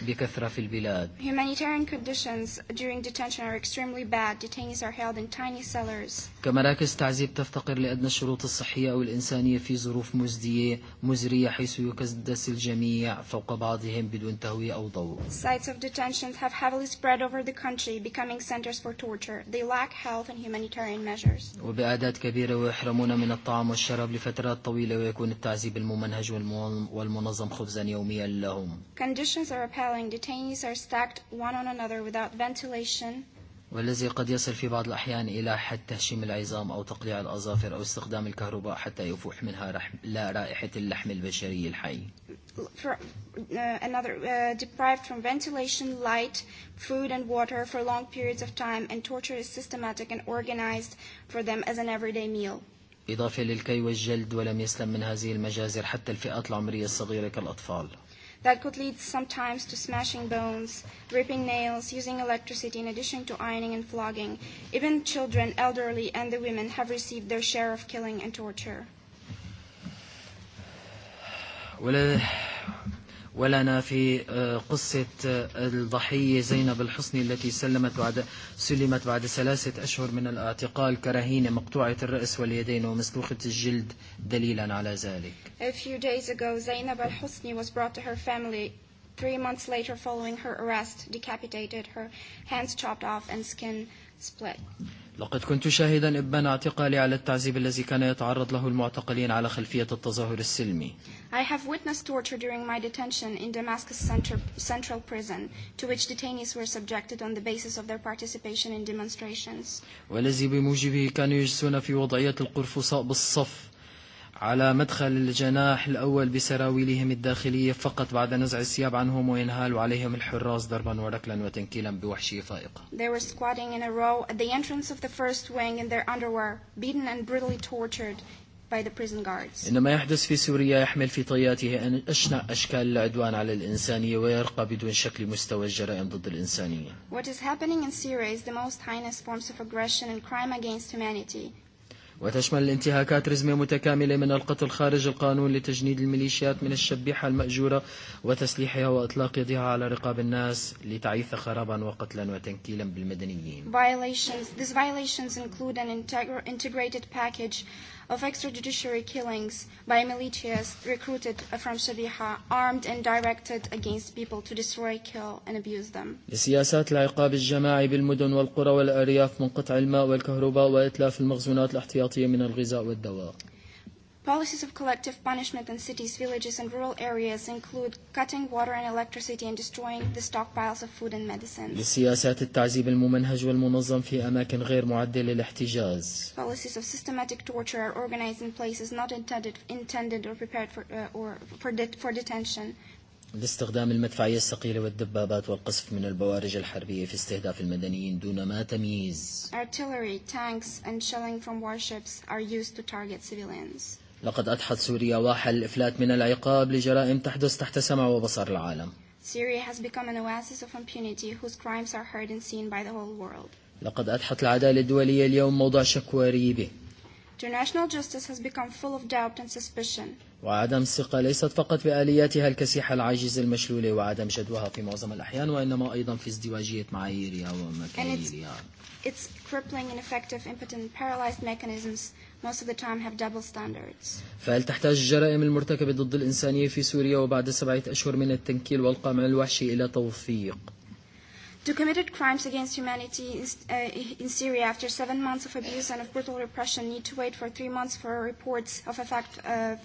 بكثرة في البلاد. Humanitarian conditions during detention are extremely bad. Detainees are held in tiny cellars. كمراكز تعذيب تفتقر لأدنى الشروط الصحية أو الإنسانية في ظروف مزدية مزرية حيث يكدس الجميع فوق بعضهم بدون تهوية أو ضوء. Sites of detention have heavily spread over the country, becoming centers for torture. They lack health and humanitarian measures. وبأعداد كبيرة ويحرمون من الطعام والشراب لفترات طويلة ويكون التعذيب الممنهج والمنظم منظم خبزا يوميا لهم. Conditions are appalling. Detainees are stacked one on another without ventilation. والذي قد يصل في بعض الأحيان إلى حتى تهشيم العظام أو تقليع الأظافر أو استخدام الكهرباء حتى يفوح منها لا رائحة اللحم البشري الحي. Another uh, deprived from ventilation, light, food and water for long periods of time and torture is systematic and organized for them as an everyday meal. إضافة للكي والجلد ولم يسلم من هذه المجازر حتى الفئات العمرية الصغيرة كالأطفال. That could lead sometimes to smashing bones, ripping nails, using electricity in addition to ironing and flogging. Even children, elderly, and the women have received their share of killing and torture. ولنا في قصة الضحية زينب الحصني التي سلمت بعد سلمت بعد ثلاثة أشهر من الاعتقال كرهينة مقطوعة الرأس واليدين ومسلوخة الجلد دليلا على ذلك. A few days ago, Zainab al-Husni was brought to her family three months later following her arrest, decapitated, her hands chopped off and skin split. لقد كنت شاهدا إبان اعتقالي على التعذيب الذي كان يتعرض له المعتقلين على خلفية التظاهر السلمي. I have witnessed torture during my detention in Damascus Central Prison, to which detainees were subjected on the basis of their participation in demonstrations. والذي بموجبه كانوا يجلسون في وضعية القرفصاء بالصف على مدخل الجناح الأول بسراويلهم الداخلية فقط بعد نزع الثياب عنهم وإنهال عليهم الحراس ضربا وركلا وتنكيلا بوحشية فائقة. They were squatting in a row at the entrance of the first wing in their underwear, beaten and brutally tortured by the prison guards. إن ما يحدث في سوريا يحمل في طياته أن أشنع أشكال العدوان على الإنسانية ويرقى بدون شكل مستوى الجرائم ضد الإنسانية. What is happening in Syria is the most heinous forms of aggression and crime against humanity, وتشمل الانتهاكات رزمة متكاملة من القتل خارج القانون لتجنيد الميليشيات من الشبيحة المأجورة وتسليحها وإطلاق يدها على رقاب الناس لتعيث خرابا وقتلا وتنكيلا بالمدنيين. Violations. These violations include an integrated package of extrajudiciary killings by militias recruited from Shabiha, armed and directed against people to destroy, kill, and abuse them. لسياسات العقاب الجماعي بالمدن والقرى والأرياف من قطع الماء والكهرباء وإتلاف المخزونات الاحتياطية من الغذاء والدواء. Policies of collective punishment in cities, villages, and rural areas include cutting water and electricity and destroying the stockpiles of food and medicine. لسياسات التعذيب الممنهج والمنظم في أماكن غير معدة للاحتجاز. Policies of systematic torture are organized in places not intended, intended or prepared for, uh, or for, det for detention. لاستخدام المدفعية الثقيلة والدبابات والقصف من البوارج الحربية في استهداف المدنيين دون ما تمييز. Artillery, tanks, and shelling from warships are used to target civilians. لقد أدحت سوريا واحة الإفلات من العقاب لجرائم تحدث تحت سمع وبصر العالم. Syria has become an oasis of impunity whose crimes are heard and seen by the whole world. لقد أدحت العدالة الدولية اليوم موضع شكوى ريبة. International justice has become full of doubt and suspicion. وعدم الثقة ليست فقط بآلياتها الكسيحة العاجزة المشلولة وعدم جدواها في معظم الأحيان وإنما أيضا في ازدواجية معاييرها ومكاييرها. And it's, It's crippling, ineffective, impotent, paralyzed mechanisms most of the time have double standards. فهل تحتاج الجرائم المرتكبة ضد الإنسانية في سوريا وبعد سبعة أشهر من التنكيل والقمع الوحشي إلى توثيق؟ To committed crimes against humanity in, uh, in Syria after seven months of abuse and of brutal repression need to wait for three months for reports of effect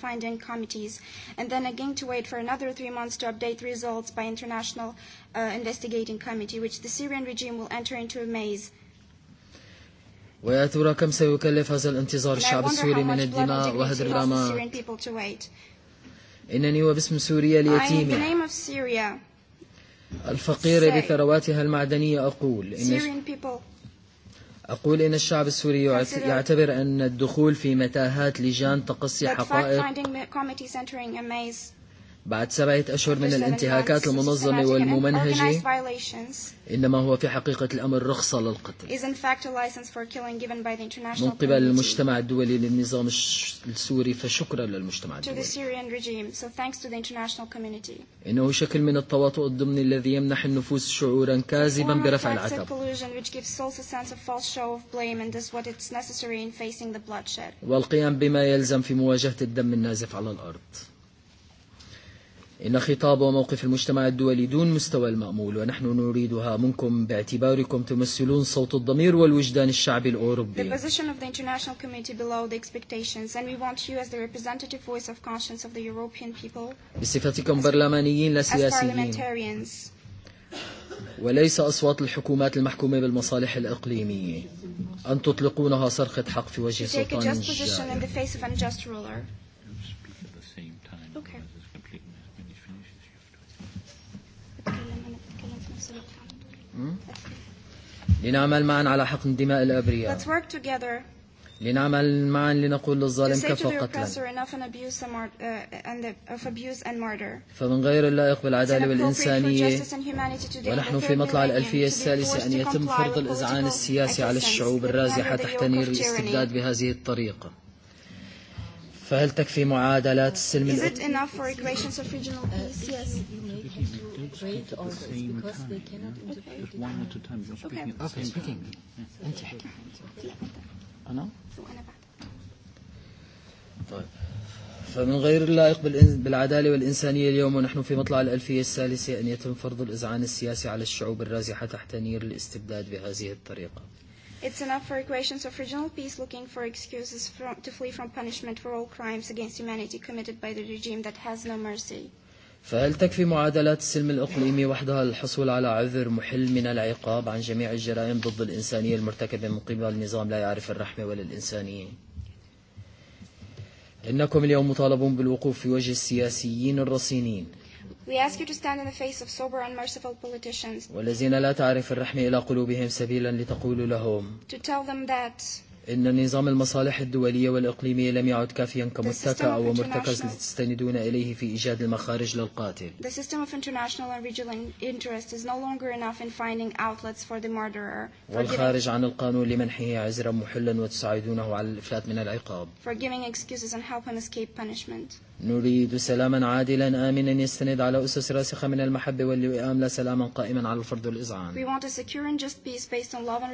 finding committees, and then again to wait for another three months to update results by international uh, investigating committee, which the Syrian regime will enter into a maze ويا ترى كم سيكلف هذا الانتظار الشعب السوري من الدماء وهدر الأعماق إنني وباسم سوريا اليتيمة الفقيرة بثرواتها المعدنية أقول إن أقول إن الشعب السوري يعتبر أن الدخول في متاهات لجان تقصي حقائق بعد سبعة أشهر من الانتهاكات المنظمة والممنهجة إنما هو في حقيقة الأمر رخصة للقتل من قبل المجتمع الدولي للنظام السوري فشكرا للمجتمع الدولي إنه شكل من التواطؤ الضمني الذي يمنح النفوس شعورا كاذبا برفع العتب والقيام بما يلزم في مواجهة الدم النازف على الأرض إن خطاب وموقف المجتمع الدولي دون مستوى المأمول ونحن نريدها منكم باعتباركم تمثلون صوت الضمير والوجدان الشعبي الأوروبي. The position of the International Committee below the expectations and we want you as the representative voice of conscience of the European people. بصفتكم برلمانيين لا سياسيين. وليس أصوات الحكومات المحكومة بالمصالح الإقليمية أن تطلقونها صرخة حق في وجه سلطان الجائر. لنعمل معا على حقن دماء الأبرياء. لنعمل معا لنقول للظالم كفى قتلا فمن غير اللائق بالعدالة والإنسانية ونحن في مطلع الألفية الثالثة أن يتم فرض الإذعان السياسي على الشعوب الرازحة تحت نير الاستبداد بهذه الطريقة فهل تكفي معادلات السلم Is it enough for equations of regional peace? Yes. طيب فمن غير اللائق بالعدالة والإنسانية اليوم ونحن في مطلع الألفية الثالثة أن يتم فرض الإزعان السياسي على الشعوب الرازحة تحت نير الاستبداد بهذه الطريقة. It's enough for equations of regional peace looking for excuses from, to flee from punishment for all crimes against humanity committed by the regime that has no mercy. فهل تكفي معادلات السلم الإقليمي وحدها للحصول على عذر محل من العقاب عن جميع الجرائم ضد الإنسانية المرتكبة من قبل نظام لا يعرف الرحمة ولا الإنسانية؟ إنكم اليوم مطالبون بالوقوف في وجه السياسيين الرصينين We ask you to stand in the face of sober and merciful politicians. والذين لا تعرف الرحمة إلى قلوبهم سبيلا لتقول لهم. To tell them that إن نظام المصالح الدولية والإقليمية لم يعد كافيا كمتكأ أو مرتكز لتستندون إليه في إيجاد المخارج للقاتل. The system of international and regional interest is no longer enough in finding outlets for the murderer. والخارج عن القانون لمنحه عذرا محلا وتساعدونه على الإفلات من العقاب. For giving excuses and help him escape punishment. نريد سلاما عادلا آمنا يستند على أسس راسخة من المحبة واللئام لا سلاما قائما على الفرد والإزعان We want a secure and just peace based on love and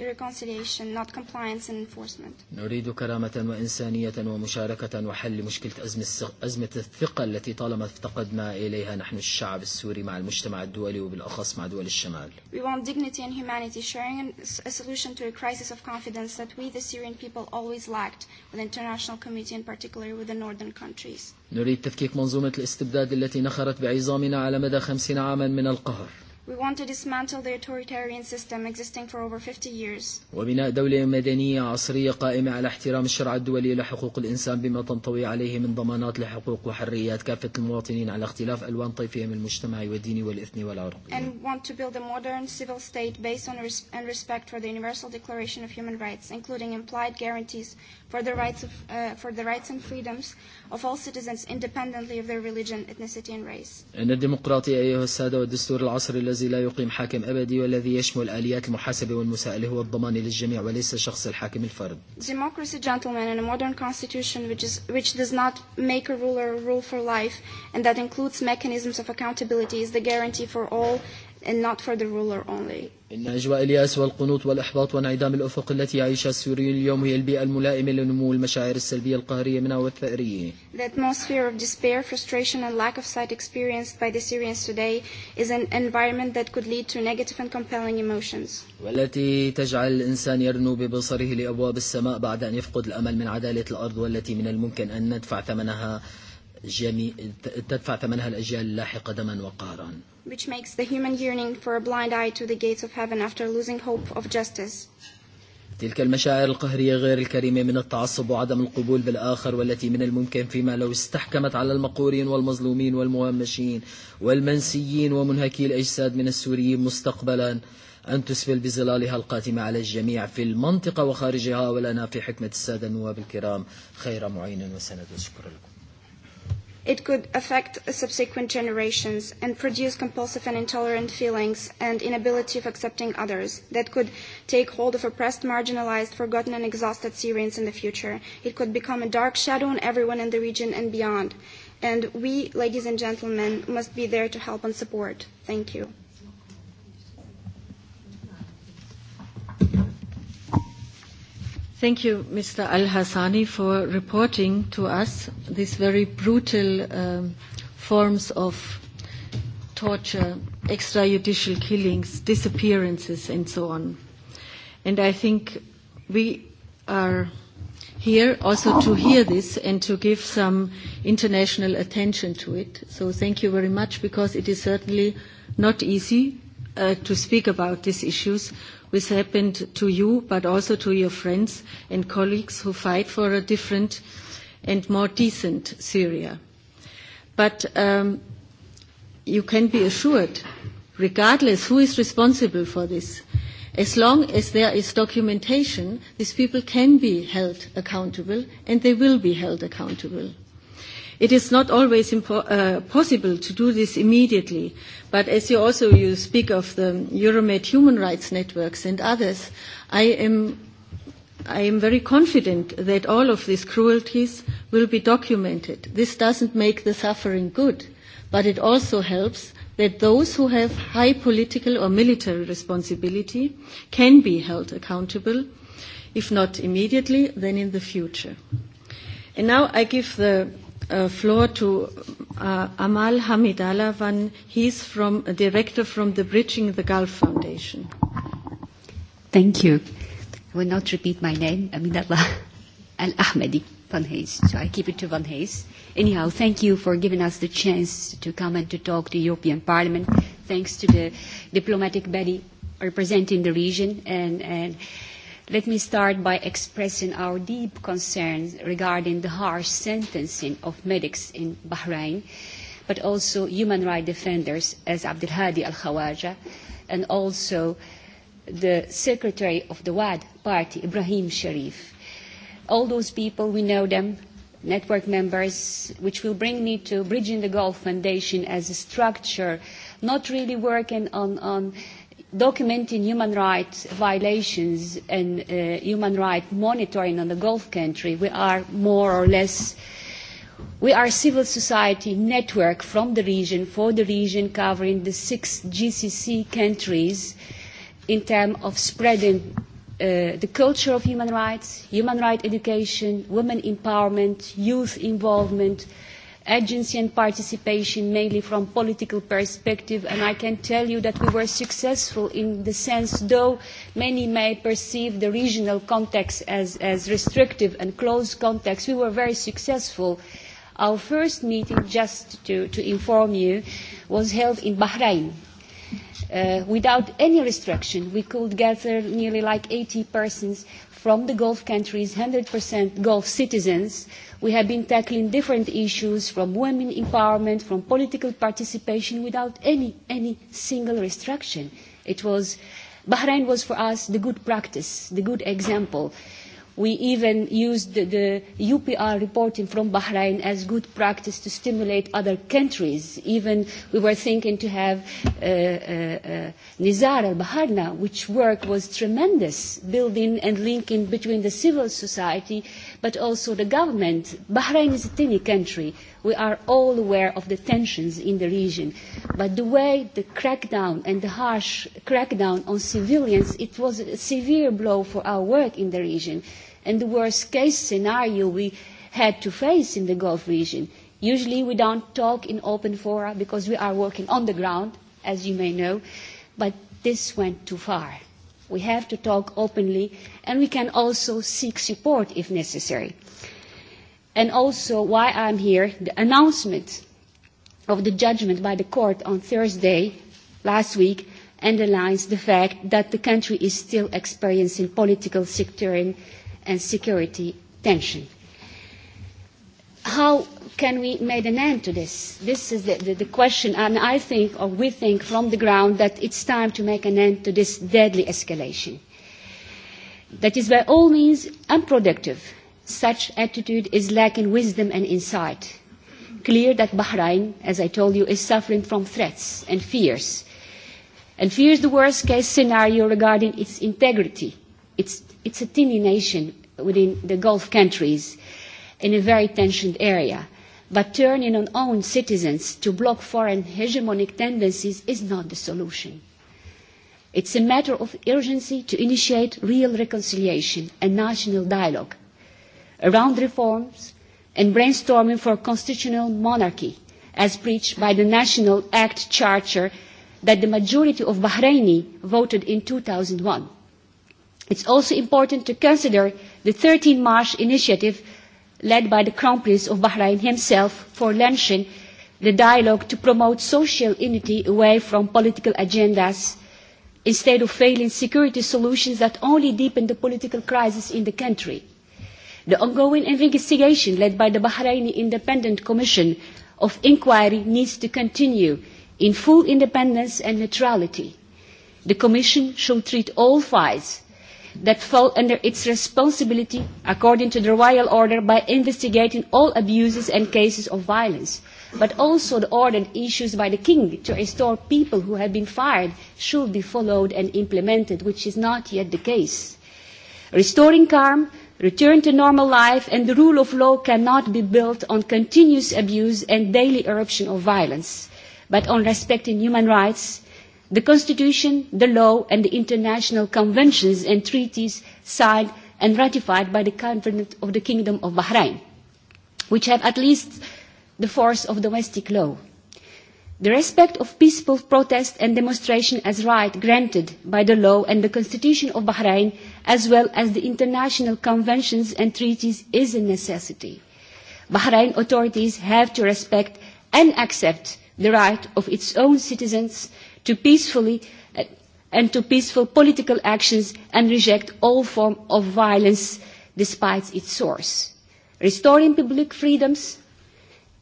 reconciliation, not compliance and enforcement. نريد كرامة وإنسانية ومشاركة وحل مشكلة أزمة أزمة الثقة التي طالما افتقدنا إليها نحن الشعب السوري مع المجتمع الدولي وبالأخص مع دول الشمال. We want dignity and humanity, sharing a solution to a crisis of confidence that we the Syrian people always lacked with the international community and particularly with the northern countries countries. نريد تفكيك منظومة الاستبداد التي نخرت بعظامنا على مدى خمسين عاما من القهر. We want to dismantle the authoritarian system existing for over 50 years. وبناء دولة مدنية عصرية قائمة على احترام الشرع الدولي لحقوق الإنسان بما تنطوي عليه من ضمانات لحقوق وحريات كافة المواطنين على اختلاف ألوان طيفهم المجتمعي والديني والإثني والعرقي. And want to build a modern civil state based on and respect for the Universal Declaration of Human Rights, including implied guarantees for the rights, of, uh, for the rights and freedoms of all citizens independently of their religion, ethnicity and race. أن الديمقراطية أيها السادة والدستور العصر الذي لا يقيم حاكم أبدي والذي يشمل آليات المحاسبة والمساءلة هو الضمان للجميع وليس شخص الحاكم الفرد. Democracy, gentlemen, and a modern constitution which, is, which does not make a ruler rule for life and that includes mechanisms of accountability is the guarantee for all and not for the ruler only. إن أجواء اليأس والقنوط والإحباط وانعدام الأفق التي يعيشها السوريون اليوم هي البيئة الملائمة لنمو المشاعر السلبية القهرية منها والثأرية. The atmosphere of despair, frustration and lack of sight experienced by the Syrians today is an environment that could lead to negative and compelling emotions. والتي تجعل الإنسان يرنو ببصره لأبواب السماء بعد أن يفقد الأمل من عدالة الأرض والتي من الممكن أن ندفع ثمنها جميع تدفع ثمنها الأجيال اللاحقة دما وقهرا which makes the human yearning for a blind eye to the gates of heaven after losing hope of justice. تلك المشاعر القهرية غير الكريمة من التعصب وعدم القبول بالآخر والتي من الممكن فيما لو استحكمت على المقورين والمظلومين والمهمشين والمنسيين ومنهكي الأجساد من السوريين مستقبلا أن تسبل بظلالها القاتمة على الجميع في المنطقة وخارجها ولنا في حكمة السادة النواب الكرام خير معين وسند وشكر لكم It could affect subsequent generations and produce compulsive and intolerant feelings and inability of accepting others that could take hold of oppressed, marginalized, forgotten, and exhausted Syrians in the future. It could become a dark shadow on everyone in the region and beyond. And we, ladies and gentlemen, must be there to help and support. Thank you. Thank you, Mr. Al Hassani, for reporting to us these very brutal um, forms of torture, extrajudicial killings, disappearances, and so on. And I think we are here also to hear this and to give some international attention to it. So thank you very much because it is certainly not easy uh, to speak about these issues This happened to you, but also to your friends and colleagues who fight for a different and more decent Syria. But you can be assured, regardless who is responsible for this, as long as there is documentation, these people can be held accountable and they will be held accountable. It is not always possible to do this immediately, but as you also you speak of the Euromed human rights networks and others, I am, I am very confident that all of these cruelties will be documented. This doesn't make the suffering good, but it also helps that those who have high political or military responsibility can be held accountable, if not immediately, then in the future. And now I give the uh, floor to uh, Amal Hamidalavan. He's from director from the Bridging the Gulf Foundation. Thank you. I will not repeat my name, Aminallah Al-Ahmadi Van Hayes. So I keep it to Van Hayes. Anyhow, thank you for giving us the chance to come and to talk to European Parliament. Thanks to the diplomatic body representing the region and, and Let me start by expressing our deep concerns regarding the harsh sentencing of medics in Bahrain, but also human rights defenders as Abdelhadi Al-Khawaja, and also the secretary of the WAD party, Ibrahim Sharif. All those people, we know them, network members, which will bring me to Bridging the Gulf Foundation as a structure not really working on, on – documenting human rights violations and uh, human rights monitoring on the Gulf country, we are more or less, we are a civil society network from the region, for the region, covering the six GCC countries in terms of spreading uh, the culture of human rights, human rights education, women empowerment, youth involvement, agency and participation mainly from political perspective and I can tell you that we were successful in the sense though many may perceive the regional context as, as restrictive and closed context, we were very successful. Our first meeting, just to, to inform you, was held in Bahrain Uh, without any restriction, we could gather nearly like 80 persons from the Gulf countries, 100% Gulf citizens. We have been tackling different issues from women empowerment, from political participation without any, any single restriction. It was, Bahrain was for us the good practice, the good example. Uh, We even used the UPR reporting from Bahrain as good practice to stimulate other countries. Even we were thinking to have Nizar al-Baharna, which work was tremendous, building and linking between the civil society but also the government. Bahrain is a tiny country. We are all aware of the tensions in the region. But the way the crackdown and the harsh crackdown on civilians, it was a severe blow for our work in the region. And the worst case scenario we had to face in the Gulf region. Usually we don't talk in open fora because we are working on the ground, as you may know, but this went too far We have to talk openly, and we can also seek support if necessary. And also, why I'm here, the announcement of the judgment by the court on Thursday last week underlines the fact that the country is still experiencing political, sectarian, and security tension. How can we make an end to this? This is the, the, the question, and I think, or we think from the ground, that it's time to make an end to this deadly escalation. That is by all means unproductive. Such attitude is lacking wisdom and insight. Clear that Bahrain, as I told you, is suffering from threats and fears, and fears the worst case scenario regarding its integrity. It's, it's a teeny nation within the Gulf countries in a very tensioned area But turning on own citizens to block foreign hegemonic tendencies is not the solution. It's a matter of urgency to initiate real reconciliation and national dialogue around reforms and brainstorming for a constitutional monarchy, as preached by the National Act Charter that the majority of Bahraini voted in 2001. It's also important to consider the 13 March initiative led by the Crown Prince of Bahrain himself, for launching the dialogue to promote social unity away from political agendas instead of failing security solutions that only deepen the political crisis in the country. The ongoing investigation led by the Bahraini Independent Commission of Inquiry needs to continue in full independence and neutrality. The Commission should treat all files that fall under its responsibility according to the royal order by investigating all abuses and cases of violence, but also the order issued by the king to restore people who have been fired should be followed and implemented, which is not yet the case. Restoring calm, return to normal life and the rule of law cannot be built on continuous abuse and daily eruption of violence, but on respecting human rights, the Constitution, the law, and the international conventions and treaties signed and ratified by the government of the Kingdom of Bahrain, which have at least the force of domestic law. The respect of peaceful protest and demonstration as right granted by the law and the Constitution of Bahrain, as well as the international conventions and treaties, is a necessity. Bahrain authorities have to respect and accept the right of its own citizens to peacefully and to peaceful political actions and reject all forms of violence despite its source. Restoring public freedoms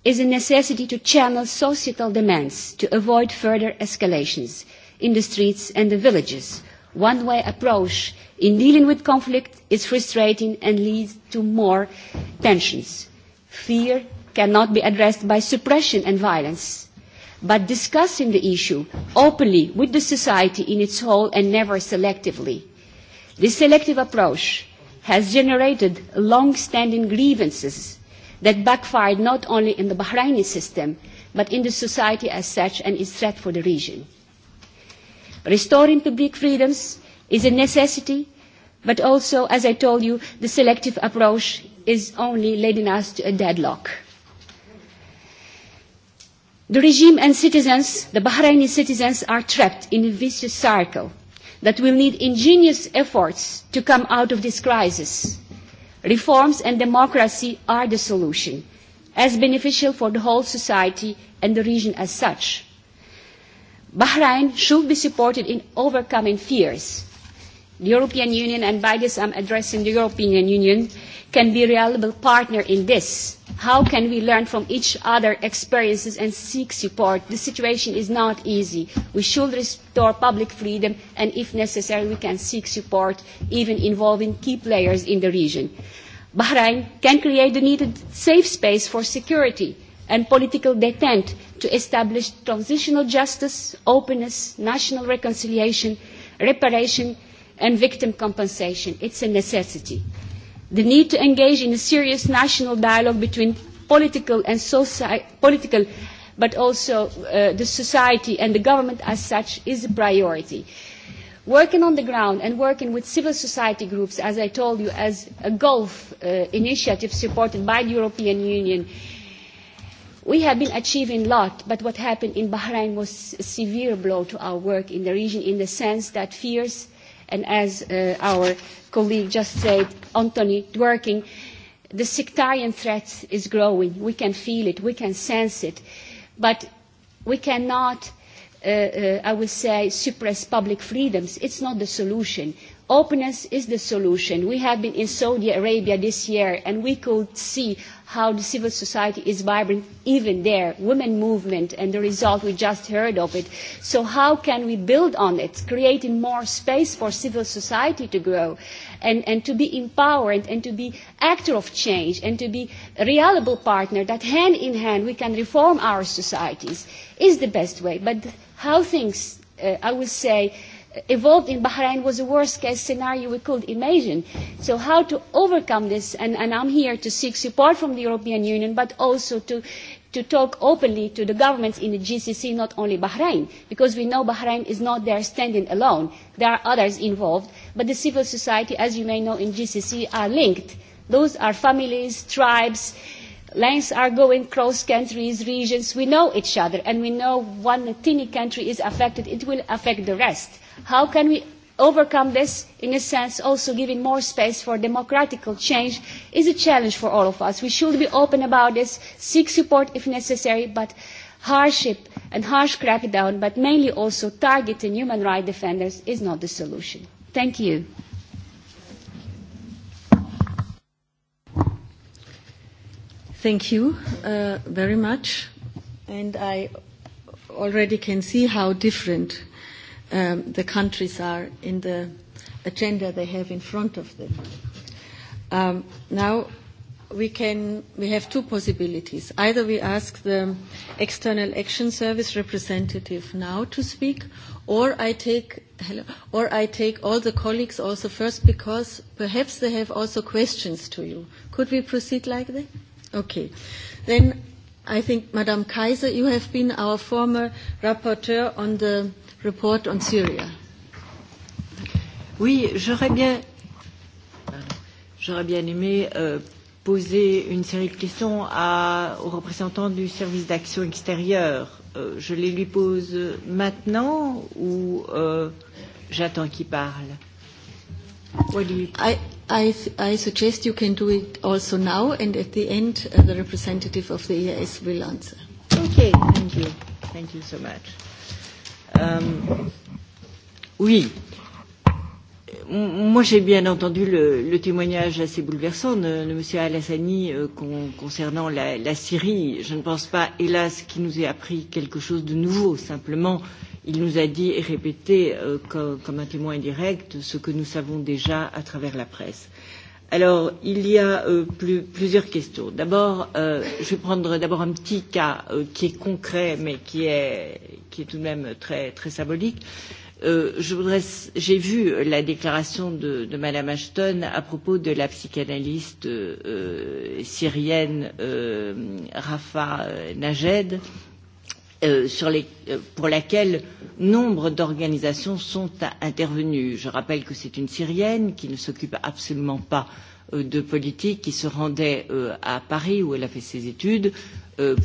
is a necessity to channel societal demands to avoid further escalations in the streets and the villages. One-way approach in dealing with conflict is frustrating and leads to more tensions. Fear cannot be addressed by suppression and violence but discussing the issue openly with the society in its whole and never selectively. This selective approach has generated long-standing grievances that backfired not only in the Bahraini system, but in the society as such and is threat for the region. Restoring public freedoms is a necessity, but also, as I told you, the selective approach is only leading us to a deadlock The regime and citizens, the Bahraini citizens, are trapped in a vicious cycle that will need ingenious efforts to come out of this crisis. Reforms and democracy are the solution, as beneficial for the whole society and the region as such. Bahrain should be supported in overcoming fears. The European Union, and by this I am addressing the European Union, can be a reliable partner in this How can we learn from each other experiences and seek support? The situation is not easy. We should restore public freedom and if necessary we can seek support even involving key players in the region. Bahrain can create the needed safe space for security and political detente to establish transitional justice, openness, national reconciliation, reparation and victim compensation. It's a necessity the need to engage in a serious national dialogue between political and soci- political but also uh, the society and the government as such is a priority. Working on the ground and working with civil society groups, as I told you, as a Gulf uh, initiative supported by the European Union, we have been achieving a lot, but what happened in Bahrain was a severe blow to our work in the region in the sense that fears, and as uh, our colleague just said, Anthony Dworkin, the sectarian threat is growing. We can feel it. We can sense it. But we cannot, uh, uh, I would say, suppress public freedoms. It's not the solution. Openness is the solution. We have been in Saudi Arabia this year, and we could see how the civil society is vibrant even there, women movement and the result we just heard of it. So how can we build on it, creating more space for civil society to grow and, and to be empowered and to be actor of change and to be a reliable partner that hand in hand we can reform our societies is the best way. But how things, uh, I would say, evolved in Bahrain was the worst case scenario we could imagine. So how to overcome this, and, and I'm here to seek support from the European Union, but also to, to talk openly to the governments in the GCC, not only Bahrain, because we know Bahrain is not there standing alone. There are others involved, but the civil society, as you may know, in GCC are linked. Those are families, tribes, Lines are going cross countries, regions. We know each other, and we know one tiny country is affected, it will affect the rest How can we overcome this, in a sense, also giving more space for democratic change, is a challenge for all of us. We should be open about this, seek support if necessary, but hardship and harsh crackdown, but mainly also targeting human rights defenders, is not the solution. Thank you. Thank you uh, very much. And I already can see how different um, the countries are in the agenda they have in front of them. Um, now, we can we have two possibilities. Either we ask the External Action Service representative now to speak, or I take hello, or I take all the colleagues also first because perhaps they have also questions to you. Could we proceed like that? Okay, then. I think, Madame Kaiser, you have been our former rapporteur on the report on Syria. Oui, j'aurais bien, j'aurais bien aimé euh, poser une série de questions à, aux représentants du service d'action extérieure. Euh, je les lui pose maintenant ou euh, j'attends qu'il parle What do you I, I, I suggest you can do it also now and at the end uh, the representative of the EAS will answer. Okay, thank you. Thank you so much oui. Moi, j'ai bien entendu le, le témoignage assez bouleversant de, de M. Alassani euh, con, concernant la, la Syrie. Je ne pense pas, hélas, qu'il nous ait appris quelque chose de nouveau. Simplement, il nous a dit et répété, euh, comme, comme un témoin direct, ce que nous savons déjà à travers la presse. Alors, il y a euh, plus, plusieurs questions. D'abord, euh, je vais prendre d'abord un petit cas euh, qui est concret, mais qui est, qui est tout de même très, très symbolique. Euh, J'ai vu la déclaration de, de Madame Ashton à propos de la psychanalyste euh, syrienne euh, Rafa Najed. Euh, sur les, pour laquelle nombre d'organisations sont intervenues. Je rappelle que c'est une Syrienne qui ne s'occupe absolument pas de politique, qui se rendait à Paris où elle a fait ses études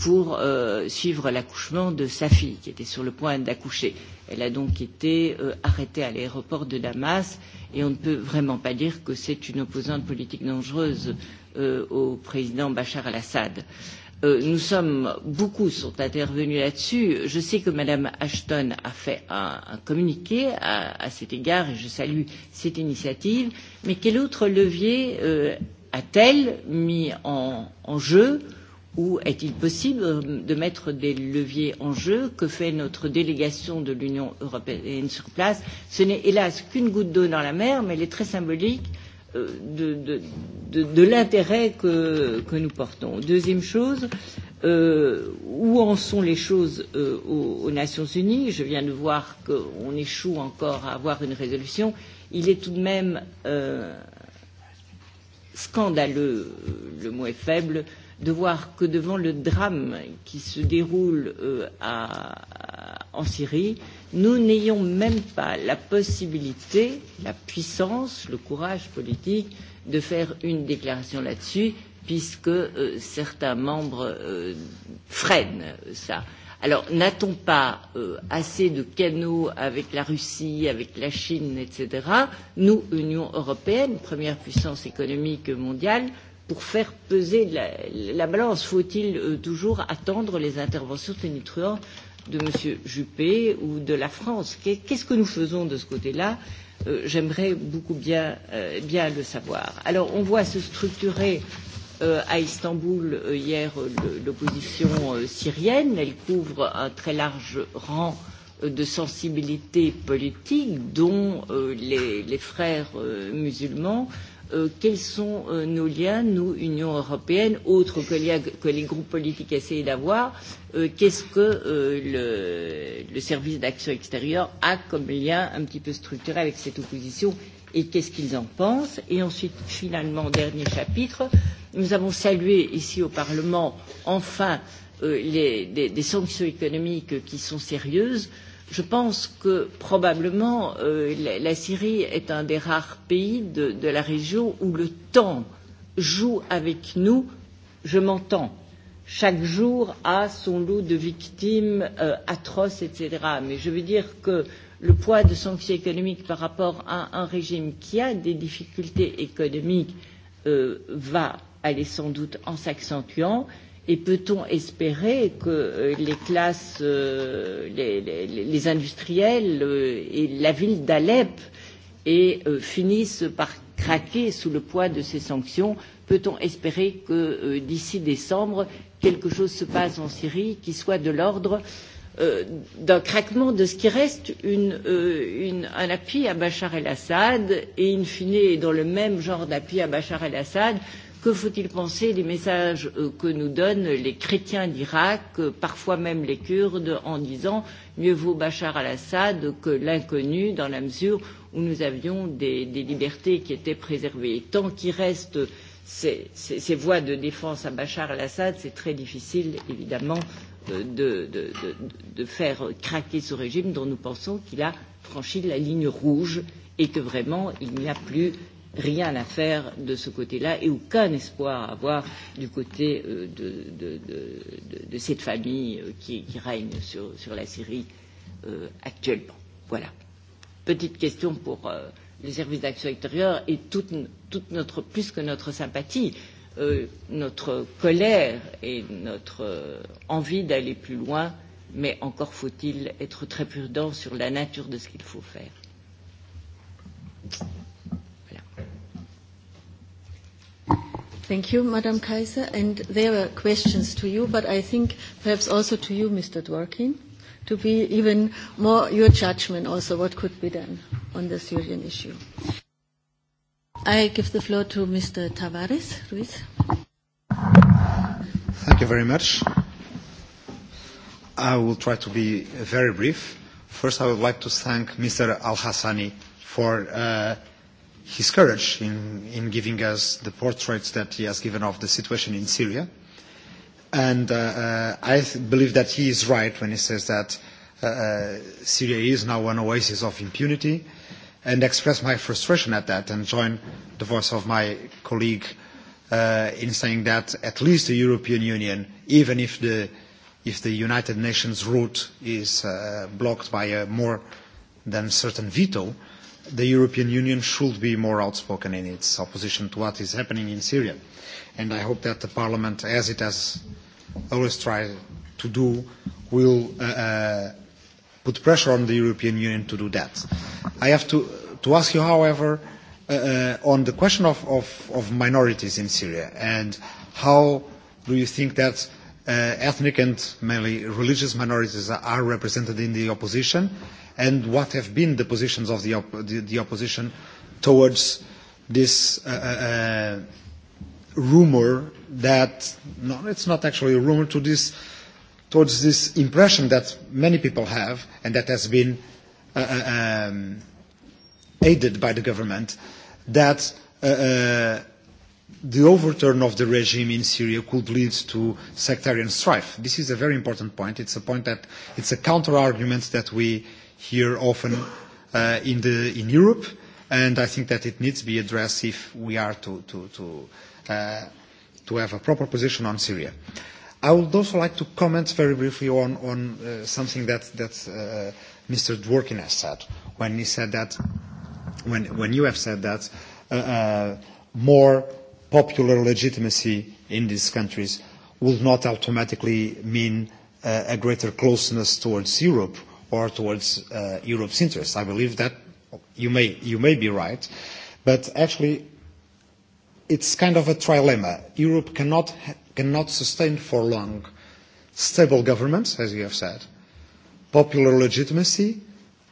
pour suivre l'accouchement de sa fille qui était sur le point d'accoucher. Elle a donc été arrêtée à l'aéroport de Damas et on ne peut vraiment pas dire que c'est une opposante politique dangereuse au président Bachar al assad Euh, nous sommes beaucoup sont intervenus là-dessus. Je sais que Madame Ashton a fait un, un communiqué à, à cet égard et je salue cette initiative. Mais quel autre levier euh, a-t-elle mis en, en jeu ou est-il possible de mettre des leviers en jeu que fait notre délégation de l'Union européenne sur place Ce n'est hélas qu'une goutte d'eau dans la mer, mais elle est très symbolique de, de, de, de l'intérêt que, que nous portons. Deuxième chose, euh, où en sont les choses euh, aux, aux Nations Unies Je viens de voir qu'on échoue encore à avoir une résolution. Il est tout de même euh, scandaleux, le mot est faible, de voir que devant le drame qui se déroule euh, à, en Syrie, euh, nous n'ayons même pas la possibilité, la puissance, le courage politique de faire une déclaration là-dessus, puisque euh, certains membres euh, freinent ça. Alors, n'a-t-on pas euh, assez de canaux avec la Russie, avec la Chine, etc., nous, Union européenne, première puissance économique mondiale, pour faire peser la, la balance Faut-il euh, toujours attendre les interventions tonitruantes de M. Juppé ou de la France. Qu'est-ce que nous faisons de ce côté-là J'aimerais beaucoup bien, bien le savoir. Alors, on voit se structurer à Istanbul hier l'opposition syrienne. Elle couvre un très large rang de sensibilité politique, dont les, frères musulmans quels sont nos liens, nous, Union européenne, autres que, les groupes politiques essayent d'avoir, qu'est-ce que le, service d'action extérieure a comme lien un petit peu structuré avec cette opposition et qu'est-ce qu'ils en pensent. Et ensuite, finalement, dernier chapitre, nous avons salué ici au Parlement, enfin, des sanctions économiques qui sont sérieuses. Je pense que probablement euh, la, la Syrie est un des rares pays de, de la région où le temps joue avec nous, je m'entends. Chaque jour a son lot de victimes euh, atroces, etc. Mais je veux dire que le poids de sanctions économiques par rapport à un régime qui a des difficultés économiques euh, va aller sans doute en s'accentuant Et peut-on espérer que les classes, les, les, les industriels et la ville d'Alep finissent par craquer sous le poids de ces sanctions Peut-on espérer que d'ici décembre, quelque chose se passe en Syrie qui soit de l'ordre d'un craquement de ce qui reste une, euh, une, un appui à Bachar el-Assad et in fine, dans le même genre d'appui à Bachar el-Assad, euh, Que faut-il penser des messages que nous donnent les chrétiens d'Irak, parfois même les Kurdes, en disant mieux vaut Bachar al-Assad que l'inconnu, dans la mesure où nous avions des, des libertés qui étaient préservées. Et tant qu'il reste ces, ces, ces voies de défense à Bachar al-Assad, c'est très difficile, évidemment, de, de, de, de faire craquer ce régime dont nous pensons qu'il a franchi la ligne rouge et que vraiment il n'y a plus rien à faire de ce côté-là et aucun espoir à avoir du côté euh, de, de, de, de cette famille qui, qui règne sur, sur la Syrie euh, actuellement. Voilà. Petite question pour euh, le service d'action extérieure et toute, toute notre, plus que notre sympathie, euh, notre colère et notre euh, envie d'aller plus loin, mais encore faut-il être très prudent sur la nature de ce qu'il faut faire. Thank you, Madam Kaiser. And there were questions to you, but I think perhaps also to you, Mr. Dworkin, to be even more your judgment also what could be done on the Syrian issue. I give the floor to Mr. Tavares Ruiz. Thank you very much. I will try to be very brief. First, I would like to thank Mr. Al Hassani for uh, his courage in, in giving us the portraits that he has given of the situation in Syria. And uh, uh, I th- believe that he is right when he says that uh, Syria is now an oasis of impunity and express my frustration at that and join the voice of my colleague uh, in saying that at least the European Union, even if the, if the United Nations route is uh, blocked by a more than certain veto, uh, the European Union should be more outspoken in its opposition to what is happening in Syria. And I hope that the Parliament, as it has always tried to do, will put pressure on the European Union to do that. I have to, to ask you, however, on the question of, of, of minorities in Syria and how do you think that ethnic and mainly religious minorities are represented in the opposition? and what have been the positions of the, op- the, the opposition towards this uh, uh, rumor that no, it's not actually a rumor to this towards this impression that many people have and that has been uh, um, aided by the government that uh, uh, the overturn of the regime in Syria could lead to sectarian strife. This is a very important point. It's a point that it's a counter argument that we uh, here often uh, in, the, in Europe, and I think that it needs to be addressed if we are to, to, to, uh, to have a proper position on Syria. I would also like to comment very briefly on, on uh, something that, that uh, Mr. Dworkin has said when he said that, when, when you have said that, uh, uh, more popular legitimacy in these countries will not automatically mean uh, a greater closeness towards Europe or towards uh, Europe's interests. I believe that you may, you may be right, but actually it's kind of a trilemma. Europe cannot, cannot sustain for long stable governments, as you have said, popular legitimacy,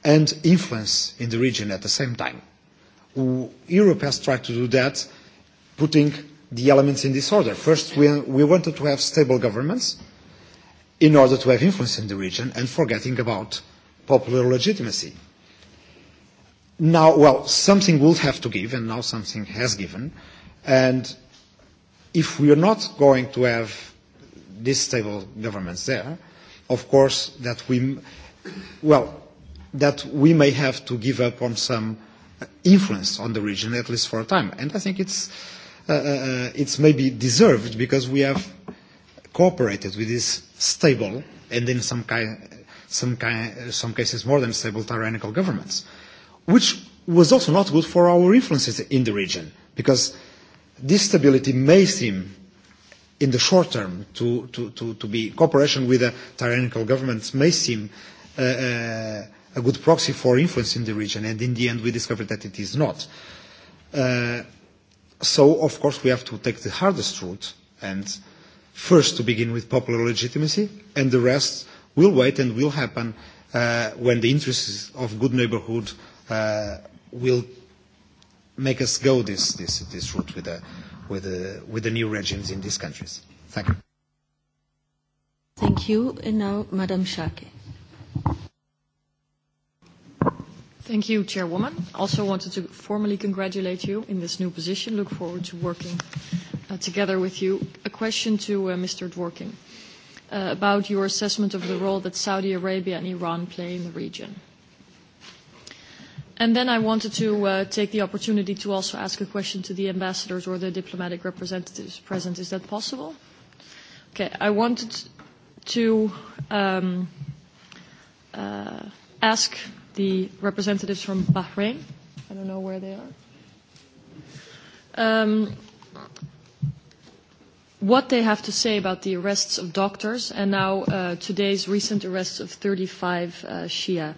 and influence in the region at the same time. Europe has tried to do that, putting the elements in disorder. First, we, we wanted to have stable governments in order to have influence in the region and forgetting about popular legitimacy. Now, well, something will have to give, and now something has given. And if we are not going to have these stable governments there, of course, that we, well, that we may have to give up on some influence on the region, at least for a time. And I think it's, uh, it's maybe deserved because we have cooperated with this stable and in some, kind, some, ki- some cases more than stable tyrannical governments, which was also not good for our influences in the region, because this stability may seem in the short term to, to, to, to be cooperation with a tyrannical government may seem uh, a good proxy for influence in the region, and in the end we discovered that it is not. Uh, so, of course, we have to take the hardest route, and first to begin with popular legitimacy, and the rest will wait and will happen uh, when the interests of good neighborhood uh, will make us go this, this, this route with the, with, the, with the new regimes in these countries. Thank you. Thank you. And now, Madam Shaki. Thank you, Chairwoman. Also wanted to formally congratulate you in this new position. Look forward to working uh, together with you. A question to uh, Mr. Dworkin. Uh, about your assessment of the role that Saudi Arabia and Iran play in the region. And then I wanted to take the opportunity to also ask a question to the ambassadors or the diplomatic representatives present. Is that possible? Okay, I wanted to um, uh, ask the representatives from Bahrain. I don't know where they are. Um, what they have to say about the arrests of doctors and now uh, today's recent arrests of 35 uh, Shia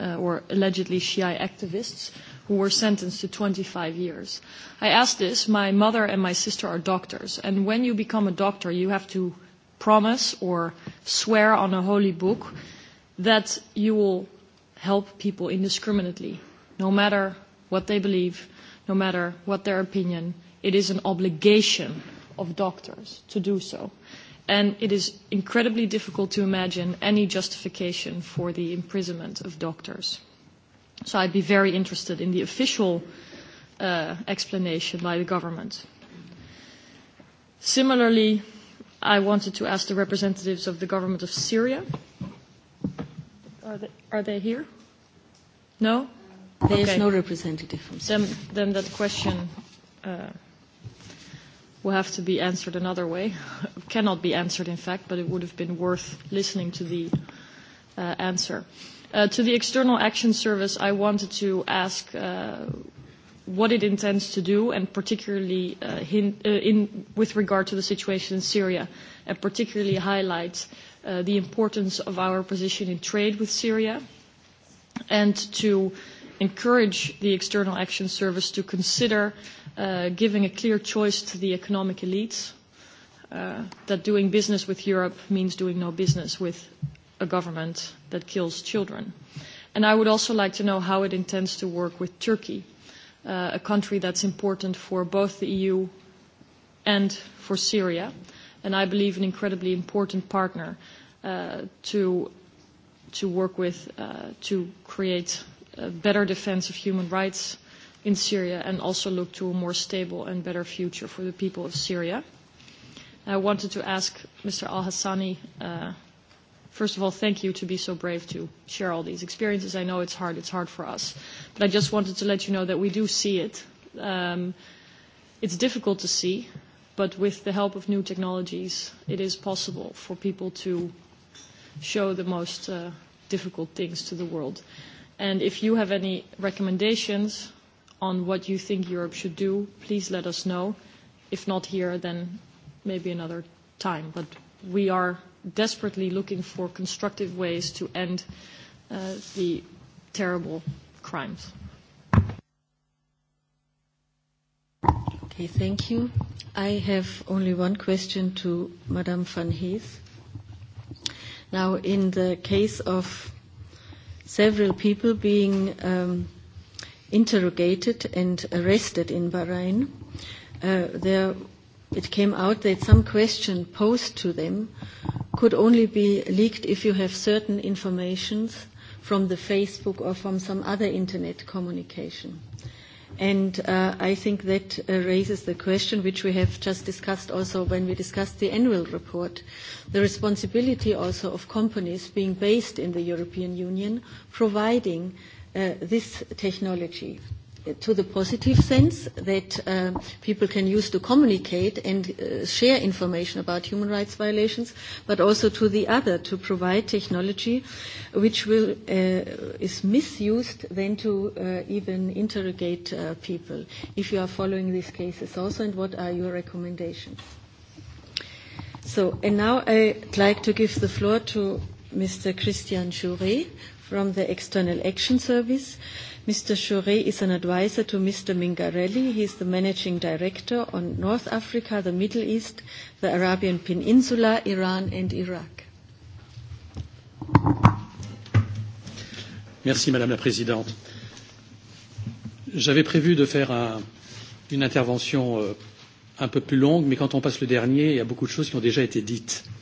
uh, or allegedly Shia activists who were sentenced to 25 years. I asked this, my mother and my sister are doctors, and when you become a doctor, you have to promise or swear on a holy book that you will help people indiscriminately, no matter what they believe, no matter what their opinion. It is an obligation of doctors to do so. And it is incredibly difficult to imagine any justification for the imprisonment of doctors. So I'd be very interested in the official uh, explanation by the government. Similarly, I wanted to ask the representatives of the government of Syria. Are they, are they here? No? There is no representative from Syria. Then, then that question uh, will have to be answered another way. Cannot be answered, in fact, but it would have been worth listening to the uh, answer. Uh, to the External Action Service, I wanted to ask uh, what it intends to do, and particularly uh, in, uh, in, with regard to the situation in Syria, and particularly highlight uh, the importance of our position in trade with Syria, and to encourage the External Action Service to consider uh, giving a clear choice to the economic elites uh, that doing business with Europe means doing no business with a government that kills children. And I would also like to know how it intends to work with Turkey, uh, a country that's important for both the EU and for Syria, and I believe an incredibly important partner uh, to to work with uh, to create a better defense of human rights in Syria and also look to a more stable and better future for the people of Syria. I wanted to ask Mr. Al-Hassani, uh, first of all, thank you to be so brave to share all these experiences. I know it's hard. It's hard for us. But I just wanted to let you know that we do see it. Um, it's difficult to see, but with the help of new technologies, it is possible for people to show the most uh, difficult things to the world. And if you have any recommendations, on what you think Europe should do, please let us know. If not here, then maybe another time. But we are desperately looking for constructive ways to end the terrible crimes. Okay, thank you. I have only one question to Madame van Hees. Now, in the case of several people being um, interrogated and arrested in Bahrain, uh, there it came out that some question posed to them could only be leaked if you have certain informations from the Facebook or from some other internet communication. And uh, I think that uh, raises the question which we have just discussed also when we discussed the annual report, the responsibility also of companies being based in the European Union providing this technology to the positive sense that uh, people can use to communicate and uh, share information about human rights violations, but also to the other to provide technology which will, uh, is misused then to uh, even interrogate uh, people. If you are following these cases also, and what are your recommendations? So, and now I'd like to give the floor to Mr. Christian Jury, from the External Action Service. Mr. Chore is an advisor to Mr. Mingarelli. He is the managing director on North Africa, the Middle East, the Arabian Peninsula, Iran, and Iraq. Merci, Madame la Présidente. J'avais prévu de faire un, une intervention un peu plus longue, mais quand on passe le dernier, il y a beaucoup de choses qui ont déjà été dites. Euh,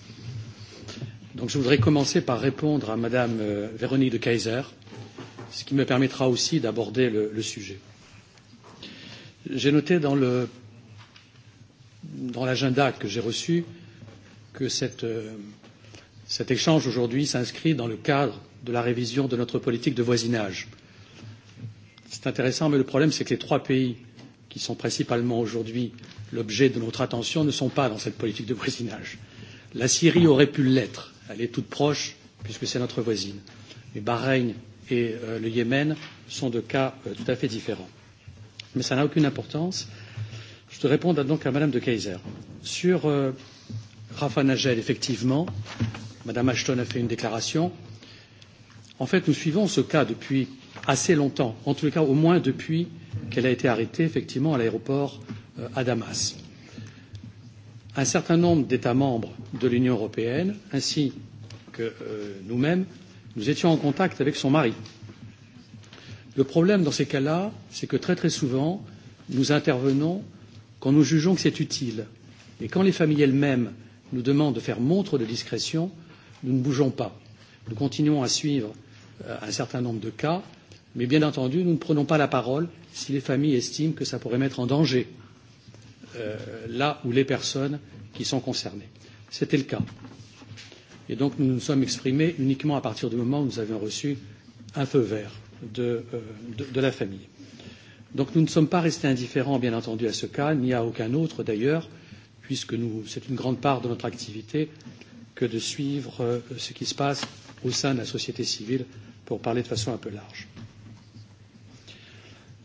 Donc je voudrais commencer par répondre à Madame Véronique de Keyser, ce qui me permettra aussi d'aborder le, sujet. J'ai noté dans l'agenda que j'ai reçu que cet échange aujourd'hui s'inscrit dans le cadre de la révision de notre politique de voisinage. C'est intéressant, mais le problème, c'est que les trois pays qui sont principalement aujourd'hui l'objet de notre attention ne sont pas dans cette politique de voisinage. La Syrie aurait pu l'être. Elle est toute proche, puisque c'est notre voisine. Mais Bahreïn et le Yémen sont deux cas tout à fait différents. Mais cela n'a aucune importance. Je te réponds donc à Madame de Keyser. Sur Rafa Nagel, effectivement, Madame Ashton a fait une déclaration. En fait, nous suivons ce cas depuis assez longtemps, en tous les cas au moins depuis qu'elle a été arrêtée effectivement à l'aéroport à Damas un certain nombre d'États membres de l'Union européenne, ainsi que nous mêmes, nous étions en contact avec son mari. Le problème dans ces cas là, c'est que très très souvent, nous intervenons quand nous jugeons que c'est utile et quand les familles elles mêmes nous demandent de faire montre de discrétion, nous ne bougeons pas. Nous continuons à suivre un certain nombre de cas, mais bien entendu, nous ne prenons pas la parole si les familles estiment que cela pourrait mettre en danger là ou les personnes qui sont concernées. C'était le cas. Et donc nous nous sommes exprimés uniquement à partir du moment où nous avions reçu un feu vert de, la famille. Donc nous ne sommes pas restés indifférents, bien entendu, à ce cas, ni à aucun autre d'ailleurs, puisque c'est une grande part de notre activité que de suivre ce qui se passe au sein de la société civile, pour parler de façon un peu large.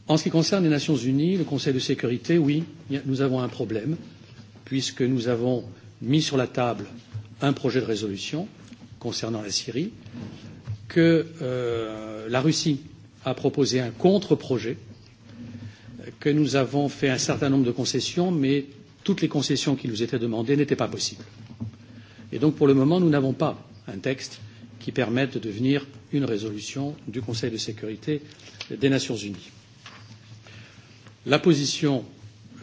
En ce qui concerne les Nations Unies, le Conseil de sécurité, oui, nous avons un problème, puisque nous avons mis sur la table un projet de résolution concernant la Syrie, que la Russie a proposé un contre-projet, que nous avons fait un certain nombre de concessions, mais toutes les concessions qui nous étaient demandées n'étaient pas possibles. Et donc, pour le moment, nous n'avons pas un texte qui permette de devenir une résolution du Conseil de sécurité des Nations unies la position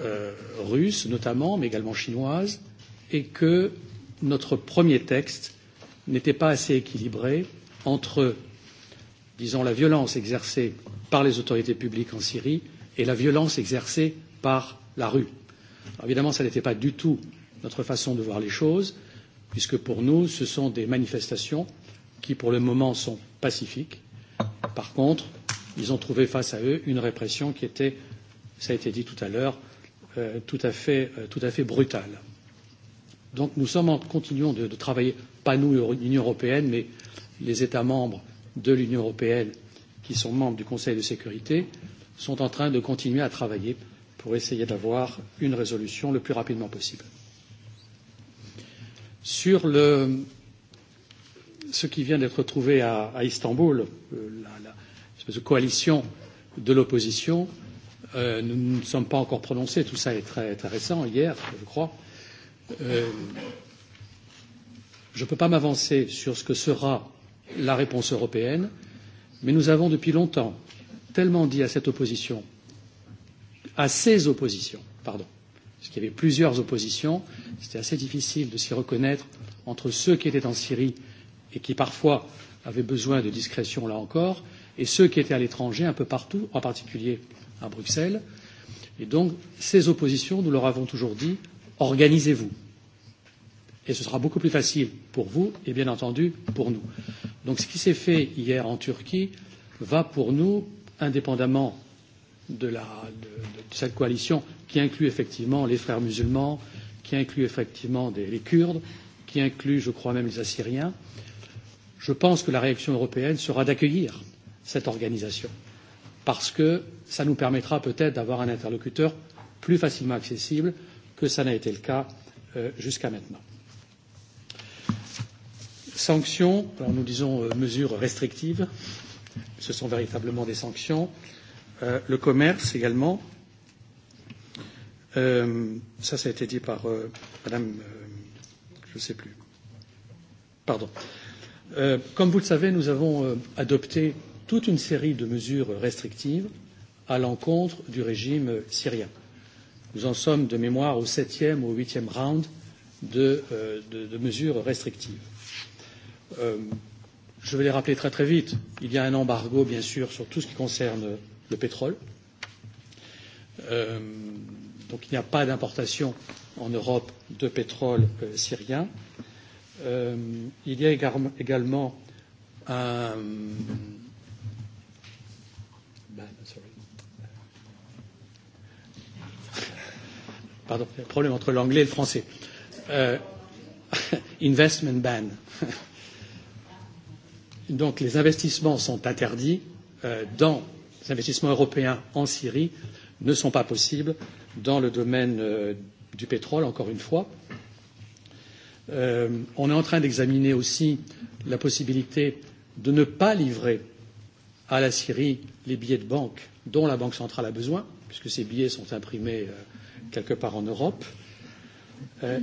euh, russe notamment, mais également chinoise, est que notre premier texte n'était pas assez équilibré entre, disons, la violence exercée par les autorités publiques en Syrie et la violence exercée par la rue. Alors évidemment, ça n'était pas du tout notre façon de voir les choses, puisque pour nous, ce sont des manifestations qui, pour le moment, sont pacifiques. Par contre, ils ont trouvé face à eux une répression qui était ça a été dit tout à l'heure, euh, tout, à fait, euh, tout à fait brutale. Donc nous sommes en continuant de, de travailler, pas nous, l'Union européenne, mais les États membres de l'Union européenne qui sont membres du Conseil de sécurité sont en train de continuer à travailler pour essayer d'avoir une résolution le plus rapidement possible. Sur le, ce qui vient d'être trouvé à, à Istanbul, euh, la, la espèce de coalition de l'opposition, euh, Euh, nous ne nous sommes pas encore prononcés, tout ça est très, très récent, hier, je crois. Euh, je ne peux pas m'avancer sur ce que sera la réponse européenne, mais nous avons depuis longtemps tellement dit à cette opposition, à ces oppositions, pardon, parce qu'il y avait plusieurs oppositions, c'était assez difficile de s'y reconnaître entre ceux qui étaient en Syrie et qui parfois avaient besoin de discrétion là encore, et ceux qui étaient à l'étranger, un peu partout, en particulier à Bruxelles. Et donc, ces oppositions, nous leur avons toujours dit organisez-vous. Et ce sera beaucoup plus facile pour vous et bien entendu pour nous. Donc, ce qui s'est fait hier en Turquie va pour nous, indépendamment de, la, de, de cette coalition qui inclut effectivement les frères musulmans, qui inclut effectivement des, les Kurdes, qui inclut, je crois même, les Assyriens, je pense que la réaction européenne sera d'accueillir cette organisation parce que ça nous permettra peut-être d'avoir un interlocuteur plus facilement accessible que ça n'a été le cas jusqu'à maintenant. Sanctions, alors nous disons mesures restrictives, ce sont véritablement des sanctions. le commerce également, euh, ça, ça a été dit par euh, Madame, euh, je ne sais plus. Pardon. Euh, comme vous le savez, nous avons euh, adopté euh, toute une série de mesures restrictives à l'encontre du régime syrien. Nous en sommes de mémoire au septième ou au huitième round de, euh, de, de mesures restrictives. Euh, je vais les rappeler très très vite. Il y a un embargo, bien sûr, sur tout ce qui concerne le pétrole. Euh, donc il n'y a pas d'importation en Europe de pétrole euh, syrien. Euh, il y a également un, pardon, un problème entre l'anglais et le français. Euh, investment ban. Donc les investissements sont interdits euh, dans les investissements européens en Syrie ne sont pas possibles dans le domaine euh, du pétrole, encore une fois. Euh, on est en train d'examiner aussi la possibilité de ne pas livrer à la Syrie les billets de banque dont la Banque centrale a besoin, puisque ces billets sont imprimés euh, quelque part en Europe.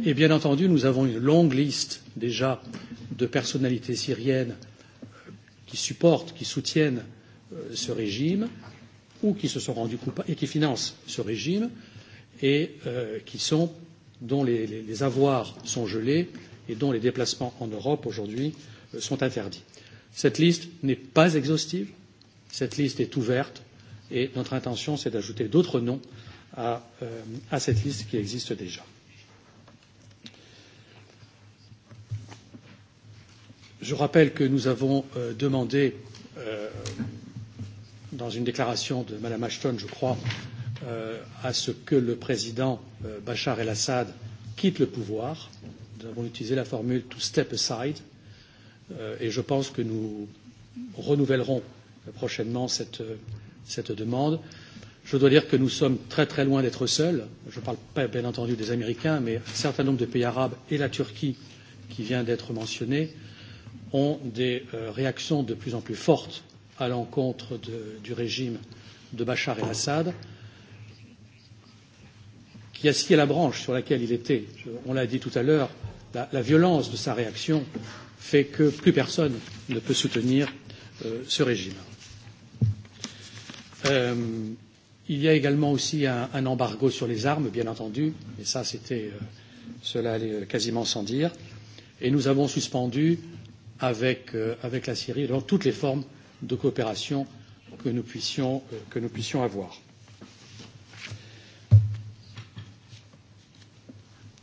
et bien entendu, nous avons une longue liste déjà de personnalités syriennes qui supportent, qui soutiennent ce régime ou qui se sont rendus coupables et qui financent ce régime et qui sont dont les, les, les avoirs sont gelés et dont les déplacements en Europe aujourd'hui sont interdits. Cette liste n'est pas exhaustive, cette liste est ouverte et notre intention c'est d'ajouter d'autres noms à, à cette liste qui existe déjà. Je rappelle que nous avons demandé, dans une déclaration de Mme Ashton, je crois, à ce que le président Bachar el-Assad quitte le pouvoir. Nous avons utilisé la formule to step aside et je pense que nous renouvellerons prochainement cette, demande. Je dois dire que nous sommes très très loin d'être seuls. Je ne parle pas bien entendu des Américains, mais un certain nombre de pays arabes et la Turquie, qui vient d'être mentionnée, ont des réactions de plus en plus fortes à l'encontre du régime de Bachar el-Assad, qui a scié la branche sur laquelle il était. On l'a dit tout à l'heure, la, violence de sa réaction fait que plus personne ne peut soutenir ce régime Il y a également aussi un, un embargo sur les armes, bien entendu, et ça, c'était, euh, cela allait quasiment sans dire. Et nous avons suspendu avec, euh, avec la Syrie toutes les formes de coopération que nous puissions, euh, que nous puissions avoir.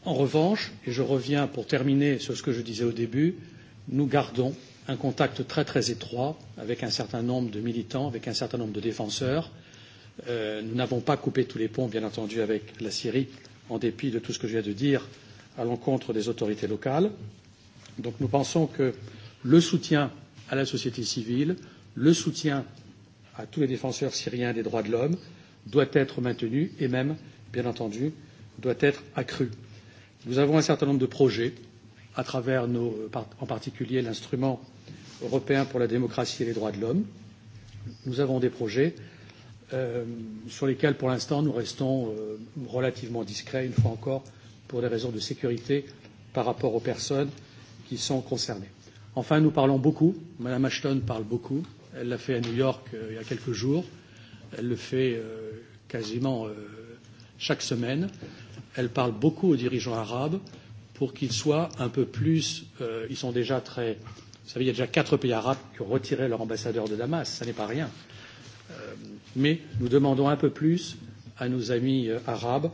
En revanche, et je reviens pour terminer sur ce que je disais au début, nous gardons un contact très très étroit avec un certain nombre de militants, avec un certain nombre de défenseurs, euh, nous n'avons pas coupé tous les ponts, bien entendu, avec la Syrie, en dépit de tout ce que je viens de dire à l'encontre des autorités locales. Donc nous pensons que le soutien à la société civile, le soutien à tous les défenseurs syriens des droits de l'homme doit être maintenu et même, bien entendu, doit être accru. Nous avons un certain nombre de projets à travers nos, en particulier l'instrument européen pour la démocratie et les droits de l'homme. Nous avons des projets sur lesquels, pour l'instant, nous restons relativement discrets, une fois encore, pour des raisons de sécurité par rapport aux personnes qui sont concernées. Enfin, nous parlons beaucoup. Madame Ashton parle beaucoup. Elle l'a fait à New York il y a quelques jours. Elle le fait quasiment chaque semaine. Elle parle beaucoup aux dirigeants arabes pour qu'ils soient un peu plus. ils sont déjà très. Vous savez, il y a déjà quatre pays arabes qui ont retiré leur ambassadeur de Damas. Ça n'est pas rien mais nous demandons un peu plus à nos amis arabes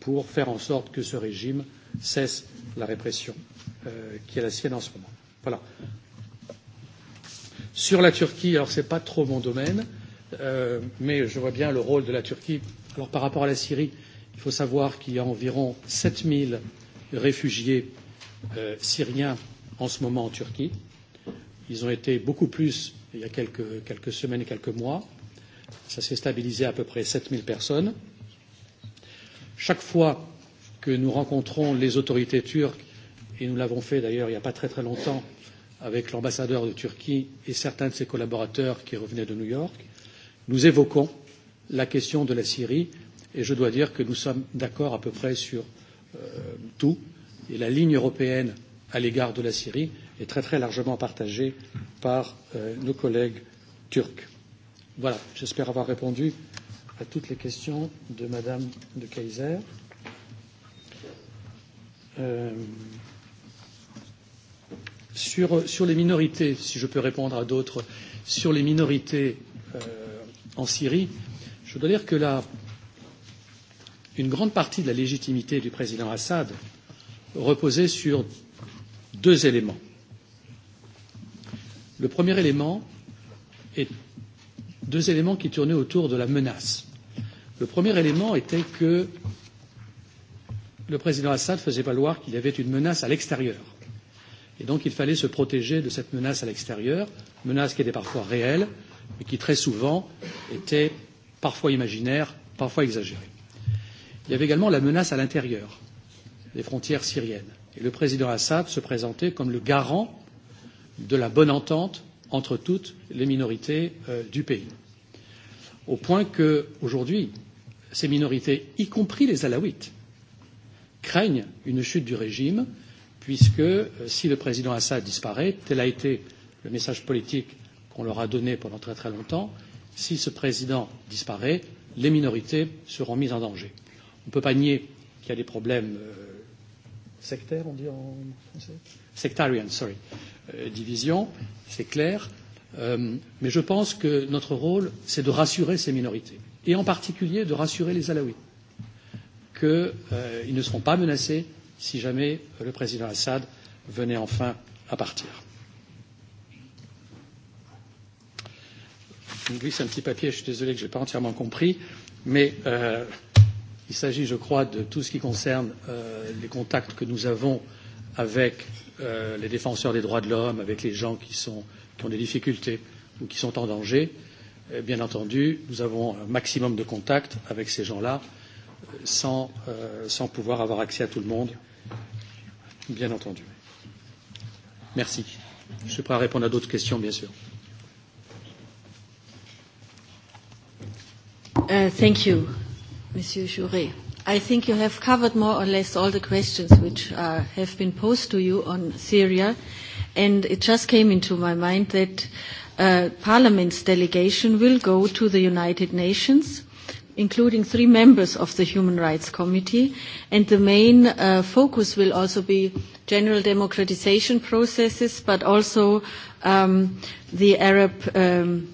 pour faire en sorte que ce régime cesse la répression qui est la sienne en ce moment. Voilà. Sur la Turquie, alors ce n'est pas trop mon domaine, mais je vois bien le rôle de la Turquie. Alors par rapport à la Syrie, il faut savoir qu'il y a environ 7000 réfugiés syriens en ce moment en Turquie. Ils ont été beaucoup plus il y a quelques, quelques semaines et quelques mois ça s'est stabilisé à peu près 7000 personnes. Chaque fois que nous rencontrons les autorités turques, et nous l'avons fait d'ailleurs il n'y a pas très très longtemps avec l'ambassadeur de Turquie et certains de ses collaborateurs qui revenaient de New York, nous évoquons la question de la Syrie et je dois dire que nous sommes d'accord à peu près sur tout et la ligne européenne à l'égard de la Syrie est très très largement partagée par nos collègues turcs. Voilà, j'espère avoir répondu à toutes les questions de Madame de Kaiser. Euh, sur, sur les minorités, si je peux répondre à d'autres, sur les minorités euh, en Syrie, je dois dire que la, une grande partie de la légitimité du président Assad reposait sur deux éléments. Le premier élément est deux éléments qui tournaient autour de la menace. Le premier élément était que le président Assad faisait valoir qu'il y avait une menace à l'extérieur. Et donc il fallait se protéger de cette menace à l'extérieur, menace qui était parfois réelle, mais qui très souvent était parfois imaginaire, parfois exagérée. Il y avait également la menace à l'intérieur des frontières syriennes. Et le président Assad se présentait comme le garant de la bonne entente entre toutes les minorités du pays. Au point que, aujourd'hui, ces minorités, y compris les Alaouites, craignent une chute du régime, puisque si le président Assad disparaît, tel a été le message politique qu'on leur a donné pendant très très longtemps, si ce président disparaît, les minorités seront mises en danger. On ne peut pas nier qu'il y a des problèmes sectaires, on dit en français Sectarian, sorry. Euh, division, c'est clair, mais je pense que notre rôle, c'est de rassurer ces minorités, et en particulier de rassurer les Alaouis, qu'ils ne seront pas menacés si jamais le président Assad venait enfin à partir. Je glisse un petit papier, je suis désolé que je n'ai pas entièrement compris, mais euh, il s'agit, je crois, de tout ce qui concerne euh, les contacts que nous avons euh, avec euh, les défenseurs des droits de l'homme, avec les gens qui, sont, qui ont des difficultés ou qui sont en danger. Et bien entendu, nous avons un maximum de contacts avec ces gens-là sans, euh, sans pouvoir avoir accès à tout le monde, bien entendu. Merci. Je suis prêt à répondre à d'autres questions, bien sûr. Uh, thank you, Monsieur Jouret. I think you have covered more or less all the questions which uh, have been posed to you on Syria. And it just came into my mind that uh, Parliament's delegation will go to the United Nations, including three members of the Human Rights Committee. And the main uh, focus will also be general democratization processes, but also um, the Arab. Um,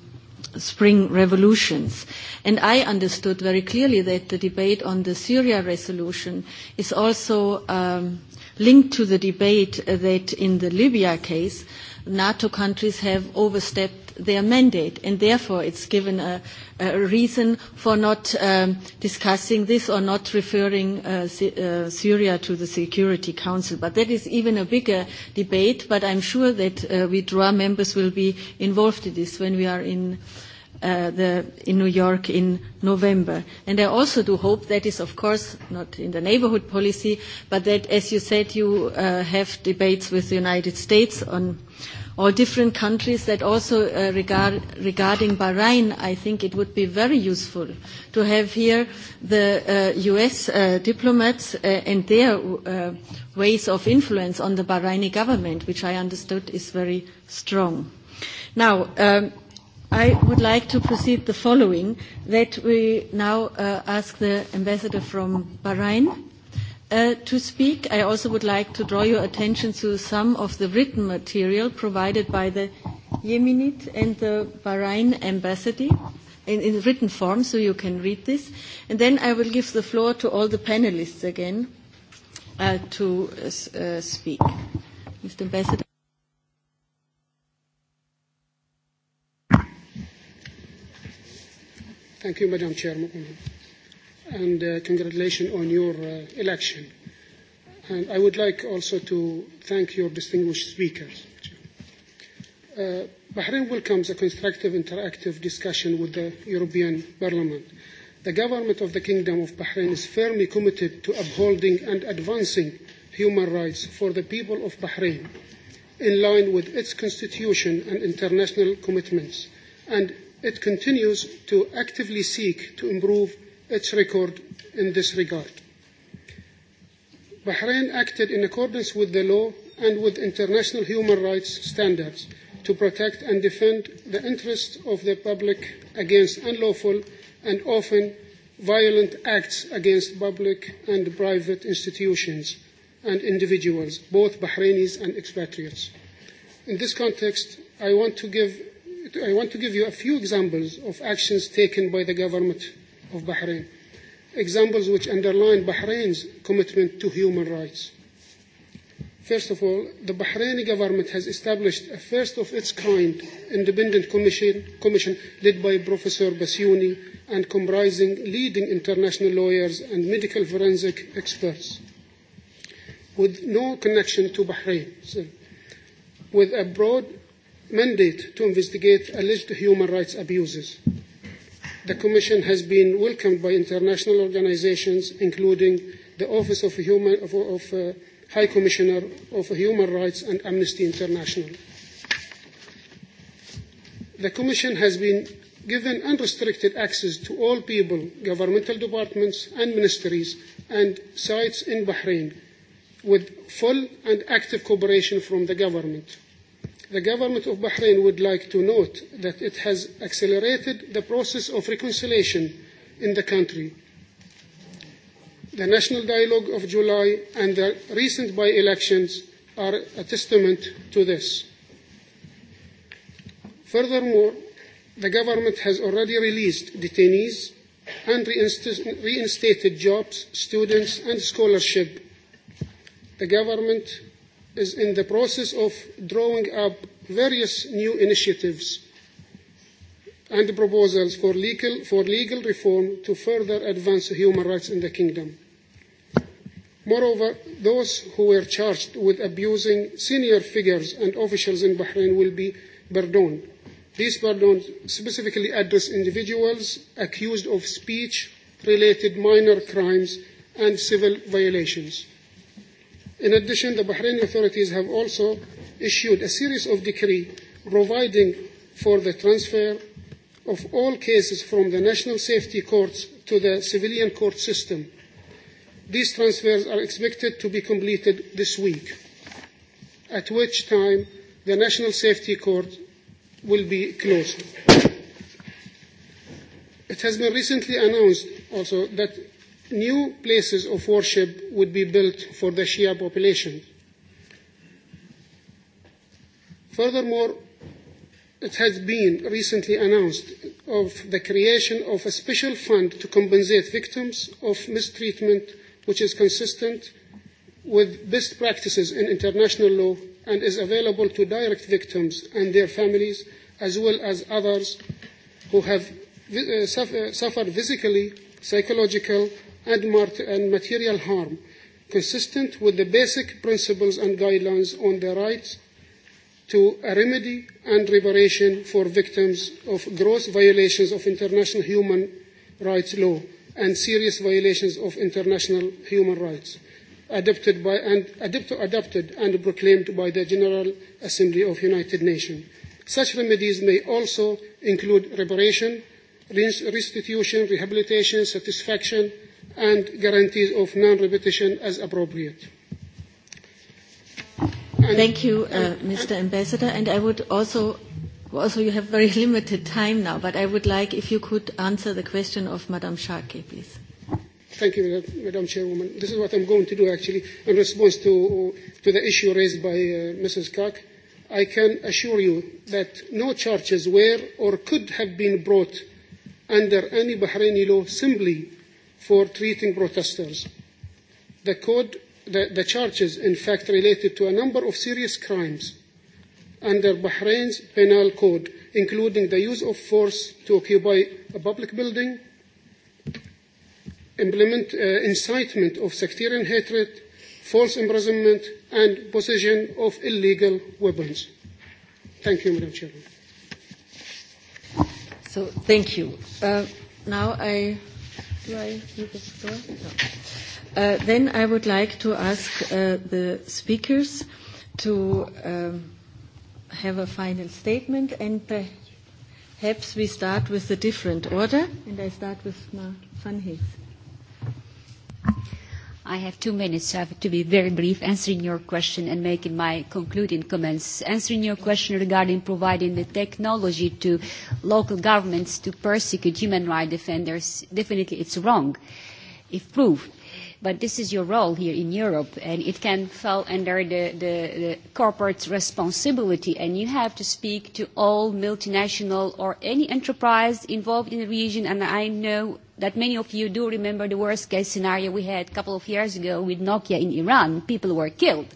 spring revolutions. And I understood very clearly that the debate on the Syria resolution is also um, linked to the debate that in the Libya case, NATO countries have overstepped their mandate, and therefore it's given a, a reason for not um, discussing this or not referring uh, uh, Syria to the Security Council. But that is even a bigger debate, but I'm sure that uh, we draw members will be involved in this when we are in the, in New York in November. And I also do hope that is, of course, not in the neighbourhood policy, but that, as you said, you uh, have debates with the United States on or different countries that also uh, regard, regarding Bahrain, I think it would be very useful to have here the uh, US uh, diplomats uh, and their uh, ways of influence on the Bahraini government, which I understood is very strong. Now, um, I would like to proceed the following, that we now uh, ask the ambassador from Bahrain to speak, I also would like to draw your attention to some of the written material provided by the Yemenit and the Bahrain embassy in, in written form, so you can read this. And then I will give the floor to all the panelists again uh, to uh, speak. Mr. Ambassador. Thank you, Madam Chairman and uh, congratulations on your uh, election. And I would like also to thank your distinguished speakers. Uh, Bahrain welcomes a constructive, interactive discussion with the European Parliament. The government of the Kingdom of Bahrain is firmly committed to upholding and advancing human rights for the people of Bahrain, in line with its constitution and international commitments, and it continues to actively seek to improve its record in this regard. Bahrain acted in accordance with the law and with international human rights standards to protect and defend the interests of the public against unlawful and often violent acts against public and private institutions and individuals, both Bahrainis and expatriates. In this context, I want to give, I want to give you a few examples of actions taken by the government of Bahrain, examples which underline Bahrain's commitment to human rights. First of all, the Bahraini government has established a first of its kind independent commission, commission led by Professor Basuni and comprising leading international lawyers and medical forensic experts with no connection to Bahrain, so, with a broad mandate to investigate alleged human rights abuses the Commission has been welcomed by international organizations, including the Office of, Human, of, of uh, High Commissioner of Human Rights and Amnesty International. The Commission has been given unrestricted access to all people, governmental departments and ministries and sites in Bahrain with full and active cooperation from the government. The government of Bahrain would like to note that it has accelerated the process of reconciliation in the country. The national dialogue of July and the recent by-elections are a testament to this. Furthermore, the government has already released detainees and reinstated jobs, students and scholarship. The government is in the process of drawing up various new initiatives and proposals for legal, for legal reform to further advance human rights in the kingdom. Moreover, those who were charged with abusing senior figures and officials in Bahrain will be pardoned. These pardons specifically address individuals accused of speech-related minor crimes and civil violations. In addition, the Bahraini authorities have also issued a series of decree providing for the transfer of all cases from the national safety courts to the civilian court system. These transfers are expected to be completed this week, at which time the national safety court will be closed. It has been recently announced also that new places of worship would be built for the Shia population. Furthermore, it has been recently announced of the creation of a special fund to compensate victims of mistreatment which is consistent with best practices in international law and is available to direct victims and their families as well as others who have suffered physically, psychological and material harm, consistent with the basic principles and guidelines on the right to a remedy and reparation for victims of gross violations of international human rights law and serious violations of international human rights, adopted, by, and, adopted and proclaimed by the General Assembly of United Nations. Such remedies may also include reparation, restitution, rehabilitation, satisfaction, and guarantees of non-repetition as appropriate. Thank you, uh, Mr. Ambassador. And I would also, also you have very limited time now, but I would like if you could answer the question of Madam Sharkey, please. Thank you, Madam Chairwoman. This is what I'm going to do, actually, in response to, to the issue raised by uh, Mrs. Kak. I can assure you that no charges were or could have been brought under any Bahraini law simply for treating protesters. The, code, the, the charges, in fact, related to a number of serious crimes under Bahrain's penal code, including the use of force to occupy a public building, implement, uh, incitement of sectarian hatred, false imprisonment, and possession of illegal weapons. Thank you, Madam Chairman. So, thank you. Uh, now I then I would like to ask uh, the speakers to um, have a final statement, and perhaps we start with a different order, and I start with Ma van Hees. I have two minutes, so I have to be very brief answering your question and making my concluding comments. Answering your question regarding providing the technology to local governments to persecute human rights defenders, definitely it's wrong, if proved. But this is your role here in Europe, and it can fall under the, the, the corporate responsibility, and you have to speak to all multinational or any enterprise involved in the region, and I know that many of you do remember the worst case scenario we had a couple of years ago with Nokia in Iran. People were killed.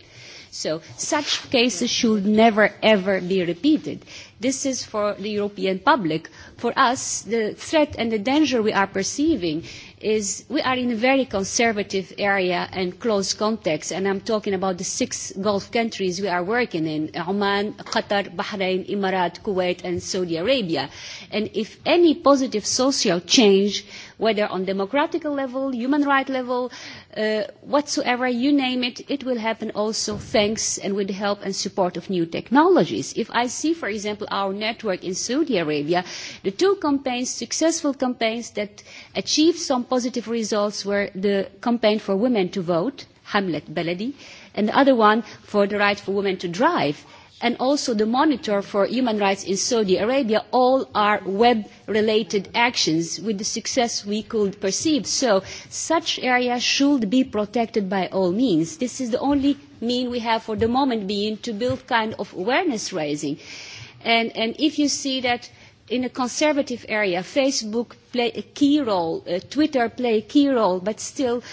So such cases should never ever be repeated. This is for the European public. For us, the threat and the danger we are perceiving is we are in a very conservative area and close context, and I'm talking about the six Gulf countries we are working in, Oman, Qatar, Bahrain, Emirat, Kuwait, and Saudi Arabia. And if any positive social change whether on democratic level, human rights level, uh, whatsoever, you name it, it will happen also thanks and with the help and support of new technologies. If I see, for example, our network in Saudi Arabia, the two campaigns, successful campaigns that achieved some positive results were the campaign for women to vote, Hamlet Baladi, and the other one for the right for women to drive and also the monitor for human rights in Saudi Arabia, all are web-related actions with the success we could perceive. So such areas should be protected by all means. This is the only mean we have for the moment being to build kind of awareness raising. And, and if you see that in a conservative area, Facebook play a key role, uh, Twitter play a key role, but still uh,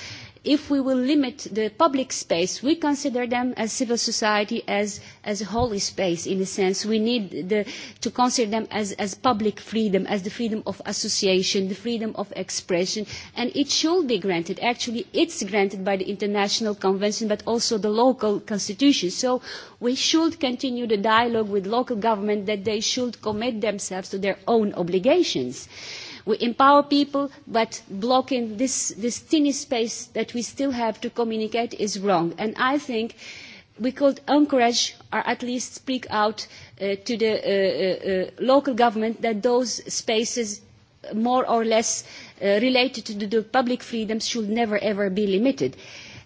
if we will limit the public space, we consider them as civil society as, as a holy space in a sense. We need the, to consider them as, as public freedom, as the freedom of association, the freedom of expression, and it should be granted. Actually, it's granted by the International Convention, but also the local constitution. So we should continue the dialogue with local government that they should commit themselves to their own obligations. Uh, We empower people, but blocking this, this tiny space that we still have to communicate is wrong. And I think we could encourage or at least speak out to the local government that those spaces more or less related to the public freedoms should never ever be limited.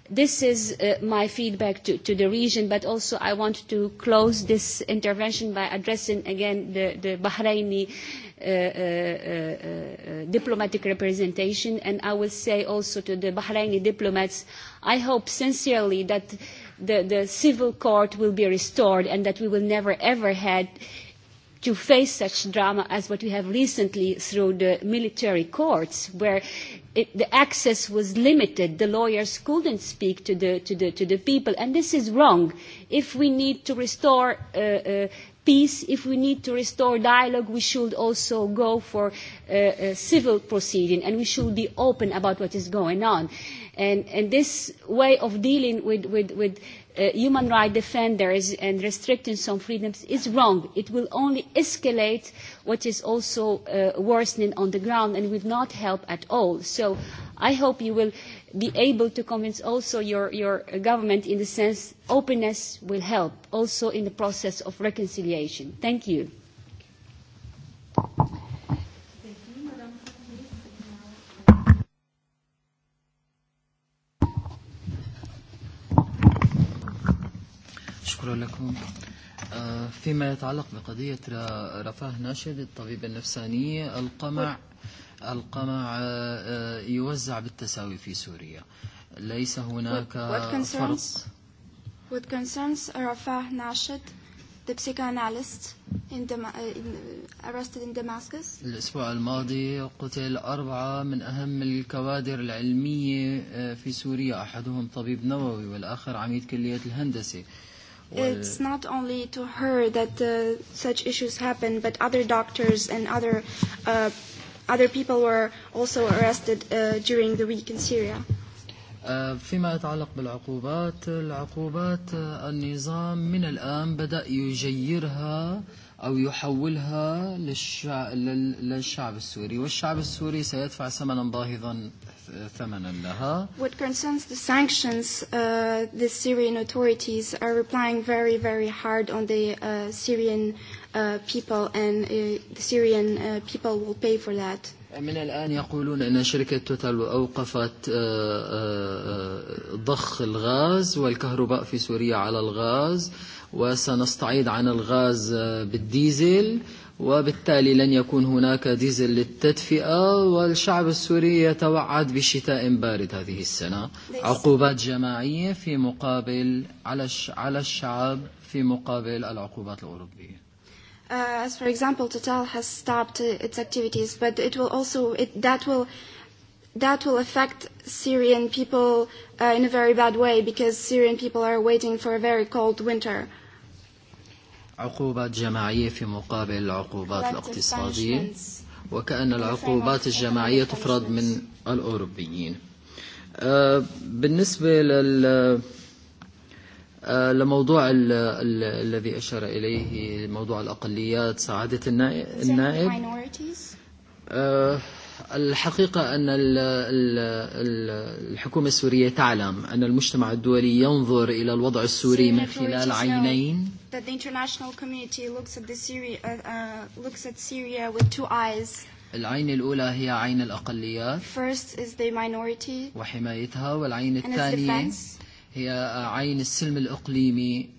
This is my feedback to, the region, but also I want to close this intervention by addressing again the, Bahraini diplomatic representation. And I will say also to the Bahraini diplomats, I hope sincerely that the, the civil court will be restored and that we will never ever had to face such drama as what we have recently through the military courts, where it, the access was limited, the lawyers couldn't speak to the, to the, to the people, and this is wrong. If we need to restore uh, uh, peace, if we need to restore dialogue, we should also go for a, civil proceeding and we should be open about what is going on. And, and this way of dealing with, with, with uh, human rights defenders and restricting some freedoms is wrong. It will only escalate uh, what is also uh, worsening on the ground and would not help at all. So I hope you will be able to convince also your, your government in the sense openness will help also in the process of reconciliation. Thank you. شكرا لكم فيما يتعلق بقضية رفاه ناشد الطبيب النفساني القمع القمع يوزع بالتساوي في سوريا ليس هناك فرص What concerns Rafah Nashid, the psychoanalyst in Dam- uh, arrested in Damascus? الأسبوع الماضي قتل أربعة من أهم الكوادر العلمية في سوريا أحدهم طبيب نووي والآخر عميد كلية الهندسة it's not only to her that uh, such issues happen, but other doctors and other uh, other people were also arrested uh, during the week in Syria. فيما يتعلق بالعقوبات العقوبات النظام من الآن بدأ يجيرها أو يحولها للشعب السوري والشعب السوري سيدفع ثمنا باهظا ثمنا لها. What concerns the sanctions, uh, the Syrian authorities are replying very, very hard on the uh, Syrian uh, people, and uh, the Syrian uh, people will pay for that. من الآن يقولون أن شركة توتال أوقفت ضخ الغاز والكهرباء في سوريا على الغاز وسنستعيد عن الغاز بالديزل وبالتالي لن يكون هناك ديزل للتدفئة والشعب السوري يتوعد بشتاء بارد هذه السنة عقوبات جماعية في مقابل على الشعب في مقابل العقوبات الأوروبية uh, as for example Total has stopped its activities but it will also it, that will that will affect Syrian people uh, in a very bad way because Syrian people are waiting for a very cold winter عقوبات جماعية في مقابل العقوبات الاقتصادية وكأن العقوبات الجماعية تفرض من الأوروبيين بالنسبة لل لموضوع الذي أشار إليه موضوع الأقليات سعادة النائب الحقيقة أن الحكومة السورية تعلم أن المجتمع الدولي ينظر إلى الوضع السوري من خلال عينين that the international community looks at, the Syria, uh, uh, looks at Syria with two eyes. العين الأولى هي عين الأقليات. First is the minority. وحمايتها والعين الثانية هي عين السلم الإقليمي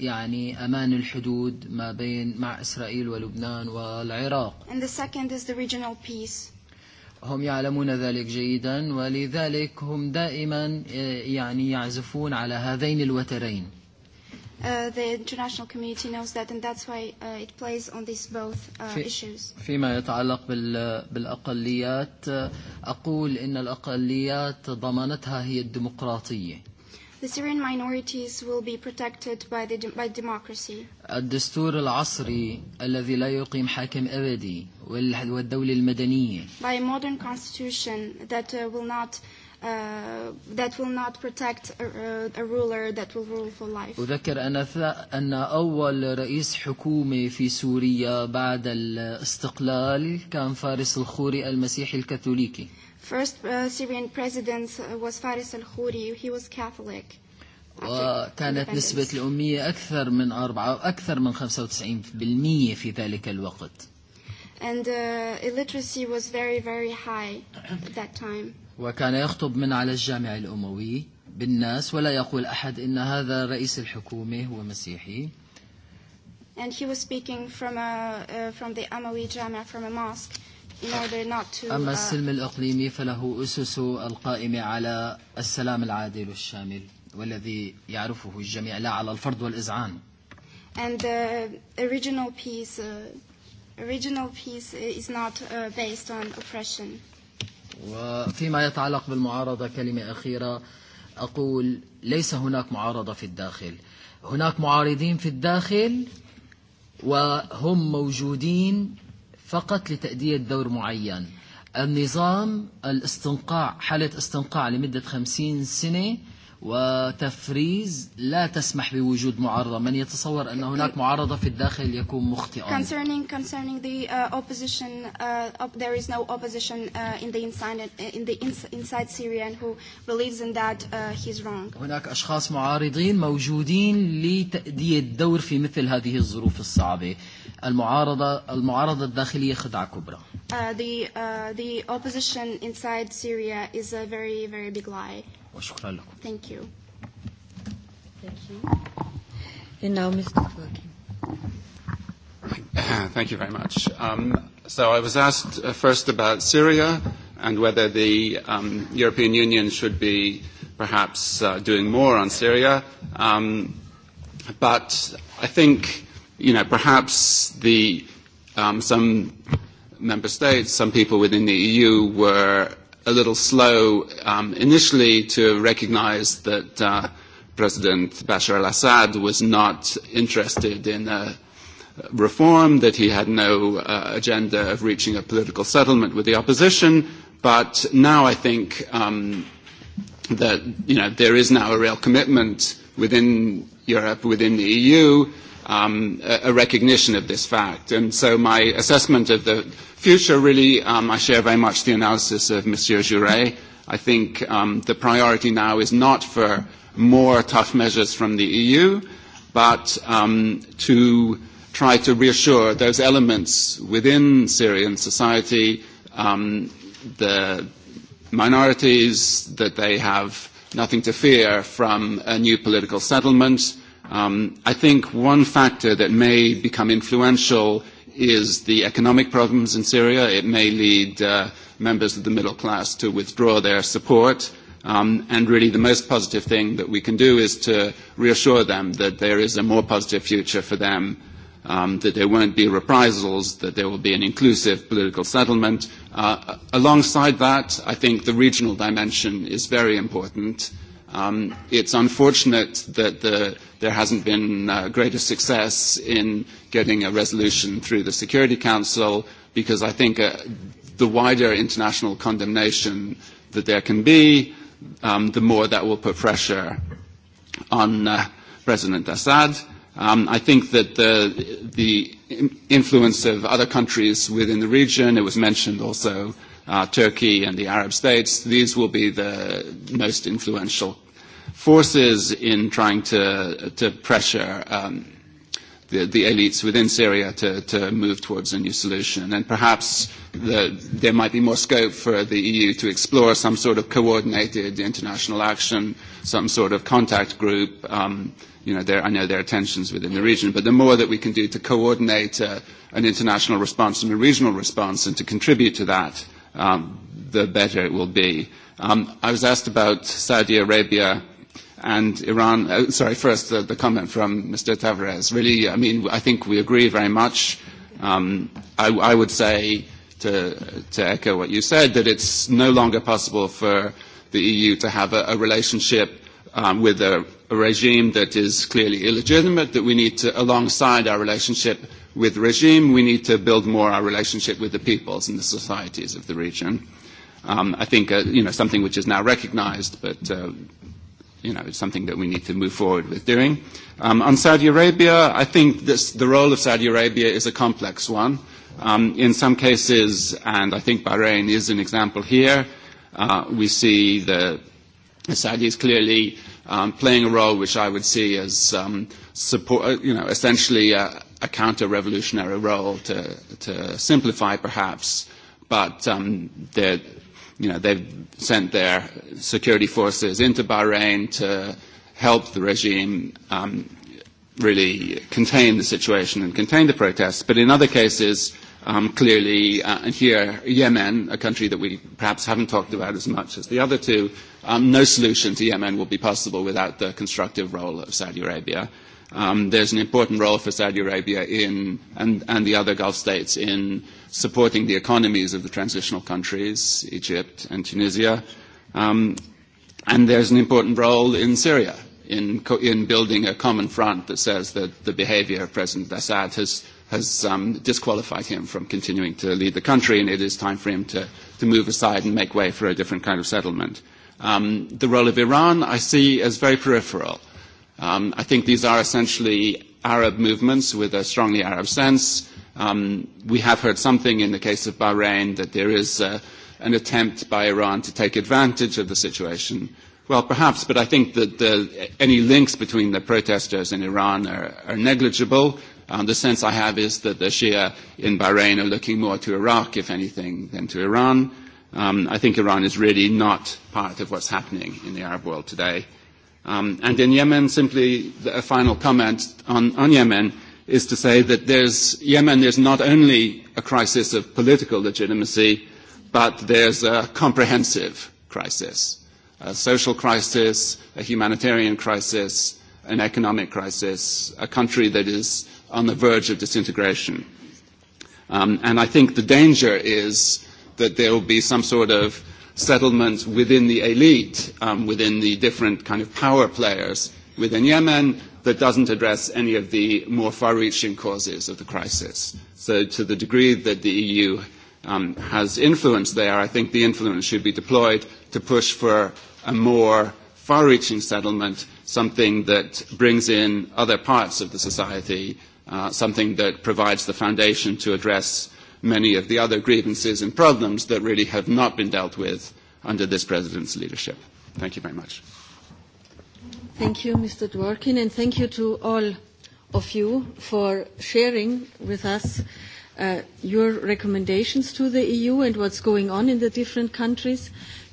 يعني أمان الحدود ما بين مع إسرائيل ولبنان والعراق. And the second is the regional peace. هم يعلمون ذلك جيدا ولذلك هم دائما يعني يعزفون على هذين الوترين the international community knows that, and that's why uh, it plays on these both uh, issues. فيما يتعلق بالأقليات أقول إن الأقليات ضمانتها هي الديمقراطية. The Syrian minorities will be protected by, the, by democracy. الدستور العصري الذي لا يقيم حاكم أبدي والدولة المدنية. By a modern constitution that uh, will not that will not protect a, a ruler that will rule for life. أذكر أن أن أول رئيس حكومة في سوريا بعد الاستقلال كان فارس الخوري المسيحي الكاثوليكي. First uh, Syrian president was Faris al-Khoury. He was Catholic. وكانت نسبة الأمية أكثر من أربعة أكثر من 95% في ذلك الوقت. And uh, illiteracy was very very high at that time. وكان يخطب من على الجامع الأموي بالناس ولا يقول أحد إن هذا رئيس الحكومة هو مسيحي and he was speaking from a uh, from the Amawi Jama from a mosque in order not to أما السلم الإقليمي فله أسس القائمة على السلام العادل والشامل والذي يعرفه الجميع لا على الفرض والإزعان and the original peace uh, original peace is not uh, based on oppression وفيما يتعلق بالمعارضة كلمة أخيرة أقول ليس هناك معارضة في الداخل هناك معارضين في الداخل وهم موجودين فقط لتأدية دور معين النظام الاستنقاع حالة استنقاع لمدة خمسين سنة وتفريز لا تسمح بوجود معارضة من يتصور أن هناك معارضة في الداخل يكون مخطئا concerning, concerning the uh, opposition uh, op there is no opposition uh, in the inside, in the inside Syria who believes in that uh, he's wrong هناك أشخاص معارضين موجودين لتأدية الدور في مثل هذه الظروف الصعبة المعارضة المعارضة الداخلية خدعة كبرى uh, the, uh, the opposition inside Syria is a very very big lie وشكرا لكم. Thank you. Thank you. And now Mr. Thank you very much. Um, so I was asked uh, first about Syria and whether the um, European Union should be perhaps uh, doing more on Syria. Um, but I think, you know, perhaps the um, some member states, some people within the EU were a little slow um, initially to recognize that uh, President Bashar al-Assad was not interested in reform, that he had no uh, agenda of reaching a political settlement with the opposition. But now I think um, that you know, there is now a real commitment within Europe, within the EU, um, a, recognition of this fact. And so my assessment of the future really, um, I share very much the analysis of Monsieur Juret. I think um, the priority now is not for more tough measures from the EU, but um, to try to reassure those elements within Syrian society, um, the minorities, that they have nothing to fear from a new political settlement, Um, I think one factor that may become influential is the economic problems in Syria. It may lead uh, members of the middle class to withdraw their support. Um, and really, the most positive thing that we can do is to reassure them that there is a more positive future for them, um, that there won't be reprisals, that there will be an inclusive political settlement. Uh, alongside that, I think the regional dimension is very important. Um, it's unfortunate that the there hasn't been uh, greater success in getting a resolution through the Security Council because I think uh, the wider international condemnation that there can be, um, the more that will put pressure on uh, President Assad. Um, I think that the, the influence of other countries within the region, it was mentioned also uh, Turkey and the Arab states, these will be the most influential forces in trying to, to pressure um, the, the elites within Syria to, to move towards a new solution. And perhaps the, there might be more scope for the EU to explore some sort of coordinated international action, some sort of contact group. Um, you know, there, I know there are tensions within the region, but the more that we can do to coordinate uh, an international response and a regional response and to contribute to that, um, the better it will be. Um, I was asked about Saudi Arabia and Iran. Uh, sorry, first the, the comment from Mr. Tavares. Really, I mean, I think we agree very much. Um, I, I would say to, to echo what you said that it's no longer possible for the EU to have a, a relationship um, with a, a regime that is clearly illegitimate. That we need to, alongside our relationship with the regime, we need to build more our relationship with the peoples and the societies of the region. Um, I think uh, you know something which is now recognised, but. Uh, you know, it's something that we need to move forward with doing. Um, on Saudi Arabia, I think this, the role of Saudi Arabia is a complex one. Um, in some cases, and I think Bahrain is an example here, uh, we see the, the Saudis clearly um, playing a role which I would see as um, support, you know, essentially a, a counter-revolutionary role to, to simplify perhaps, but um, they're you know, they've sent their security forces into Bahrain to help the regime um, really contain the situation and contain the protests. But in other cases, um, clearly, uh, and here, Yemen, a country that we perhaps haven't talked about as much as the other two, um, no solution to Yemen will be possible without the constructive role of Saudi Arabia. Um, there's an important role for Saudi Arabia in, and, and the other Gulf states in supporting the economies of the transitional countries, Egypt and Tunisia. Um, and there's an important role in Syria in, co- in building a common front that says that the behavior of President Assad has, has um, disqualified him from continuing to lead the country, and it is time for him to, to move aside and make way for a different kind of settlement. Um, the role of Iran I see as very peripheral Um, I think these are essentially Arab movements with a strongly Arab sense. Um, we have heard something in the case of Bahrain that there is uh, an attempt by Iran to take advantage of the situation. Well, perhaps, but I think that the, any links between the protesters and Iran are, are negligible. Um, the sense I have is that the Shia in Bahrain are looking more to Iraq, if anything, than to Iran. Um, I think Iran is really not part of what's happening in the Arab world today. Um, and in Yemen, simply a final comment on, on Yemen is to say that there's, Yemen is not only a crisis of political legitimacy, but there's a comprehensive crisis, a social crisis, a humanitarian crisis, an economic crisis, a country that is on the verge of disintegration. Um, and I think the danger is that there will be some sort of settlement within the elite, um, within the different kind of power players within Yemen that doesn't address any of the more far-reaching causes of the crisis. So to the degree that the EU um, has influence there, I think the influence should be deployed to push for a more far-reaching settlement, something that brings in other parts of the society, uh, something that provides the foundation to address many of the other grievances and problems that really have not been dealt with under this president's leadership. Thank you very much. Thank you, Mr. Dworkin, and thank you to all of you for sharing with us your recommendations to the EU and what's going on in the different countries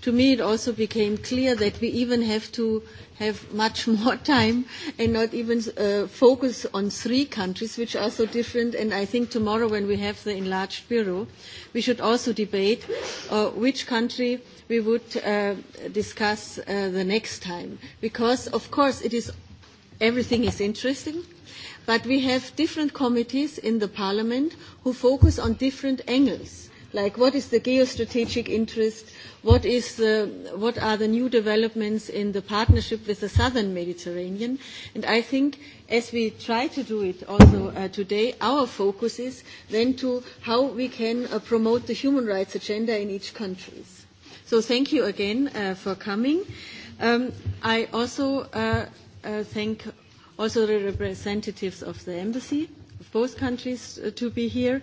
to me it also became clear that we even have to have much more time and not even uh, focus on three countries which are so different. And I think tomorrow when we have the enlarged bureau, we should also debate uh, which country we would uh, discuss uh, the next time. Because, of course, it is, everything is interesting. But we have different committees in the parliament who focus on different angles like what is the geostrategic interest, what, is the, what are the new developments in the partnership with the southern Mediterranean. And I think as we try to do it also uh, today, our focus is then to how we can uh, promote the human rights agenda in each country. So thank you again uh, for coming. Um, I also uh, uh, thank also the representatives of the embassy of both countries uh, to be here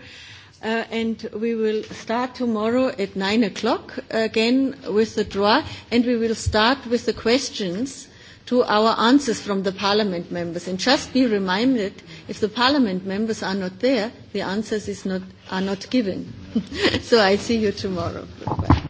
and we will start tomorrow at nine o'clock again with the draw, and we will start with the questions to our answers from the parliament members. And just be reminded, if the parliament members are not there, the answers is not, are not given. so I see you tomorrow. Bye-bye.